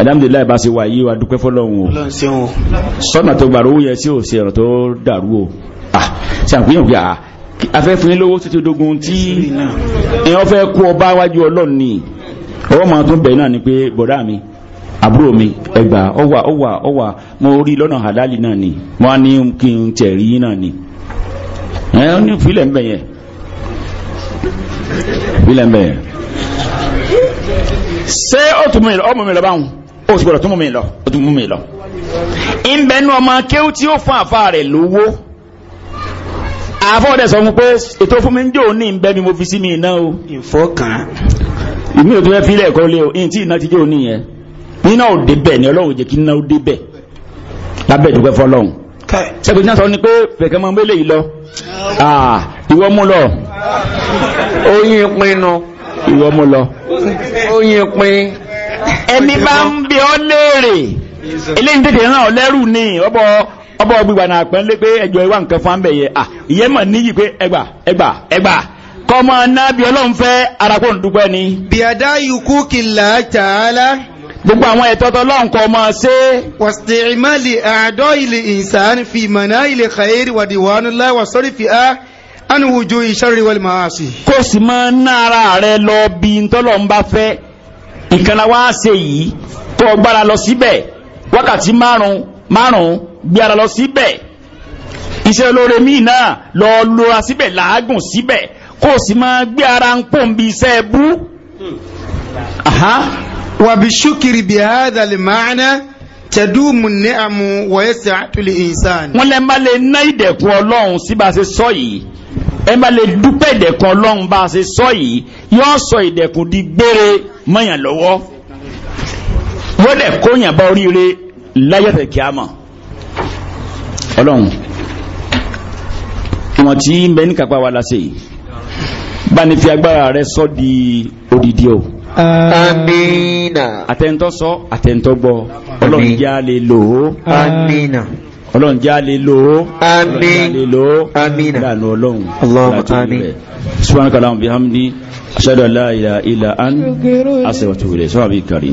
alhamdulilayi bá ṣe wà yí wa dúpẹ́ fọ́lọ́hun o sọ́nà tó gbàrú yẹ sí òsì ọ̀rọ̀ tó dàrú o ah ṣe pé ah afẹ́ fún yín lówó títí dogun tí fẹ́ kú ọba wájú ọlọ́run ni ọwọ́ máa tún bẹ̀rẹ̀ náà ni pé mi àbúrò mi ẹgbà ọwà ọwà ọwà mo rí lọ́nà àdáàlì náà ni á ní kí n tẹ̀ rí náà ni ní yẹn yẹn ṣé ó tún mú mi lọ ọmọ mi lọ ọmọ akéwù tí ó fún àfa rẹ̀ lówó àfọ́ọ̀dẹ̀ sọ fún pé ètò fún mi ń jò ní ìbẹ́ mi mo fi sí mi iná o ìfọ́kàn ìmí ò tó fẹ́ fílẹ̀ ẹ̀kọ́ lé o ìyìn tí iná ti jò nìyẹn iná ò débẹ̀ ni ọlọ́run jẹ́ kí iná ó débẹ̀ lábẹ́ ìdúpẹ́ fọlọ́run sẹ́gun náà sọ ni pé fẹ̀kẹ́ mọ mélé yìí lọ ah. ìwọ mú lọ. oyin pinnu. ìwọ mú lọ. oyin pin. ẹni bá ń bí ọ léèrè eléyìí tètè ràn ọ lẹ́rù ni ọbọ ọbọ̀ gbígbà náà pẹ́ lé pé ẹjọ́ ìwà nǹkan fún àmbẹ̀ yẹ à ìyẹn mọ̀ níyì pé ẹgbà ẹgbà ẹgbà kọmọ náàbí ọlọ́run fẹ́ arakó ń ni. bíadá yukú kìlá tààlà. gbogbo àwọn ẹ̀tọ́ tọ́lọ́run kọ́ máa ṣe. wàsíìmálì àádọ́ ilé ìsàn fi mọ̀nà ilé kàyéèrè wàdí wàánu láwà sọ́rí fi á ánú wùjú ìṣàrí wàlí màá sí. kó sì máa ná ara rẹ lọ bí ntọ́lọ́run ìkànnà wá ṣe yìí tó gbára lọ síbẹ̀ wákàtí márùn-ún márùn-ún gbé ara lọ síbẹ̀ iṣẹ́ olóore míì náà lọ lora síbẹ̀ làágùn síbẹ̀ kó o sì máa gbé ara ń pò ń bi iṣẹ́ ẹbú. wàbí ṣúkiri bí hádà lè máa ná tẹ̀dúmù ní àmú wọ̀ẹ́sẹ̀ àtúlẹ̀ ìsàn. wọ́n lẹ́ máa lè ná ìdẹ̀kùn ọlọ́run sí bá a ṣe sọ yìí ẹ máa lè dúpẹ́ ìdẹ̀kùn ọlọ́run bá a sọ yìí yóò sọ ìdẹ̀kùn di gbére mọ́yàn lọ́wọ́ wọ́n lẹ̀ kóyàn bá oríire láyẹ̀fẹ̀ kíámọ̀ ọlọ́run ìwọ̀n tí ń bẹ ní kápá wa láṣẹ yìí bá ní fi agbára rẹ sọ di odidi o amina àtẹ̀ntọ́ sọ àtẹ̀ntọ́ gbọ́ ọlọ́run já lè lò ó amina ọlọ́run já lè lò ó amina lànà ọlọ́run láti rẹ̀ subhanaka lahum bihamdi ashhadu an la ilaha illa anta astaghfiruka wa atubu ilayk sọ́wọ́n bí kàrí